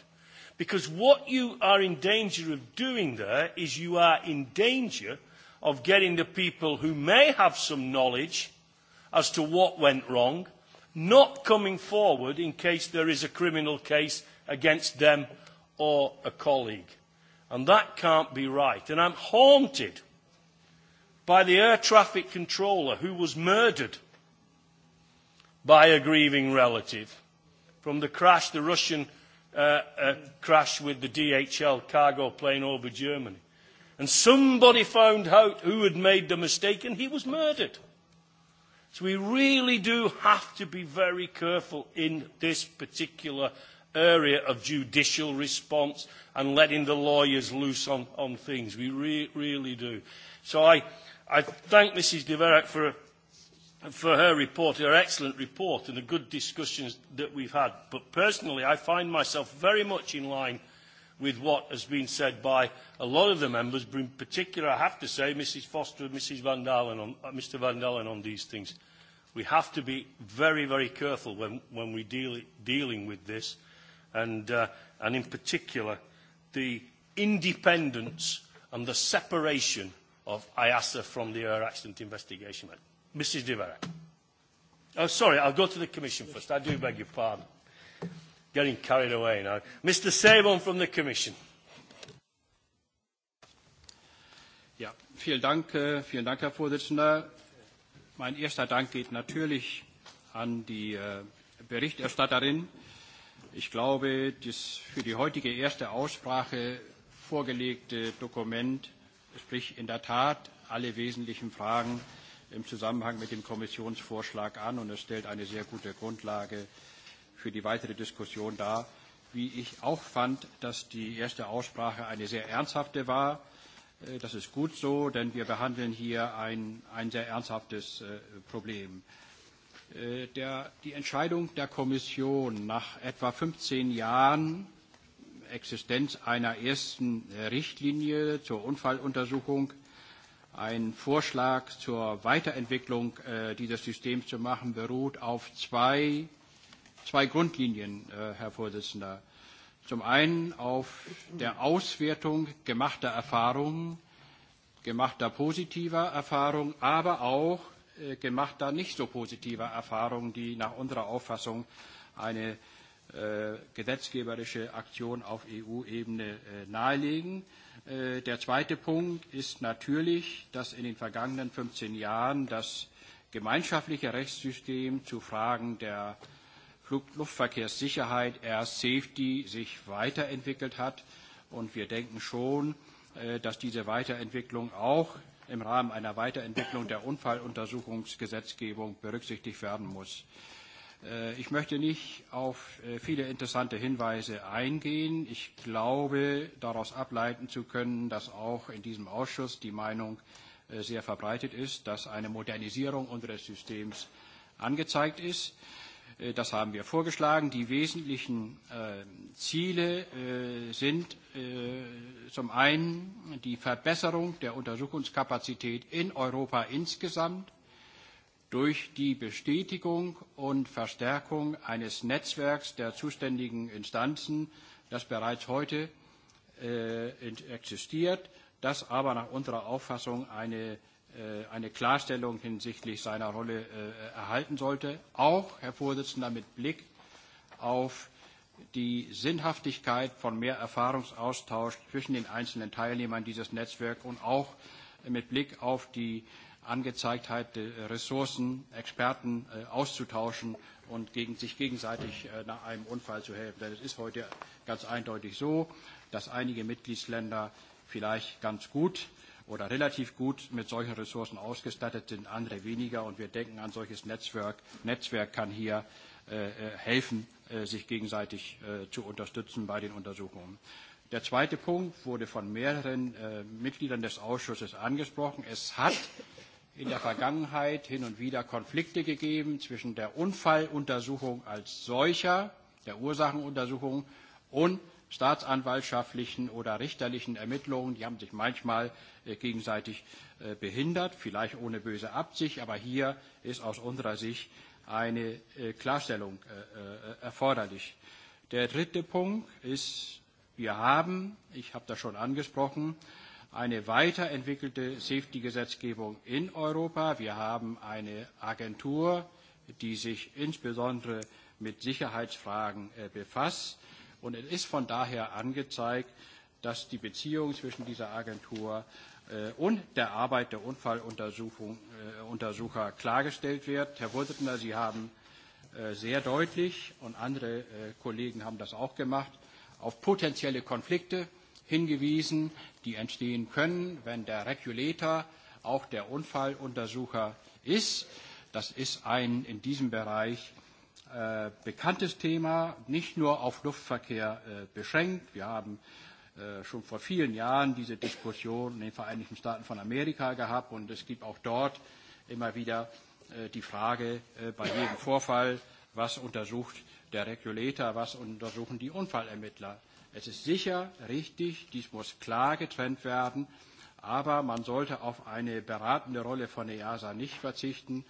Because what you are in danger of doing there is you are in danger of getting the people who may have some knowledge as to what went wrong not coming forward in case there is a criminal case against them or a colleague. And that can't be right. And I'm haunted by the air traffic controller who was murdered by a grieving relative from the crash the Russian uh, a crash with the DHL cargo plane over Germany. And somebody found out who had made the mistake and he was murdered. So we really do have to be very careful in this particular area of judicial response and letting the lawyers loose on, on things. We re- really do. So I, I thank Mrs. Deverak for for her report, her excellent report, and the good discussions that we've had. But personally, I find myself very much in line with what has been said by a lot of the members, but in particular, I have to say, Mrs Foster and Mrs Van Dalen on, uh, Mr Van Dalen on these things. We have to be very, very careful when, when we're deal, dealing with this, and, uh, and in particular, the independence and the separation of IASA from the Air Accident Investigation Mrs. De Vera. Oh, sorry, I'll go to the Commission first. I do beg your pardon. Getting carried away now. Mr. Sabon from the Commission. Ja, vielen Dank, äh, vielen Dank, Herr Vorsitzender. Mein erster Dank geht natürlich an die äh, Berichterstatterin. Ich glaube, das für die heutige erste Aussprache vorgelegte Dokument spricht in der Tat alle wesentlichen Fragen im Zusammenhang mit dem Kommissionsvorschlag an und es stellt eine sehr gute Grundlage für die weitere Diskussion dar. Wie ich auch fand, dass die erste Aussprache eine sehr ernsthafte war. Äh, das ist gut so, denn wir behandeln hier ein, ein sehr ernsthaftes äh, Problem. Äh, der, die Entscheidung der Kommission nach etwa 15 Jahren Existenz einer ersten Richtlinie zur Unfalluntersuchung Ein Vorschlag zur Weiterentwicklung äh, dieses Systems zu machen, beruht auf zwei, zwei Grundlinien, äh, Herr Vorsitzender. Zum einen auf der Auswertung gemachter Erfahrungen, gemachter positiver Erfahrungen, aber auch äh, gemachter nicht so positiver Erfahrungen, die nach unserer Auffassung eine äh, gesetzgeberische Aktion auf EU-Ebene äh, nahelegen. Äh, der zweite Punkt ist natürlich, dass in den vergangenen 15 Jahren das gemeinschaftliche Rechtssystem zu Fragen der Luftverkehrssicherheit, Air Safety, sich weiterentwickelt hat. Und wir denken schon, äh, dass diese Weiterentwicklung auch im Rahmen einer Weiterentwicklung der Unfalluntersuchungsgesetzgebung berücksichtigt werden muss. Äh, ich möchte nicht auf äh, viele interessante Hinweise eingehen. Ich glaube, daraus ableiten zu können, dass auch in diesem Ausschuss die Meinung äh, sehr verbreitet ist, dass eine Modernisierung unseres Systems angezeigt ist. Das haben wir vorgeschlagen. Die wesentlichen Ziele sind zum einen die Verbesserung der Untersuchungskapazität in Europa insgesamt, durch die Bestätigung und Verstärkung eines Netzwerks der zuständigen Instanzen, das bereits heute äh, existiert, das aber nach unserer Auffassung eine, äh, eine Klarstellung hinsichtlich seiner Rolle äh, erhalten sollte, auch, Herr Vorsitzender, mit Blick auf die Sinnhaftigkeit von mehr Erfahrungsaustausch zwischen den einzelnen Teilnehmern dieses Netzwerks und auch mit Blick auf die äh, Angezeigtheit der äh, Ressourcen, Experten äh, auszutauschen und gegen, sich gegenseitig äh, nach einem Unfall zu helfen. Denn es ist heute ganz eindeutig so, dass einige Mitgliedsländer vielleicht ganz gut oder relativ gut mit solchen Ressourcen ausgestattet sind, andere weniger. Und wir denken, an solches Netzwerk, Netzwerk kann hier äh, helfen, äh, sich gegenseitig äh, zu unterstützen bei den Untersuchungen. Der zweite Punkt wurde von mehreren äh, Mitgliedern des Ausschusses angesprochen. Es hat in der Vergangenheit hin und wieder Konflikte gegeben zwischen der Unfalluntersuchung als solcher, der Ursachenuntersuchung und staatsanwaltschaftlichen oder richterlichen Ermittlungen. Die haben sich manchmal äh, gegenseitig äh, behindert, vielleicht ohne böse Absicht, aber hier ist aus unserer Sicht eine äh, Klarstellung erforderlich. Der dritte Punkt ist, wir haben, ich habe das schon angesprochen, eine weiterentwickelte Safety-Gesetzgebung in Europa. Wir haben eine Agentur, die sich insbesondere mit Sicherheitsfragen äh, befasst. Und es ist von daher angezeigt, dass die Beziehung zwischen dieser Agentur äh, und der Arbeit der Unfalluntersucher äh, klargestellt wird. Herr Vorsitzender, Sie haben sehr deutlich und andere Kollegen haben das auch gemacht, auf potenzielle Konflikte hingewiesen, die entstehen können, wenn der Regulator auch der Unfalluntersucher ist. Das ist ein in diesem Bereich äh, bekanntes Thema, nicht nur auf Luftverkehr äh, beschränkt. Wir haben äh, schon vor vielen Jahren diese Diskussion in den Vereinigten Staaten von Amerika gehabt und es gibt auch dort immer wieder äh, die Frage äh, bei jedem Vorfall, was untersucht der Regulator, was untersuchen die Unfallermittler. Es ist sicher richtig, dies muss klar getrennt werden, aber man sollte auf eine beratende Rolle von EASA nicht verzichten,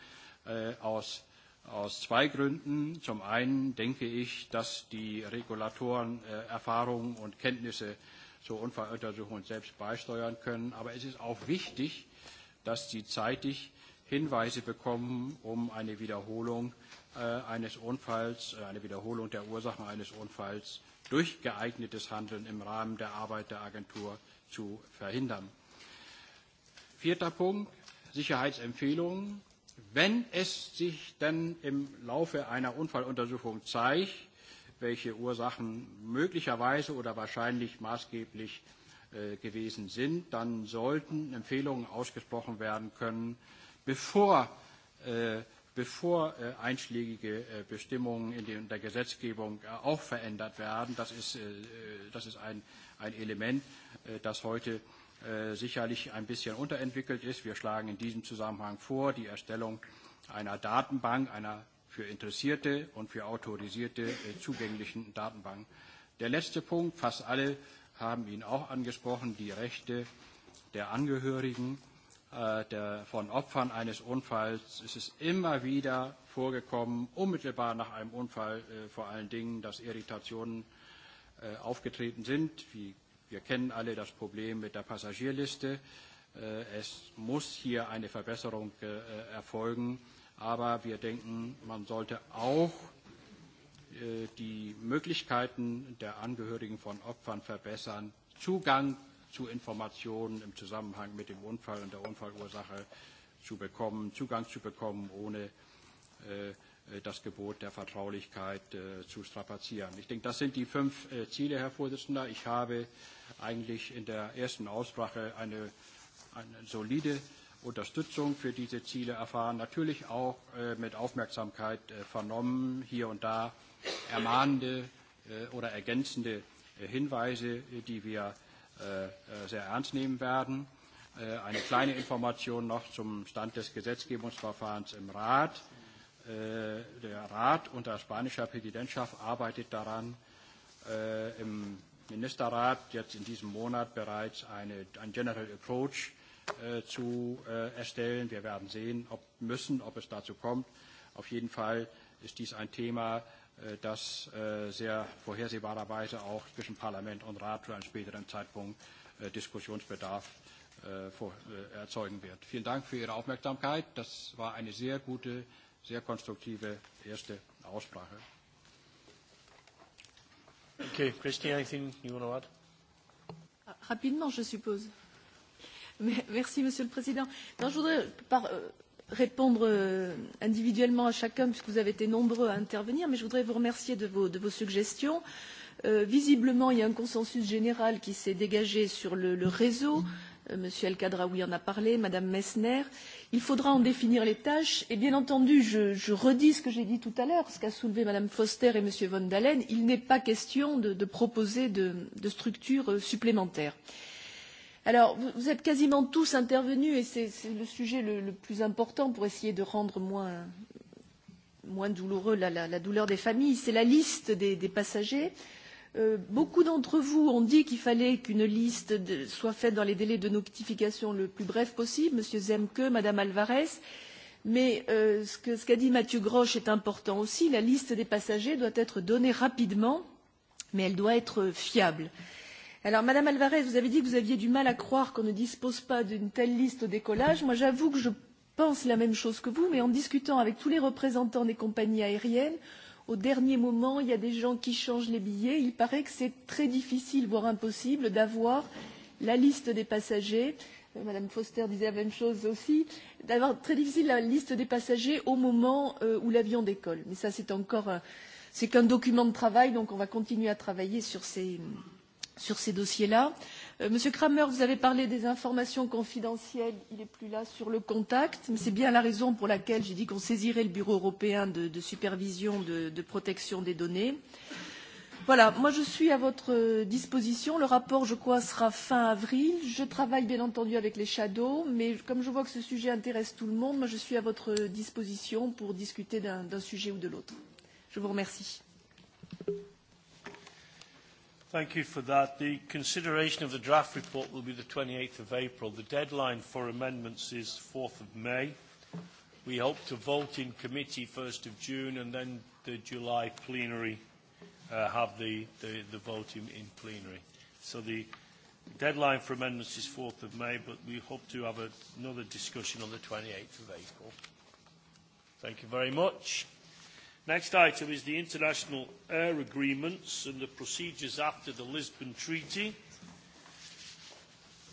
äh, aus, aus zwei Gründen. Zum einen denke ich, dass die Regulatoren äh, Erfahrungen und Kenntnisse zur Unfalluntersuchung selbst beisteuern können, aber es ist auch wichtig, dass sie zeitig Hinweise bekommen, um eine Wiederholung äh, eines Unfalls, äh, eine Wiederholung der Ursachen eines Unfalls durch geeignetes Handeln im Rahmen der Arbeit der Agentur zu verhindern. Vierter Punkt, Sicherheitsempfehlungen. Wenn es sich dann im Laufe einer Unfalluntersuchung zeigt, welche Ursachen möglicherweise oder wahrscheinlich maßgeblich äh, gewesen sind, dann sollten Empfehlungen ausgesprochen werden können, bevor äh, bevor äh, einschlägige äh, Bestimmungen in der Gesetzgebung äh, auch verändert werden. Das ist, das ist ein, ein Element, das heute sicherlich ein bisschen unterentwickelt ist. Wir schlagen in diesem Zusammenhang vor, die Erstellung einer Datenbank, einer für Interessierte und für Autorisierte zugänglichen Datenbank. Der letzte Punkt, fast alle haben ihn auch angesprochen, die Rechte der Angehörigen Äh, der, von Opfern eines Unfalls ist es immer wieder vorgekommen, unmittelbar nach einem Unfall äh, vor allen Dingen, dass Irritationen äh, aufgetreten sind. Wie, wir kennen alle das Problem mit der Passagierliste. Äh, es muss hier eine Verbesserung äh, erfolgen, aber wir denken, man sollte auch äh, die Möglichkeiten der Angehörigen von Opfern verbessern, Zugang zu Informationen im Zusammenhang mit dem Unfall und der Unfallursache zu bekommen, Zugang zu bekommen, ohne äh, das Gebot der Vertraulichkeit äh, zu strapazieren. Ich denke, das sind die fünf äh, Ziele, Herr Vorsitzender. Ich habe eigentlich in der ersten Aussprache eine, eine solide Unterstützung für diese Ziele erfahren, natürlich auch äh, mit Aufmerksamkeit äh, vernommen, hier und da ermahnende äh, oder ergänzende äh, Hinweise, äh, die wir Äh, äh, sehr ernst nehmen werden. Äh, eine kleine Information noch zum Stand des Gesetzgebungsverfahrens im Rat. Der Rat unter spanischer Präsidentschaft arbeitet daran, im Ministerrat jetzt in diesem Monat bereits eine, ein General Approach zu erstellen. Wir werden sehen, ob müssen, ob es dazu kommt. Auf jeden Fall ist dies ein Thema, Äh, das äh, sehr vorhersehbarerweise auch zwischen Parlament und Rat zu einem späteren Zeitpunkt äh, Diskussionsbedarf erzeugen wird. Vielen Dank für Ihre Aufmerksamkeit. Das war eine sehr gute, sehr konstruktive erste Aussprache. Okay, Christine, anything you want to add? Ah, rapidement, je suppose. Merci, Monsieur le Président. Non, je voudrais par, euh, répondre euh, individuellement à chacun puisque vous avez été nombreux à intervenir mais je voudrais vous remercier de vos, de vos suggestions. Euh, visiblement il y a un consensus général qui s'est dégagé sur le, le réseau euh, Monsieur m. el khadraoui en a parlé mme meissner. il faudra en définir les tâches et bien entendu je, je redis ce que j'ai dit tout à l'heure ce qu'a soulevé mme foster et m. van dalen il n'est pas question de, de proposer de, de structures euh, supplémentaires. Alors, vous, êtes quasiment tous intervenus et c'est le sujet le, le plus important pour essayer de rendre moins, moins douloureux la, la, la douleur des familles. C'est la liste des, des passagers. Euh, beaucoup d'entre vous ont dit qu'il fallait qu'une liste de, soit faite dans les délais de notification le plus bref possible, Monsieur Zemke, Madame Alvarez. Mais euh, ce qu'a ce qu dit Mathieu Grosch est important aussi. La liste des passagers doit être donnée rapidement, mais elle doit être fiable. Euh, Madame Alvarez, vous avez dit que vous aviez du mal à croire qu'on ne dispose pas d'une telle liste au décollage. j'avoue que je pense la même chose que vous, mais en discutant avec tous les représentants des compagnies aériennes, au dernier moment, il y a des gens qui changent les billets. Il paraît que c'est très difficile, voire impossible, d'avoir la liste des passagers. Euh, Madame Foster disait la même chose aussi, d'avoir très difficile la liste des passagers au moment euh, où l'avion décolle. Mais ça, c'est encore, un qu'un document de travail, donc on va continuer à travailler sur ces, sur ces dossiers là. Euh, Monsieur Kramer, vous avez parlé des informations confidentielles, il n'est plus là sur le contact, mais c'est bien la raison pour laquelle j'ai dit qu'on saisirait le Bureau européen de, de supervision de, de protection des données. Voilà, moi je suis à votre euh, disposition. Le rapport, je crois, sera fin avril. Je travaille bien entendu avec les shadows, mais comme je vois que ce sujet intéresse tout le monde, moi je suis à votre disposition pour discuter d'un sujet ou de l'autre. Je vous remercie. Thank you for that. The consideration of the draft report will be the 28th of April. The deadline for amendments is 4th of May. We hope to vote in committee 1st of June and then the July plenary uh, have the, the, the vote in, in plenary. So the deadline for amendments is 4th of May, but we hope to have a, another discussion on the 28th of April. Thank you very much. Next item is the international air agreements and the procedures after the Lisbon Treaty.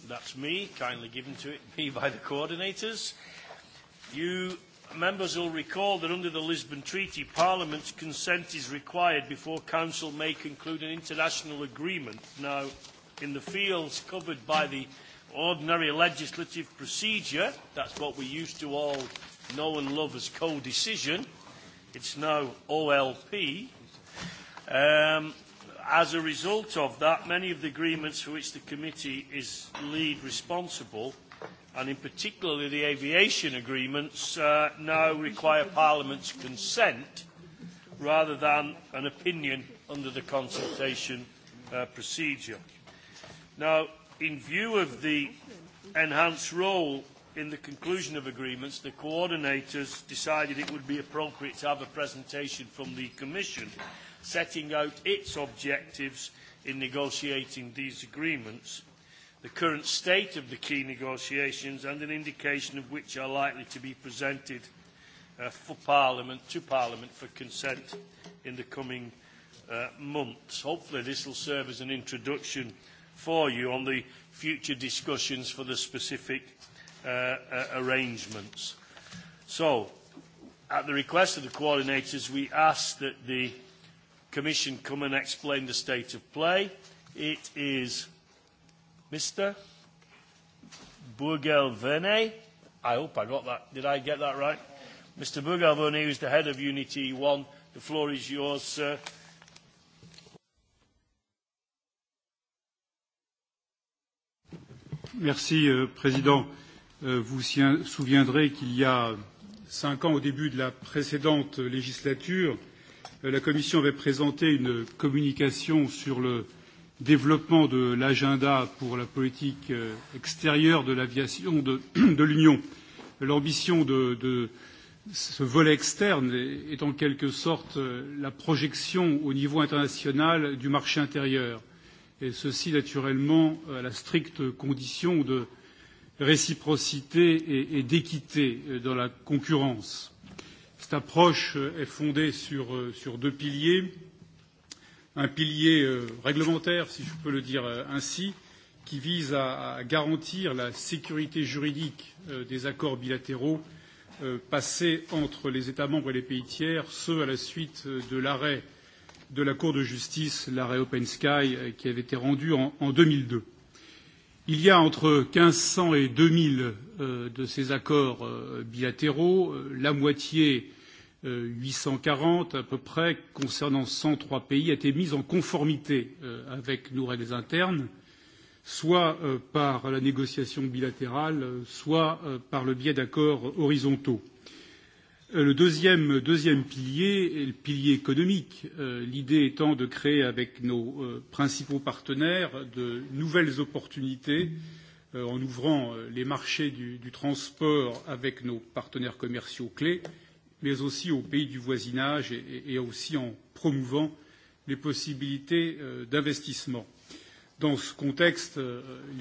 That's me, kindly given to it, me by the coordinators. You members will recall that under the Lisbon Treaty, Parliament's consent is required before Council may conclude an international agreement. Now, in the fields covered by the ordinary legislative procedure, that's what we used to all know and love as co-decision, It's now OLP. Um, as a result of that, many of the agreements for which the committee is lead responsible, and in particular the aviation agreements, uh, now require Parliament's consent rather than an opinion under the consultation uh, procedure. Now, in view of the enhanced role in the conclusion of agreements, the coordinators decided it would be appropriate to have a presentation from the Commission setting out its objectives in negotiating these agreements, the current state of the key negotiations and an indication of which are likely to be presented uh, for Parliament, to Parliament for consent in the coming uh, months. Hopefully this will serve as an introduction for you on the future discussions for the specific Uh, uh, arrangements. So, at the request of the coordinators, we ask that the Commission come and explain the state of play. It is Mr. Burgel Vene. I hope I got that. Did I get that right? Mr. Burgel Vene, who is the head of Unity e One, The floor is yours, sir. Merci, euh, Président. Euh, vous souviendrez qu'il y a cinq ans, au début de la précédente législature, euh, la Commission avait présenté une communication sur le développement de l'agenda pour la politique euh, extérieure de l'aviation de, de l'Union. L'ambition de, de ce volet externe est en quelque sorte la projection au niveau international du marché intérieur, et ceci naturellement à la stricte condition de réciprocité et, et d'équité euh, dans la concurrence. Cette approche euh, est fondée sur, euh, sur deux piliers un pilier réglementaire, si je peux le dire ainsi, qui vise à garantir la sécurité juridique des accords bilatéraux passés entre les États membres et les pays tiers, ce à la suite de l'arrêt de la Cour de justice, l'arrêt Open Sky, qui avait été rendu en, en 2002. Il y a entre 1500 et 2000 euh, de ces accords euh, bilatéraux, euh, la moitié, euh, 840 à peu près, concernant 103 pays, a été mise en conformité euh, avec nos règles internes, soit euh, par la négociation bilatérale, euh, soit euh, par le biais d'accords horizontaux. Euh, Euh, le deuxième, deuxième pilier est le pilier économique, euh, l'idée étant de créer avec nos euh, principaux partenaires de nouvelles opportunités euh, en ouvrant euh, les marchés du, du transport avec nos partenaires commerciaux clés, mais aussi aux pays du voisinage et, et, aussi en promouvant les possibilités euh, d'investissement. Dans ce contexte,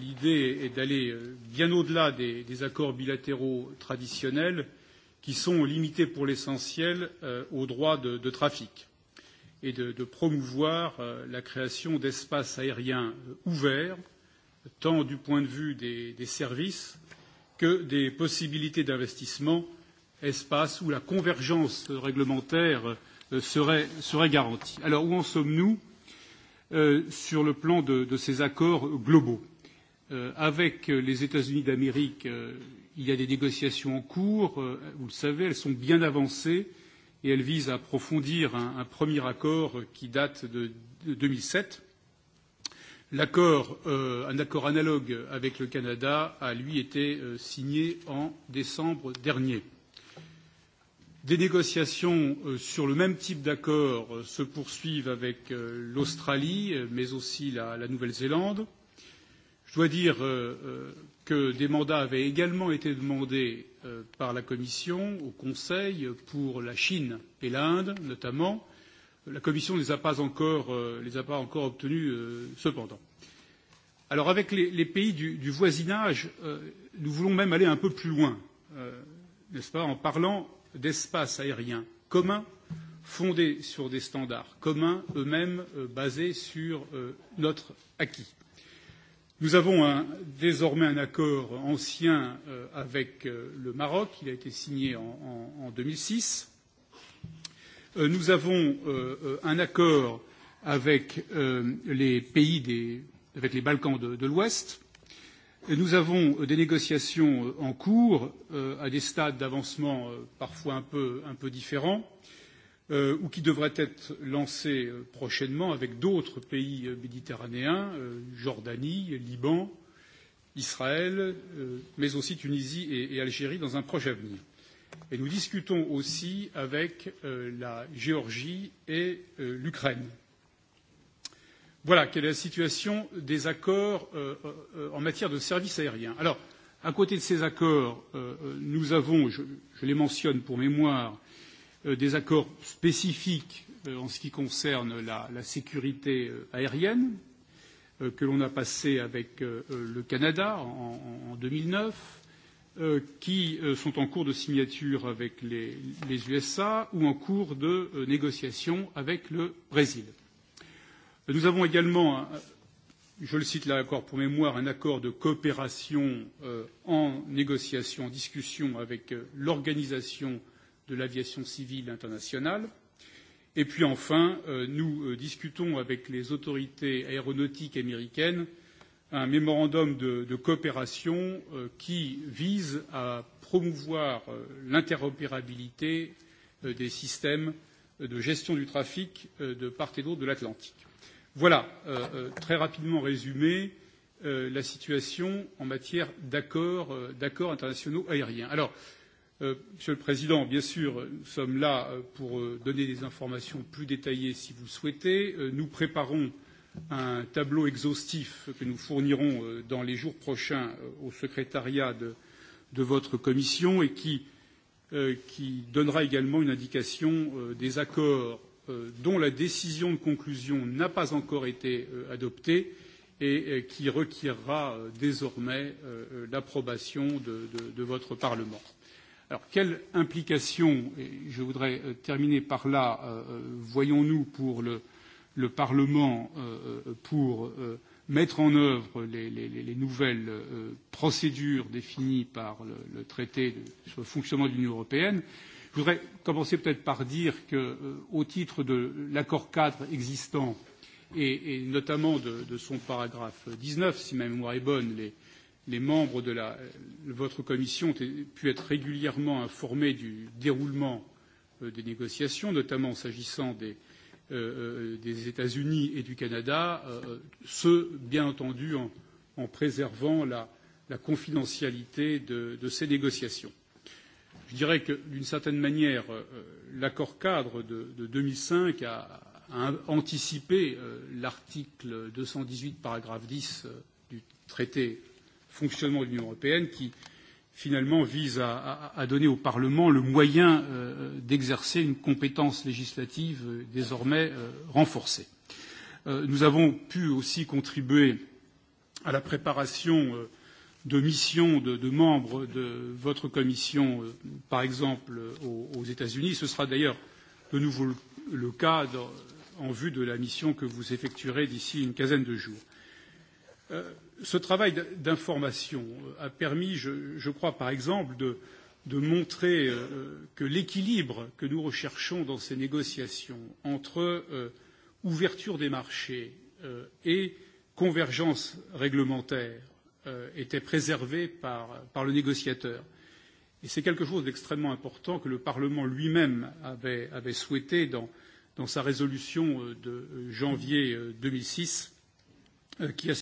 l'idée est d'aller bien au-delà des, des accords bilatéraux traditionnels qui sont limitées pour l'essentiel euh, aux droits de, de trafic et de, de promouvoir euh, la création d'espaces aériens euh, ouverts, tant du point de vue des, des services que des possibilités d'investissement, espaces où la convergence réglementaire euh, serait, serait garantie. Alors où en sommes-nous euh, sur le plan de, de ces accords globaux euh, Avec les États-Unis d'Amérique, Il y a des négociations en cours, euh, vous le savez, elles sont bien avancées et elles visent à approfondir un, un premier accord qui date de, de 2007. L'accord, euh, un accord analogue avec le Canada a, lui, été euh, signé en décembre dernier. Des négociations euh, sur le même type d'accord euh, se poursuivent avec euh, l'Australie, euh, mais aussi la, la Nouvelle-Zélande. Je dois dire, euh, euh, que des mandats avaient également été demandés euh, par la Commission au Conseil pour la Chine et l'Inde notamment. La Commission ne les a pas encore, euh, les a pas encore obtenus euh, cependant. Alors avec les, les pays du, du voisinage, nous voulons même aller un peu plus loin, n'est-ce pas, en parlant d'espace aérien commun fondés sur des standards communs, eux-mêmes basés sur notre acquis. Nous avons un, désormais un accord ancien euh, avec euh, le Maroc, il a été signé en, en, en 2006. Euh, nous avons euh, euh, un accord avec euh, les pays des, avec les Balkans de, de l'Ouest. Nous avons euh, des négociations euh, en cours euh, à des stades d'avancement euh, parfois un peu, un peu différents. Euh, euh, ou qui devrait être lancé euh, prochainement avec d'autres pays euh, méditerranéens, euh, Jordanie, Liban, Israël, euh, mais aussi Tunisie et, et Algérie dans un proche avenir. Et nous discutons aussi avec euh, la Géorgie et euh, l'Ukraine. Voilà quelle est la situation des accords euh, euh, en matière de services aériens. Alors, à côté de ces accords, euh, euh nous avons, je, je les mentionne pour mémoire, Euh, des accords spécifiques euh, en ce qui concerne la, la sécurité euh, aérienne que l'on a passé avec le Canada en, en 2009, qui sont en cours de signature avec les, les USA ou en cours de négociation avec le Brésil. Nous avons également, je le cite là encore pour mémoire, un accord de coopération en négociation, en discussion avec l'Organisation de l'aviation civile internationale. Et puis enfin, euh, nous euh, discutons avec les autorités aéronautiques américaines un mémorandum de, de coopération euh, qui vise à promouvoir l'interopérabilité des systèmes de gestion du trafic de part et d'autre de l'Atlantique. Voilà, très rapidement résumé, la situation en matière d'accords internationaux aériens. Alors, Euh, Monsieur le Président, bien sûr, nous sommes là euh, pour euh, donner des informations plus détaillées si vous le souhaitez. Nous préparons un tableau exhaustif que nous fournirons dans les jours prochains au secrétariat de, de votre commission et qui, qui donnera également une indication des accords dont la décision de conclusion n'a pas encore été adoptée et qui requiera désormais l'approbation de, de, de votre Parlement. Alors, quelle implication, et je voudrais euh, terminer par là, euh, euh, voyons-nous pour le, le Parlement euh, euh pour euh, mettre en œuvre les, les, les nouvelles euh, procédures définies par le, le traité de, sur le fonctionnement de l'Union européenne Je voudrais commencer peut-être par dire que, euh, au titre de l'accord cadre existant, et, et notamment de, de son paragraphe 19, si ma mémoire est bonne, les, euh, les membres de, la, de euh, votre commission ont pu être régulièrement informés du déroulement euh, des négociations, notamment s'agissant des, euh, euh des États-Unis et du Canada, euh, euh, ce, bien entendu, en, en préservant la, la confidentialité de, de ces négociations. Je dirais que, d'une certaine manière, l'accord cadre de, de 2005 a, a anticipé l'article 218, paragraphe 10 du traité fonctionnement de l'Union européenne qui, finalement, vise à, à, à donner au Parlement le moyen euh, d'exercer une compétence législative euh, désormais euh, renforcée. Euh, nous avons pu aussi contribuer à la préparation euh, de missions de, de membres de votre commission, euh, par exemple euh, aux, aux États-Unis. Ce sera d'ailleurs de nouveau le, le cas dans, en vue de la mission que vous effectuerez d'ici une quinzaine de jours. Euh, Ce travail d'information euh, a permis, je, je crois par exemple, de, de montrer euh, que l'équilibre que nous recherchons dans ces négociations entre euh, ouverture des marchés euh, et convergence réglementaire euh, était préservé par, par le négociateur. Et c'est quelque chose d'extrêmement important que le Parlement lui-même avait, avait souhaité dans, dans sa résolution euh, de janvier 2006 qui a